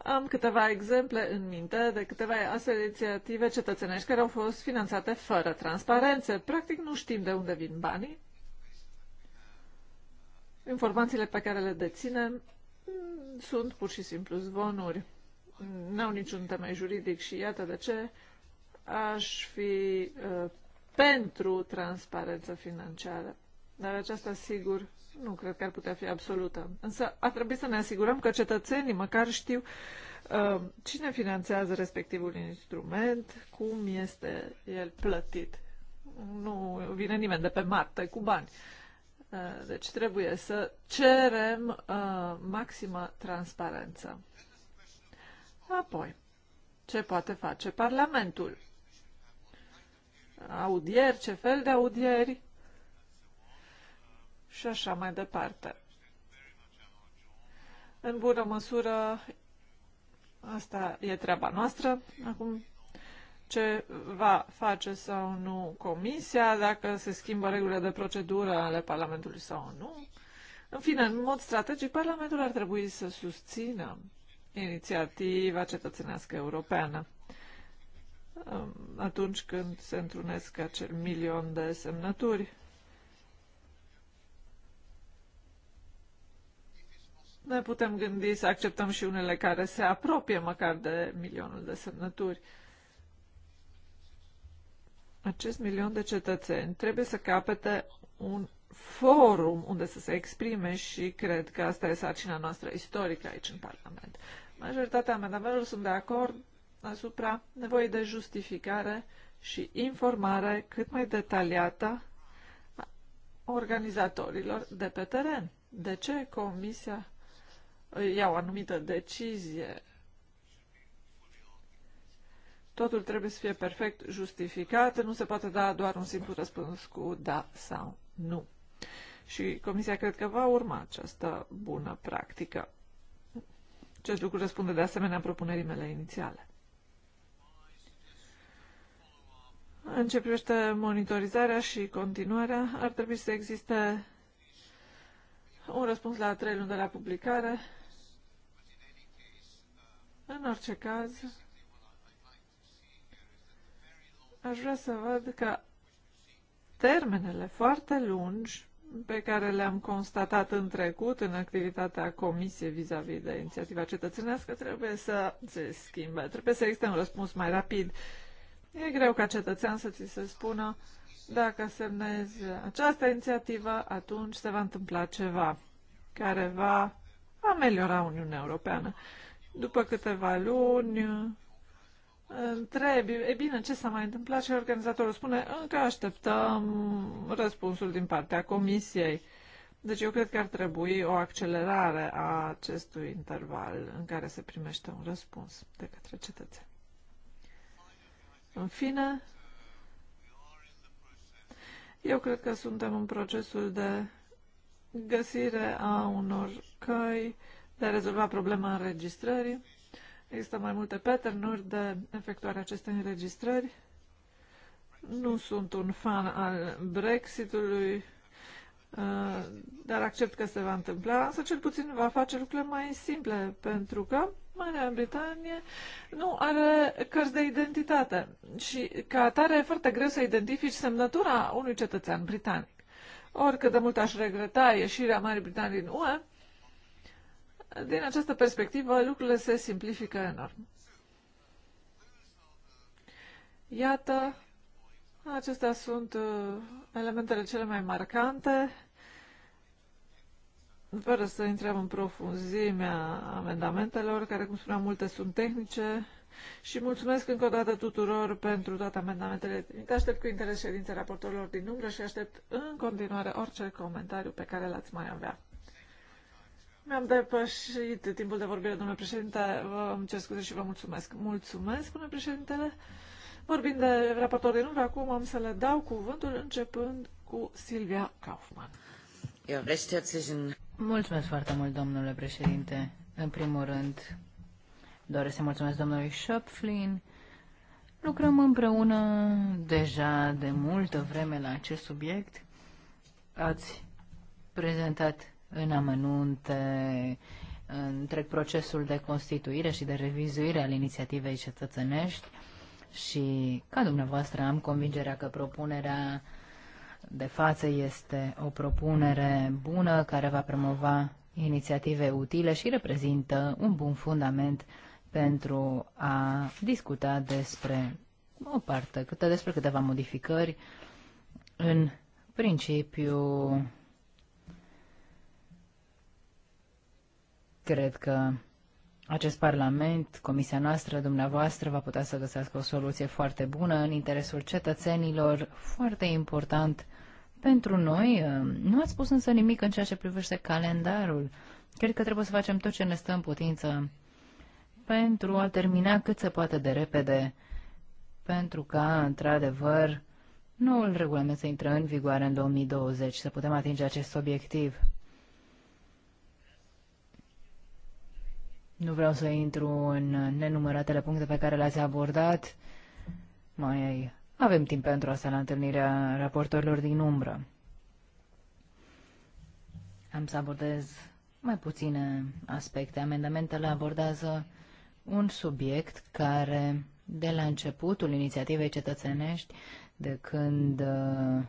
Am câteva exemple în minte de câteva astfel inițiative cetățenești care au fost finanțate fără transparențe. Practic nu știm de unde vin banii. Informațiile pe care le deținem sunt pur și simplu zvonuri. N-au niciun temei juridic și iată de ce aș fi uh, pentru transparență financiară. Dar aceasta, sigur, nu cred că ar putea fi absolută. Însă ar trebui să ne asigurăm că cetățenii măcar știu uh, cine finanțează respectivul instrument, cum este el plătit. Nu vine nimeni de pe Marte cu bani. Uh, deci trebuie să cerem uh, maximă transparență. Apoi, ce poate face Parlamentul? Audieri, ce fel de audieri? și așa mai departe. În bună măsură, asta e treaba noastră. Acum, ce va face sau nu comisia, dacă se schimbă regulile de procedură ale Parlamentului sau nu. În fine, în mod strategic, Parlamentul ar trebui să susțină inițiativa cetățenească europeană atunci când se întrunesc acel milion de semnături ne putem gândi să acceptăm și unele care se apropie măcar de milionul de semnături. Acest milion de cetățeni trebuie să capete un forum unde să se exprime și cred că asta e sarcina noastră istorică aici în Parlament. Majoritatea amendamentelor sunt de acord asupra nevoii de justificare și informare cât mai detaliată organizatorilor de pe teren. De ce Comisia ia o anumită decizie, totul trebuie să fie perfect justificat, nu se poate da doar un simplu răspuns cu da sau nu. Și Comisia cred că va urma această bună practică. Acest lucru răspunde de asemenea propunerii mele inițiale. În ce privește monitorizarea și continuarea, ar trebui să existe un răspuns la trei luni de la publicare în orice caz, aș vrea să văd că termenele foarte lungi pe care le-am constatat în trecut în activitatea Comisiei vis-a-vis -vis de inițiativa cetățenească trebuie să se schimbe, trebuie să existe un răspuns mai rapid. E greu ca cetățean să ți se spună dacă semnezi această inițiativă, atunci se va întâmpla ceva care va ameliora Uniunea Europeană. După câteva luni, întrebi, e bine, ce s-a mai întâmplat? Și organizatorul spune, încă așteptăm răspunsul din partea comisiei. Deci eu cred că ar trebui o accelerare a acestui interval în care se primește un răspuns de către cetățeni. În fine, eu cred că suntem în procesul de găsire a unor căi de a rezolva problema înregistrării. Există mai multe patternuri de efectuare acestei înregistrări. Nu sunt un fan al Brexitului, uh, dar accept că se va întâmpla, însă cel puțin va face lucrurile mai simple, pentru că Marea Britanie nu are cărți de identitate și ca atare e foarte greu să identifici semnătura unui cetățean britanic. Oricât de mult aș regreta ieșirea Marii Britanii din UE, din această perspectivă, lucrurile se simplifică enorm. Iată, acestea sunt uh, elementele cele mai marcante. Fără să intrăm în profunzimea amendamentelor, care, cum spuneam, multe sunt tehnice, și mulțumesc încă o dată tuturor pentru toate amendamentele trimite. Aștept cu interes ședințe raportorilor din umbră și aștept în continuare orice comentariu pe care l-ați mai avea. Mi-am depășit timpul de vorbire, domnule președinte. Vă îmi cer scuze și vă mulțumesc. Mulțumesc, domnule președintele. Vorbind de raportor din urmă, acum am să le dau cuvântul începând cu Silvia Kaufmann. Mulțumesc foarte mult, domnule președinte. În primul rând, doresc să mulțumesc domnului Schöpflin. Lucrăm împreună deja de multă vreme la acest subiect. Ați prezentat în amănunte întreg procesul de constituire și de revizuire al inițiativei cetățenești și ca dumneavoastră am convingerea că propunerea de față este o propunere bună care va promova inițiative utile și reprezintă un bun fundament pentru a discuta despre o parte, câte despre câteva modificări. În principiu, Cred că acest Parlament, Comisia noastră, dumneavoastră, va putea să găsească o soluție foarte bună în interesul cetățenilor, foarte important pentru noi. Nu ați spus însă nimic în ceea ce privește calendarul. Cred că trebuie să facem tot ce ne stă în putință pentru a termina cât se poate de repede, pentru ca, într-adevăr, noul regulament să intre în vigoare în 2020, să putem atinge acest obiectiv. Nu vreau să intru în nenumăratele puncte pe care le-ați abordat. Mai avem timp pentru asta la întâlnirea raportorilor din umbră. Am să abordez mai puține aspecte. Amendamentele abordează un subiect care, de la începutul inițiativei cetățenești, de când uh,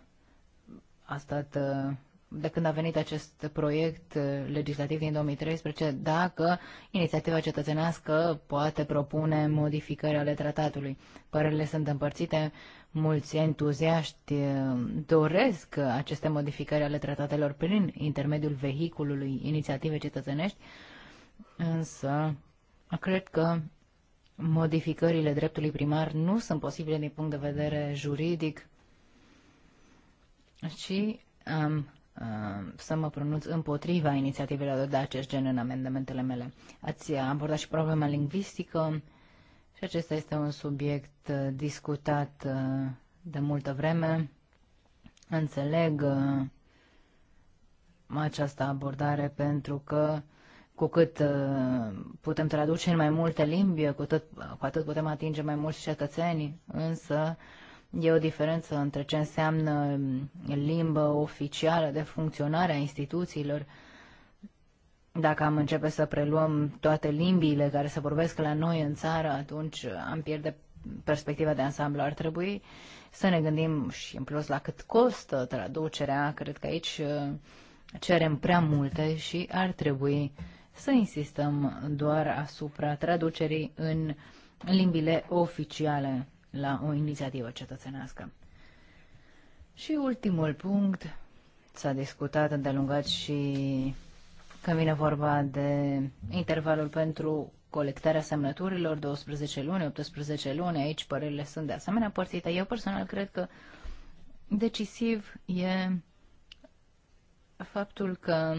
a stat uh, de când a venit acest proiect uh, legislativ din 2013, dacă inițiativa cetățenească poate propune modificări ale tratatului. Părerile sunt împărțite, mulți entuziaști uh, doresc aceste modificări ale tratatelor prin intermediul vehiculului inițiative cetățenești, însă cred că modificările dreptului primar nu sunt posibile din punct de vedere juridic, și am Uh, să mă pronunț împotriva inițiativelor de acest gen în amendamentele mele. Ați abordat și problema lingvistică și acesta este un subiect uh, discutat uh, de multă vreme. Înțeleg această abordare pentru că cu cât putem traduce în mai multe limbi, cu, tot, cu atât putem atinge mai mulți cetățeni, însă E o diferență între ce înseamnă limbă oficială de funcționare a instituțiilor. Dacă am începe să preluăm toate limbile care se vorbesc la noi în țară, atunci am pierde perspectiva de ansamblu. Ar trebui să ne gândim și în plus la cât costă traducerea. Cred că aici uh, cerem prea multe și ar trebui să insistăm doar asupra traducerii în limbile oficiale la o inițiativă cetățenească. Și ultimul punct, s-a discutat îndelungat și când vine vorba de intervalul pentru colectarea semnăturilor, 12 luni, 18 luni, aici părerile sunt de asemenea părțite. Eu personal cred că decisiv e faptul că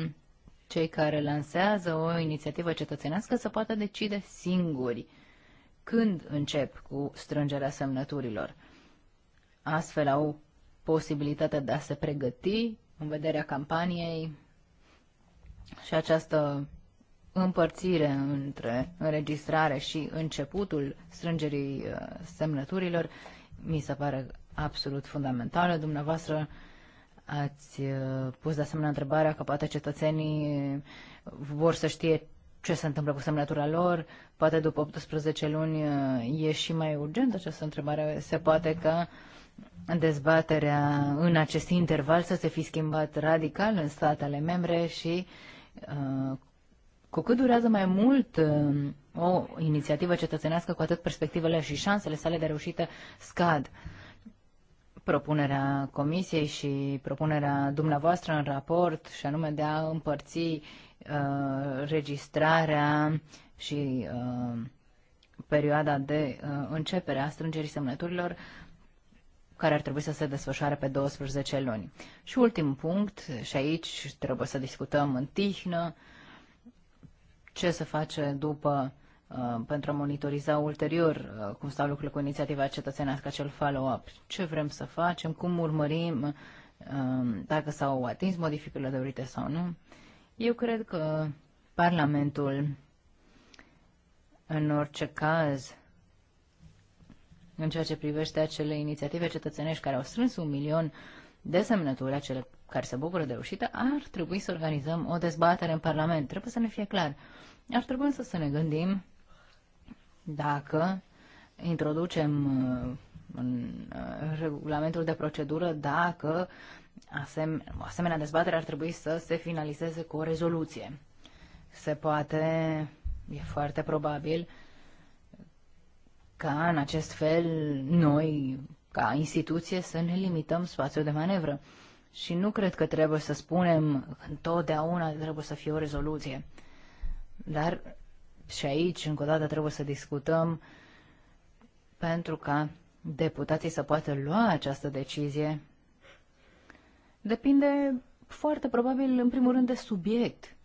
cei care lansează o inițiativă cetățenească să poată decide singuri când încep cu strângerea semnăturilor. Astfel au posibilitatea de a se pregăti în vederea campaniei și această împărțire între înregistrare și începutul strângerii uh, semnăturilor mi se pare absolut fundamentală. Dumneavoastră ați uh, pus de asemenea întrebarea că poate cetățenii vor să știe ce se întâmplă cu semnătura lor. Poate după 18 luni uh, e și mai urgent această întrebare. Se poate ca dezbaterea în acest interval să se fi schimbat radical în statele membre și uh, cu cât durează mai mult uh, o inițiativă cetățenească, cu atât perspectivele și șansele sale de reușită scad. Propunerea comisiei și propunerea dumneavoastră în raport, și anume de a împărți Uh, registrarea și uh, perioada de uh, începere a strângerii semnăturilor care ar trebui să se desfășoare pe 12 luni. Și ultim punct, și aici trebuie să discutăm în tihnă ce se face după pentru a monitoriza ulterior cum stau lucrurile cu inițiativa cetățenească, acel follow-up, ce vrem să facem, cum urmărim, dacă s-au atins modificările dorite sau nu. Eu cred că Parlamentul, în orice caz, în ceea ce privește acele inițiative cetățenești care au strâns un milion de semnături, acele care se bucură de reușită, ar trebui să organizăm o dezbatere în Parlament. Trebuie să ne fie clar. Ar trebui însă să ne gândim dacă introducem uh, în uh, regulamentul de procedură dacă Asem- o asemenea dezbatere ar trebui să se finalizeze cu o rezoluție. Se poate, e foarte probabil, ca în acest fel noi, ca instituție, să ne limităm spațiul de manevră. Și nu cred că trebuie să spunem întotdeauna trebuie să fie o rezoluție. Dar și aici, încă o dată, trebuie să discutăm pentru ca deputații să poată lua această decizie depinde foarte probabil, în primul rând, de subiect.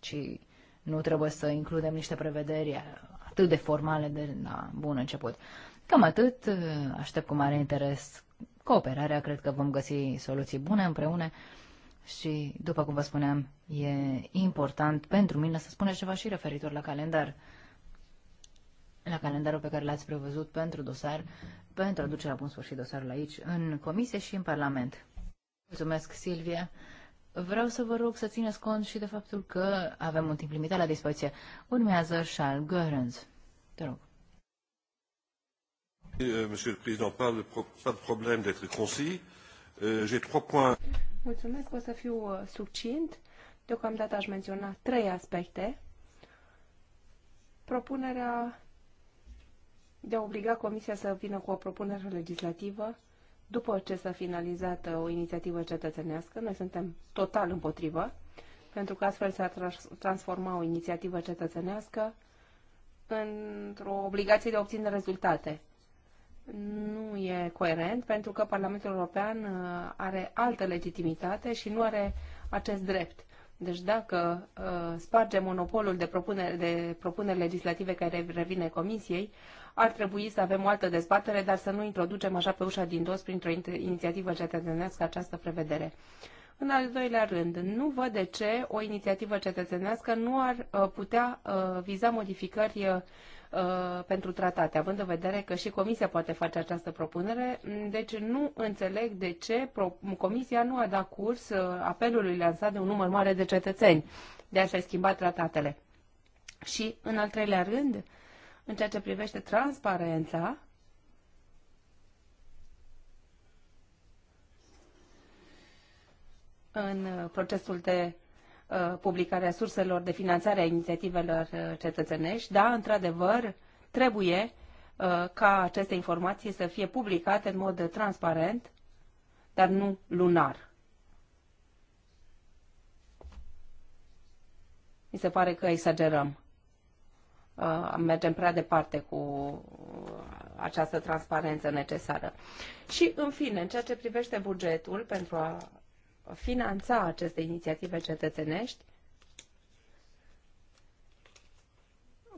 Și nu trebuie să includem niște prevederi atât de formale de la bun început. Cam atât, aștept cu mare interes cooperarea, cred că vom găsi soluții bune împreună și, după cum vă spuneam, e important pentru mine să spuneți ceva și referitor la calendar, la calendarul pe care l-ați prevăzut pentru dosar, pentru aducerea bun sfârșit dosarul aici, în comisie și în Parlament. Mulțumesc, Silvia. Vreau să vă rog să țineți cont și de faptul că avem un timp limitat la dispoziție. Urmează Charles Görens. Te rog. Euh, monsieur le Président, pas de, pas de problème d'être concis. Euh, j'ai trois points. Mulțumesc, o să fiu uh, succint. Deocamdată aș menționa trei aspecte. Propunerea de a obliga Comisia să vină cu o propunere legislativă după ce s-a finalizată uh, o inițiativă cetățenească. Noi suntem total împotrivă, pentru că astfel s-ar transforma o inițiativă cetățenească într-o obligație de a obține rezultate. Nu e coerent, pentru că Parlamentul European uh, are altă legitimitate și nu are acest drept. Deci dacă uh, sparge monopolul de propuneri, de propuneri legislative care revine Comisiei, ar trebui să avem o altă dezbatere, dar să nu introducem așa pe ușa din dos printr-o inițiativă cetățenească această prevedere. În al doilea rând, nu văd de ce o inițiativă cetățenească nu ar uh, putea uh, viza modificări uh, Uh, pentru tratate, având în vedere că și Comisia poate face această propunere. Mm, deci nu înțeleg de ce Comisia nu a dat curs uh, apelului lansat de un număr mare de cetățeni de a și schimba tratatele. Și, în al treilea rând, în ceea ce privește transparența, în procesul de Uh, publicarea surselor de finanțare a inițiativelor uh, cetățenești. Da, într-adevăr, trebuie uh, ca aceste informații să fie publicate în mod transparent, dar nu lunar. Mi se pare că exagerăm. Mergem prea departe cu această transparență necesară. Și, în fine, în ceea ce privește bugetul pentru a finanța aceste inițiative cetățenești,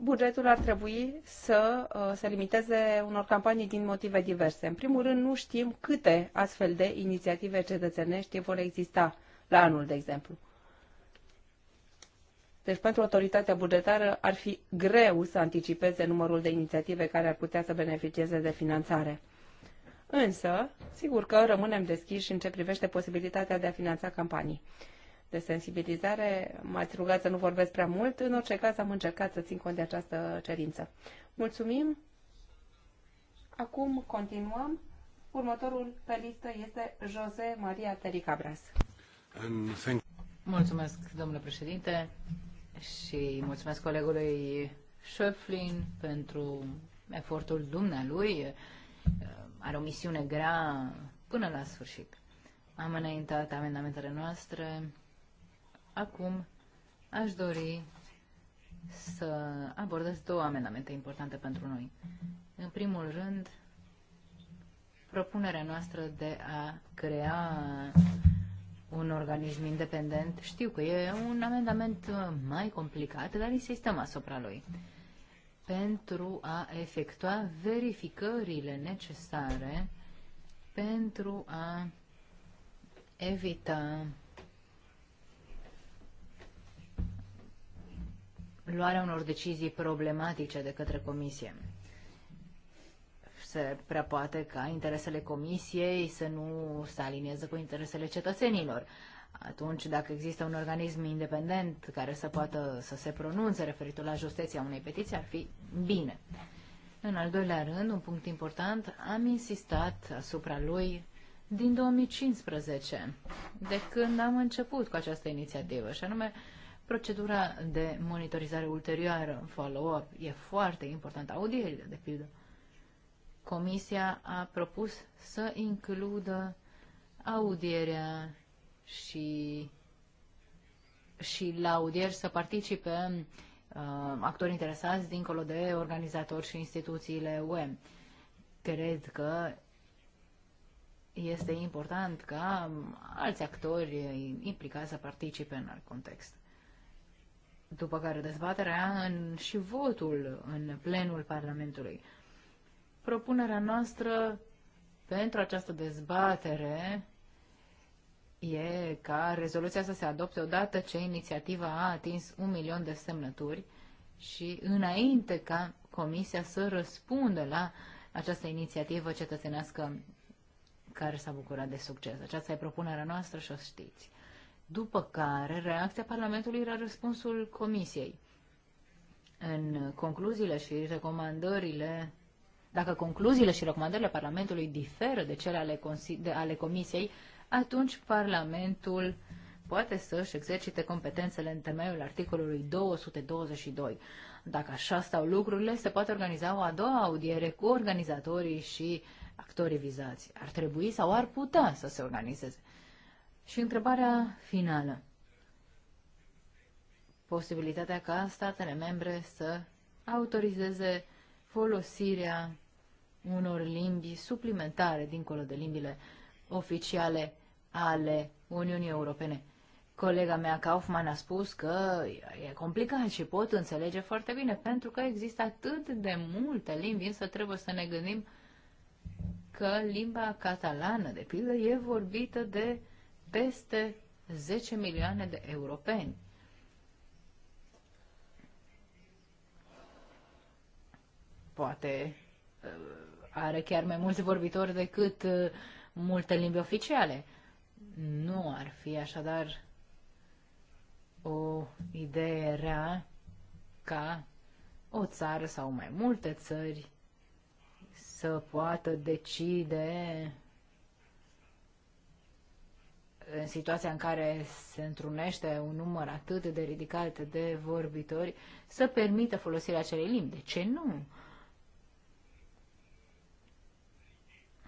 bugetul ar trebui să uh, se limiteze unor campanii din motive diverse. În primul rând, nu știm câte astfel de inițiative cetățenești vor exista la anul, de exemplu. Deci, pentru autoritatea bugetară ar fi greu să anticipeze numărul de inițiative care ar putea să beneficieze de finanțare. Însă, sigur că rămânem deschiși în ce privește posibilitatea de a finanța campanii de sensibilizare. M-ați rugat să nu vorbesc prea mult. În orice caz, am încercat să țin cont de această cerință. Mulțumim! Acum continuăm. Următorul pe listă este José Maria Tericabras. Um, mulțumesc, domnule președinte, și mulțumesc colegului Schöflin pentru efortul dumnealui Um, are o misiune grea până la sfârșit. Am înaintat amendamentele noastre. Acum aș dori să abordez două amendamente importante pentru noi. În primul rând, propunerea noastră de a crea un organism independent. Știu că e un amendament mai complicat, dar insistăm asupra lui pentru a efectua verificările necesare pentru a evita luarea unor decizii problematice de către comisie. Se prea poate ca interesele comisiei să nu se alinieze cu interesele cetățenilor. Atunci, dacă există un organism independent care să poată să se pronunțe referitor la justeția unei petiții, ar fi bine. În al doilea rând, un punct important, am insistat asupra lui din 2015, de când am început cu această inițiativă, și anume procedura de monitorizare ulterioară, follow-up, e foarte importantă, audierile, de pildă. Comisia a propus să includă audierea și, și la audieri să participe uh, actori interesați dincolo de organizatori și instituțiile UE. Cred că este important ca alți actori implicați să participe în alt context. După care dezbaterea în, și votul în plenul Parlamentului. Propunerea noastră pentru această dezbatere e ca rezoluția să se adopte odată ce inițiativa a atins un milion de semnături și înainte ca Comisia să răspundă la această inițiativă cetățenească care s-a bucurat de succes. Aceasta e propunerea noastră și o știți. După care, reacția Parlamentului era răspunsul Comisiei. În concluziile și recomandările, dacă concluziile și recomandările Parlamentului diferă de cele ale, ale Comisiei, atunci Parlamentul poate să-și exercite competențele în temeiul articolului 222. Dacă așa stau lucrurile, se poate organiza o a doua audiere cu organizatorii și actorii vizați. Ar trebui sau ar putea să se organizeze. Și întrebarea finală. Posibilitatea ca statele membre să autorizeze folosirea unor limbi suplimentare dincolo de limbile oficiale ale Uniunii Europene. Colega mea Kaufman a spus că e complicat și pot înțelege foarte bine, pentru că există atât de multe limbi, însă trebuie să ne gândim că limba catalană, de pildă, e vorbită de peste 10 milioane de europeni. Poate uh, are chiar mai mulți vorbitori decât uh, multe limbi oficiale. Nu ar fi așadar o idee rea ca o țară sau mai multe țări să poată decide în situația în care se întrunește un număr atât de ridicat de vorbitori, să permită folosirea acelei limbi. De ce nu?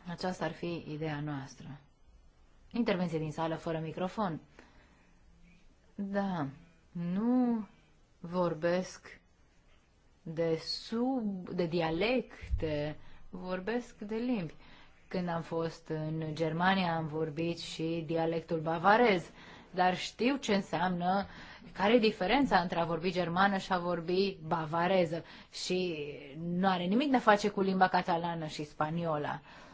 Aceasta ar fi ideea noastră. Intervenție din sală fără microfon. Da, nu vorbesc de sub, de dialecte, vorbesc de limbi. Când am fost în Germania am vorbit și dialectul bavarez, dar știu ce înseamnă, care e diferența între a vorbi germană și a vorbi bavareză și nu are nimic de a face cu limba catalană și spaniola. Uh,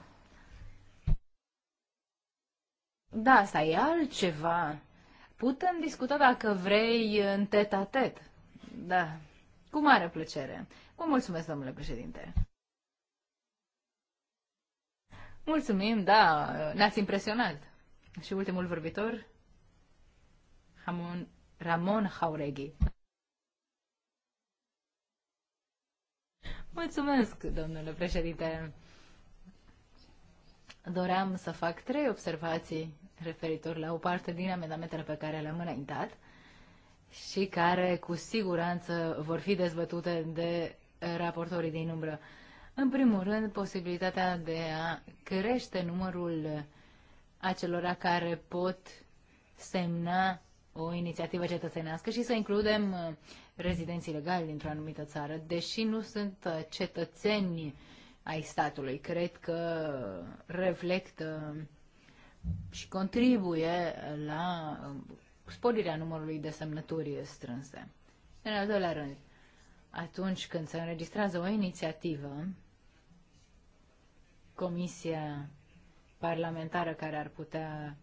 Da, asta e altceva. Putem discuta dacă vrei în tet-a-tet. Da, cu mare plăcere. Vă mulțumesc, domnule președinte. Mulțumim, da, ne-ați impresionat. Și ultimul vorbitor, Ramon, Ramon Jauregui. Mulțumesc, domnule președinte. Doream să fac trei observații referitor la o parte din amendamentele pe care le-am înaintat și care cu siguranță vor fi dezbătute de raportorii din umbră. În primul rând, posibilitatea de a crește numărul acelora care pot semna o inițiativă cetățenească și să includem uh, rezidenții legali dintr-o anumită țară, deși nu sunt uh, cetățeni ai statului. Cred că reflectă și contribuie la um, sporirea numărului de semnături strânse. În al doilea rând, atunci când se înregistrează o inițiativă, comisia parlamentară care ar putea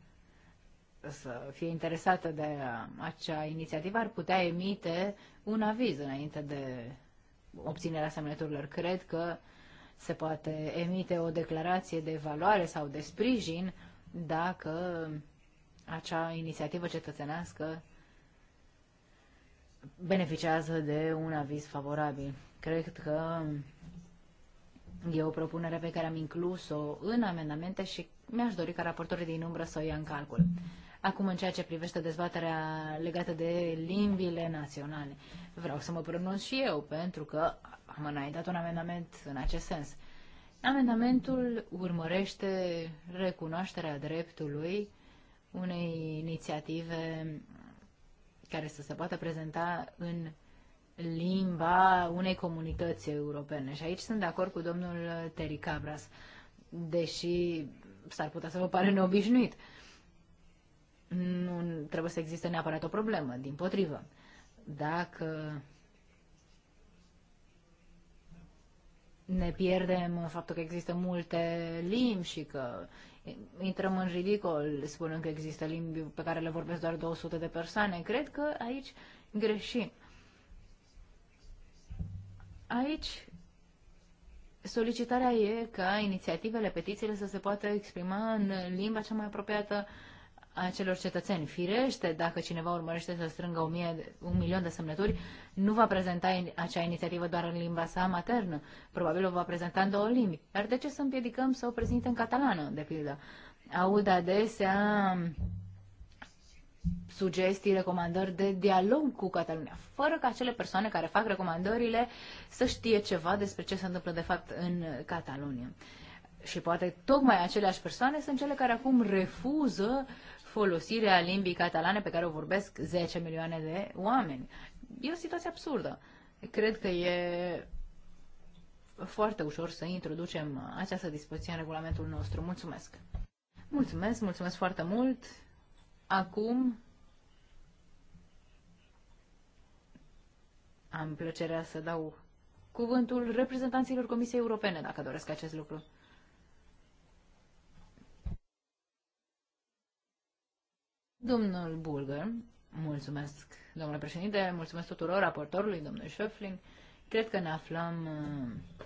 să fie interesată de uh, acea inițiativă ar putea emite un aviz înainte de obținerea semnăturilor. Cred că se poate emite o declarație de valoare sau de sprijin dacă acea inițiativă cetățenească beneficiază de un aviz favorabil. Cred că e o propunere pe care am inclus-o în amendamente și mi-aș dori ca raportorii din umbră să o ia în calcul. Acum, în ceea ce privește dezbaterea legată de limbile naționale, vreau să mă pronunț și eu, pentru că am înaintat un amendament în acest sens. Amendamentul urmărește recunoașterea dreptului unei inițiative care să se poată prezenta în limba unei comunități europene. Și aici sunt de acord cu domnul Terry Cabras, deși s-ar putea să vă pare neobișnuit. Nu trebuie să existe neapărat o problemă, din potrivă. Dacă ne pierdem în faptul că există multe limbi și că intrăm în ridicol spunând că există limbi pe care le vorbesc doar 200 de persoane. Cred că aici greșim. Aici solicitarea e ca inițiativele, petițiile să se poată exprima în limba cea mai apropiată acelor cetățeni. Firește, dacă cineva urmărește să strângă mie, un milion de semnături, nu va prezenta acea inițiativă doar în limba sa maternă. Probabil o va prezenta în două limbi. Dar de ce să împiedicăm să o prezinte în catalană, de pildă? Aud adesea sugestii, recomandări de dialog cu Catalunia, fără ca acele persoane care fac recomandările să știe ceva despre ce se întâmplă de fapt în Catalunia. Și poate tocmai aceleași persoane sunt cele care acum refuză folosirea limbii catalane pe care o vorbesc 10 milioane de oameni. E o situație absurdă. Cred că e foarte ușor să introducem această dispoziție în regulamentul nostru. Mulțumesc! Mulțumesc, mulțumesc foarte mult! Acum am plăcerea să dau cuvântul reprezentanților Comisiei Europene, dacă doresc acest lucru. Domnul Bulger, mulțumesc, domnule președinte, mulțumesc tuturor raportorului, domnul Schöflin. Cred că ne aflăm uh,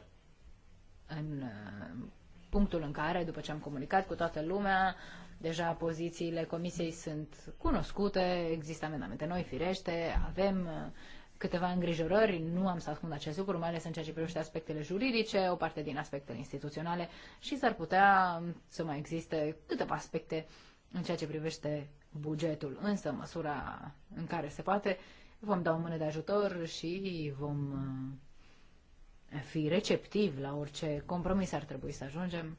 în uh, punctul în care, după ce am comunicat cu toată lumea, deja pozițiile comisiei sunt cunoscute, există amendamente noi, firește, avem uh, câteva îngrijorări, nu am să ascund acest lucru, mai ales în ceea ce privește aspectele juridice, o parte din aspectele instituționale și s-ar putea să mai existe câteva aspecte în ceea ce privește bugetul. Însă, măsura în care se poate, vom da o mână de ajutor și vom uh, fi receptivi la orice compromis ar trebui să ajungem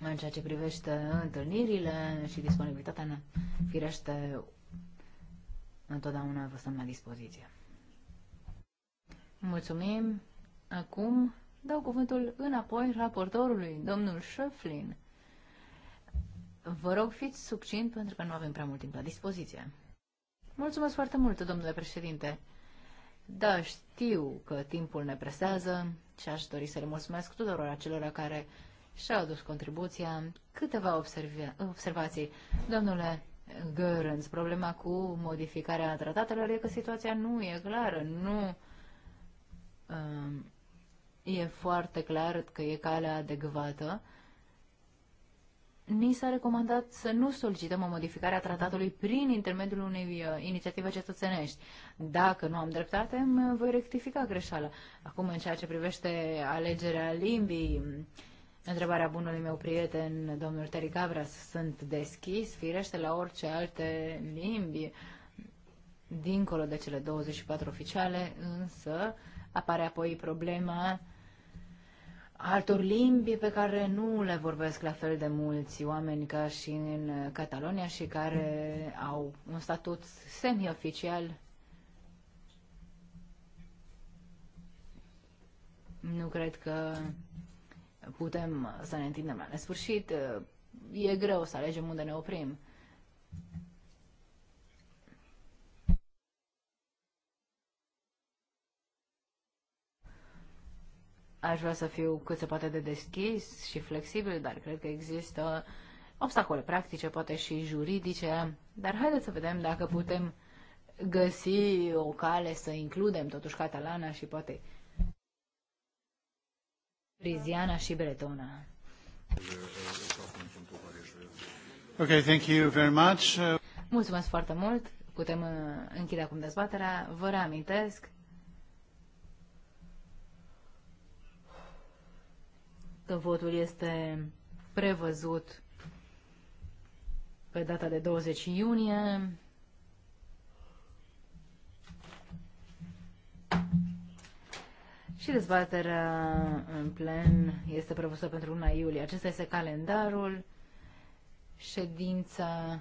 în ceea ce privește întâlnirile și disponibilitatea ne firește întotdeauna vă stăm la dispoziție. Mulțumim. Acum dau cuvântul înapoi raportorului, domnul Șöflin. Vă rog, fiți succint pentru că nu avem prea mult timp la dispoziție. Mulțumesc foarte mult, domnule președinte. Da, știu că timpul ne presează și aș dori să le mulțumesc tuturor acelora care și-au adus contribuția. Câteva observa- observații. Domnule Görens, problema cu modificarea tratatelor e că situația nu e clară, nu um, e foarte clar că e calea adecvată ni s-a recomandat să nu solicităm o modificare a tratatului prin intermediul unei uh, inițiative cetățenești. Dacă nu am dreptate, îmi uh, voi rectifica greșeala. Acum, în ceea ce privește alegerea limbii, întrebarea bunului meu prieten, domnul Terry Gavras, sunt deschis, firește, la orice alte limbi, dincolo de cele 24 oficiale, însă apare apoi problema altor limbi pe care nu le vorbesc la fel de mulți oameni ca și în Catalonia și care au un statut semi-oficial. Nu cred că putem să ne întindem la nesfârșit. E greu să alegem unde ne oprim. Aș vrea să fiu cât se poate de deschis și flexibil, dar cred că există obstacole practice, poate și juridice, dar haideți să vedem dacă putem găsi o cale să includem totuși catalana și poate friziana și bretona. Okay, thank you very much. Mulțumesc foarte mult. Putem uh, închide acum dezbaterea. Vă reamintesc că votul este prevăzut pe data de 20 iunie. Și dezbaterea în plen este prevăzută pentru 1 iulie. Acesta este calendarul. Ședința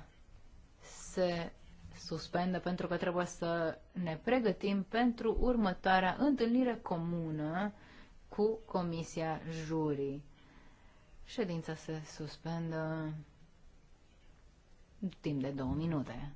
se suspendă pentru că trebuie să ne pregătim pentru următoarea întâlnire comună cu Comisia Jurii. Ședința se suspendă timp de două minute.